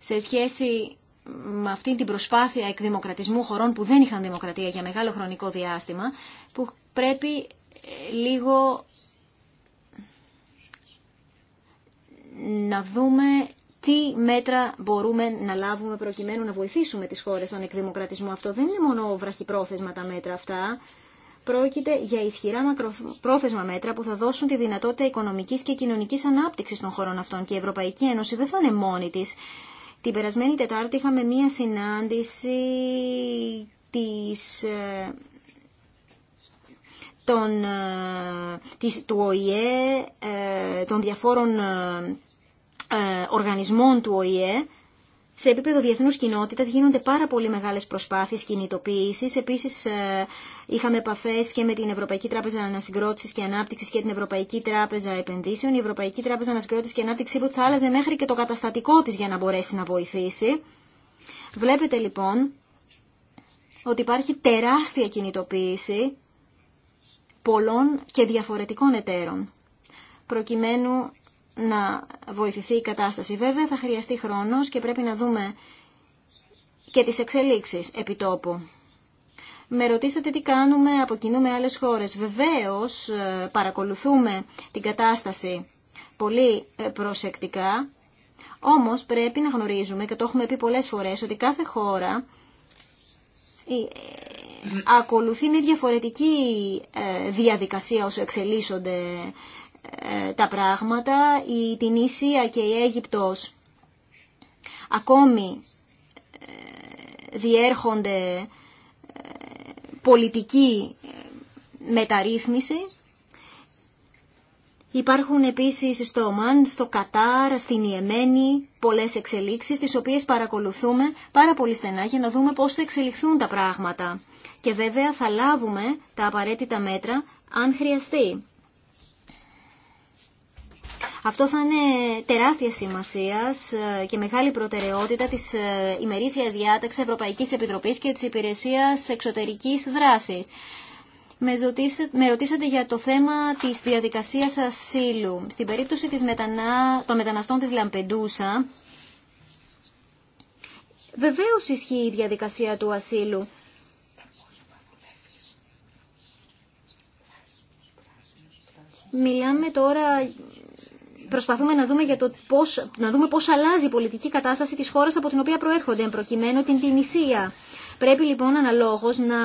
σε σχέση με αυτή την προσπάθεια εκδημοκρατισμού χωρών που δεν είχαν δημοκρατία για μεγάλο χρονικό διάστημα, που πρέπει ε, λίγο να δούμε τι μέτρα μπορούμε να λάβουμε προκειμένου να βοηθήσουμε τις χώρες στον εκδημοκρατισμό. Αυτό δεν είναι μόνο βραχυπρόθεσμα τα μέτρα αυτά. Πρόκειται για ισχυρά μακροπρόθεσμα μέτρα που θα δώσουν τη δυνατότητα οικονομικής και κοινωνικής ανάπτυξη των χωρών αυτών. Και η Ευρωπαϊκή Ένωση δεν θα είναι μόνη τη την περασμένη Τετάρτη είχαμε μία συνάντηση της ε, των, ε, του ΟΗΕ, ε, των διαφόρων οργανισμών του ΟΗΕ σε επίπεδο διεθνούς κοινότητας γίνονται πάρα πολύ μεγάλες προσπάθειες κινητοποίησης. Επίσης ε, είχαμε επαφές και με την Ευρωπαϊκή Τράπεζα Ανασυγκρότησης και Ανάπτυξης και την Ευρωπαϊκή Τράπεζα Επενδύσεων. Η Ευρωπαϊκή Τράπεζα Ανασυγκρότησης και Ανάπτυξης που ότι θα άλλαζε μέχρι και το καταστατικό της για να μπορέσει να βοηθήσει. Βλέπετε λοιπόν ότι υπάρχει τεράστια κινητοποίηση πολλών και διαφορετικών εταίρων προκειμένου να βοηθηθεί η κατάσταση. Βέβαια θα χρειαστεί χρόνος και πρέπει να δούμε και τις εξελίξεις επιτόπου. Με ρωτήσατε τι κάνουμε από άλλες χώρες. Βεβαίως ε, παρακολουθούμε την κατάσταση πολύ ε, προσεκτικά, όμως πρέπει να γνωρίζουμε και το έχουμε πει πολλές φορές ότι κάθε χώρα ε, ακολουθεί μια διαφορετική διαδικασία όσο εξελίσσονται ε, τα πράγματα. Η Τινήσια και η Αίγυπτος ακόμη ε, διέρχονται ε, πολιτική μεταρρύθμιση. Υπάρχουν επίσης στο Ομάν, στο Κατάρ, στην Ιεμένη πολλές εξελίξεις, τις οποίες παρακολουθούμε πάρα πολύ στενά για να δούμε πώς θα εξελιχθούν τα πράγματα. Και βέβαια θα λάβουμε τα απαραίτητα μέτρα αν χρειαστεί. Αυτό θα είναι τεράστια σημασία ε, και μεγάλη προτεραιότητα τη ε, ημερήσια διάταξη Ευρωπαϊκή Επιτροπή και τη Υπηρεσία Εξωτερική Δράση. Με ρωτήσατε για το θέμα της διαδικασίας ασύλου. Στην περίπτωση της μετανά... των μεταναστών της Λαμπεντούσα, βεβαίως ισχύει η διαδικασία του ασύλου. Μιλάμε τώρα προσπαθούμε να δούμε, για το πώς, να δούμε πώς αλλάζει η πολιτική κατάσταση της χώρας από την οποία προέρχονται, προκειμένου την Τινησία. Πρέπει λοιπόν αναλόγως να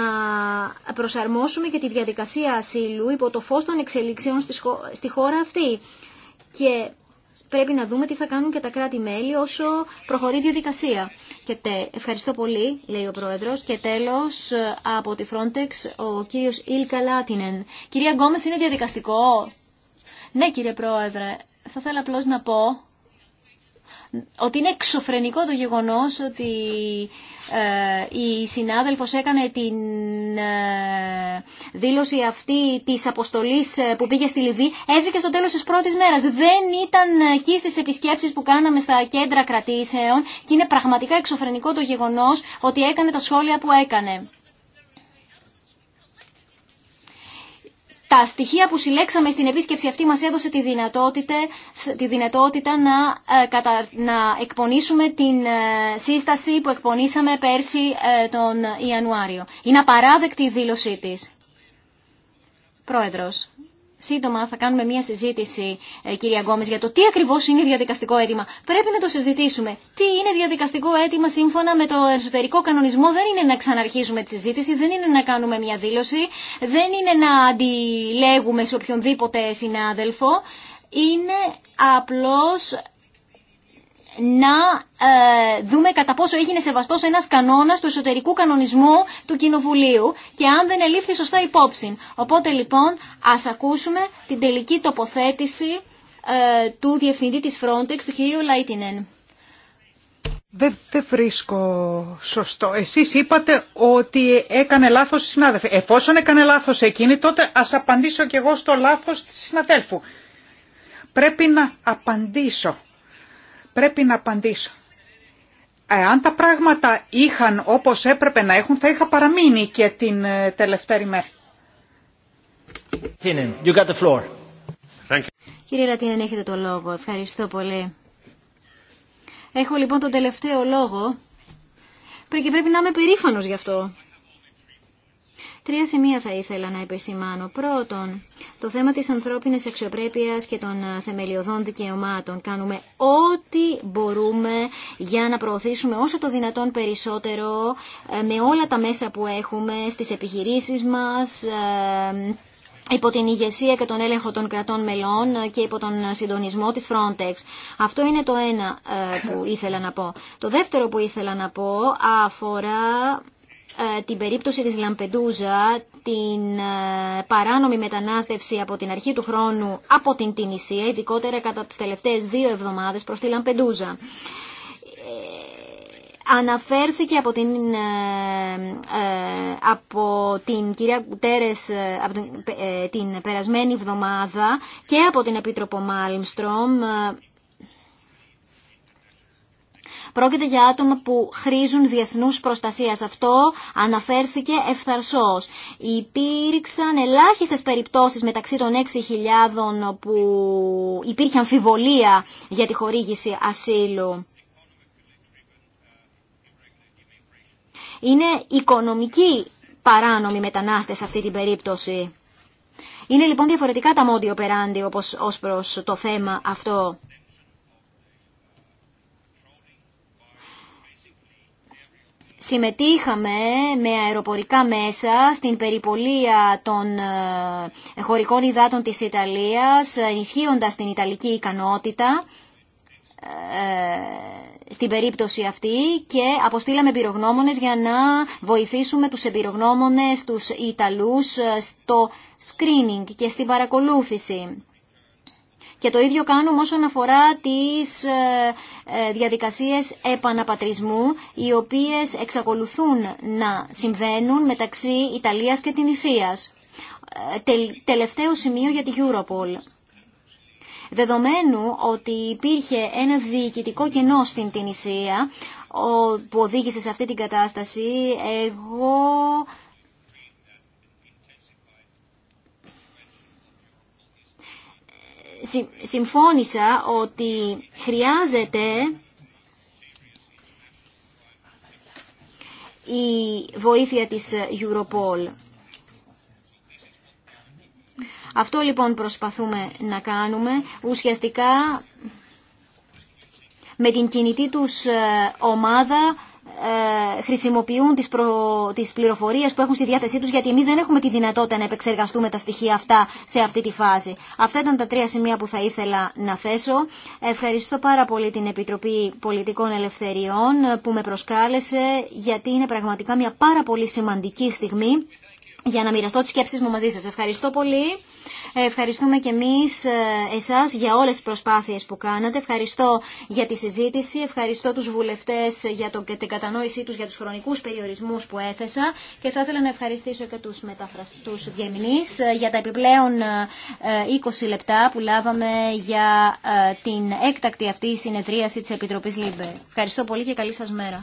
προσαρμόσουμε και τη διαδικασία ασύλου υπό το φως των εξελίξεων στη χώρα αυτή. Και πρέπει να δούμε τι θα κάνουν και τα κράτη-μέλη όσο προχωρεί η διαδικασία. Και τε, ευχαριστώ πολύ, λέει ο Πρόεδρος. Και τέλος, από τη Frontex, ο κύριος Ιλκα Λάτινεν. Κυρία Γκόμες, είναι διαδικαστικό. Ναι, κύριε Πρόεδρε, θα ήθελα απλώς να πω ότι είναι εξωφρενικό το γεγονός ότι ε, η συνάδελφος έκανε την ε, δήλωση αυτή της αποστολής ε, που πήγε στη Λιβύη έφυγε στο τέλος της πρώτης μέρας. Δεν ήταν εκεί στις επισκέψεις που κάναμε στα κέντρα κρατήσεων και είναι πραγματικά εξωφρενικό το γεγονός ότι έκανε τα σχόλια που έκανε. τα στοιχεία που συλλέξαμε στην επίσκεψη αυτή μας έδωσε τη δυνατότητα, τη δυνατότητα να, ε, να εκπονήσουμε την ε, σύσταση που εκπονήσαμε πέρσι ε, τον Ιανουάριο. Είναι απαράδεκτη η δήλωσή της. Πρόεδρος. Σύντομα θα κάνουμε μια συζήτηση, ε, κυρία Γκόμε, για το τι ακριβώ είναι διαδικαστικό αίτημα. Πρέπει να το συζητήσουμε. Τι είναι διαδικαστικό αίτημα σύμφωνα με το εσωτερικό κανονισμό δεν είναι να ξαναρχίζουμε τη συζήτηση, δεν είναι να κάνουμε μια δήλωση, δεν είναι να αντιλέγουμε σε οποιονδήποτε συνάδελφο. Είναι απλώς να ε, δούμε κατά πόσο έγινε σεβαστός ένας κανόνας του εσωτερικού κανονισμού του Κοινοβουλίου και αν δεν ελήφθη σωστά υπόψη. Οπότε λοιπόν ας ακούσουμε την τελική τοποθέτηση ε, του Διευθυντή της Frontex, του κυρίου Λάιτινεν. Δεν, βρίσκω σωστό. Εσείς είπατε ότι έκανε λάθος η συνάδελφη. Εφόσον έκανε λάθος εκείνη, τότε ας απαντήσω κι εγώ στο λάθο της συναδέλφου. Πρέπει να απαντήσω. Πρέπει να απαντήσω. Ε, αν τα πράγματα είχαν όπως έπρεπε να έχουν, θα είχα παραμείνει και την ε, τελευταία ημέρα. You got the floor. Κύριε Λατίνεν, έχετε το λόγο. Ευχαριστώ πολύ. Έχω λοιπόν τον τελευταίο λόγο και πρέπει να είμαι περήφανος γι' αυτό. Τρία σημεία θα ήθελα να επισημάνω. Πρώτον, το θέμα της ανθρώπινης αξιοπρέπειας και των ε, θεμελιωδών δικαιωμάτων. Κάνουμε ό,τι μπορούμε για να προωθήσουμε όσο το δυνατόν περισσότερο ε, με όλα τα μέσα που έχουμε στις επιχειρήσεις μας, ε, υπό την ηγεσία και τον έλεγχο των κρατών μελών και υπό τον συντονισμό της Frontex. Αυτό είναι το ένα που ήθελα να πω. Το δεύτερο που ήθελα να πω αφορά ε, την περίπτωση της Λαμπεντούζα, την ε, παράνομη μετανάστευση από την αρχή του χρόνου από την Τινησία, ειδικότερα κατά τις τελευταίες δύο εβδομάδες προς τη Λαμπεντούζα. Ε, αναφέρθηκε από την, από την κυρία Κουτέρες την, την περασμένη εβδομάδα και από την Επίτροπο Μάλμστρομ Πρόκειται για άτομα που χρήζουν διεθνούς προστασίας. Αυτό αναφέρθηκε ευθαρσώς. Υπήρξαν ελάχιστες περιπτώσεις μεταξύ των 6.000 που υπήρχε αμφιβολία για τη χορήγηση ασύλου. Είναι οικονομική παράνομη μετανάστες αυτή την περίπτωση. Είναι λοιπόν διαφορετικά τα μόντιο περάντι όπως ως προς το θέμα αυτό. συμμετείχαμε με αεροπορικά μέσα στην περιπολία των ε, χωρικών υδάτων της Ιταλίας, ενισχύοντας την Ιταλική ικανότητα ε, στην περίπτωση αυτή και αποστήλαμε πυρογνώμονες για να βοηθήσουμε τους εμπειρογνώμονες, τους Ιταλούς ε, στο screening και στην παρακολούθηση. Και το ίδιο κάνουμε όσον αφορά τις ε, ε, διαδικασίες επαναπατρισμού, οι οποίες εξακολουθούν να συμβαίνουν μεταξύ Ιταλίας και την ε, Τελευταίο σημείο για την Europol. Δεδομένου ότι υπήρχε ένα διοικητικό κενό στην Τινησία που οδήγησε σε αυτή την κατάσταση, εγώ συμφώνησα ότι χρειάζεται η βοήθεια της Europol. Αυτό λοιπόν προσπαθούμε να κάνουμε. Ουσιαστικά με την κινητή τους ε, ομάδα ε, χρησιμοποιούν τις, προ... τις πληροφορίες που έχουν στη διάθεσή τους γιατί εμείς δεν έχουμε τη δυνατότητα να επεξεργαστούμε τα στοιχεία αυτά σε αυτή τη φάση. Αυτά ήταν τα τρία σημεία που θα ήθελα να θέσω. Ευχαριστώ πάρα πολύ την Επιτροπή Πολιτικών Ελευθεριών που με προσκάλεσε γιατί είναι πραγματικά μια πάρα πολύ σημαντική στιγμή για να μοιραστώ τις σκέψεις μου μαζί σας. Ευχαριστώ πολύ. Ευχαριστούμε και εμείς ε, εσάς για όλες τις προσπάθειες που κάνατε. Ευχαριστώ για τη συζήτηση. Ευχαριστώ τους βουλευτές για την κατανόησή τους για τους χρονικούς περιορισμούς που έθεσα. Και θα ήθελα να ευχαριστήσω και τους τους διεμηνείς ε, για τα επιπλέον 20 ε, λεπτά που λάβαμε για την έκτακτη αυτή συνεδρίαση της Επιτροπής ΛΥΜΠΕ. Ευχαριστώ πολύ και καλή σας μέρα.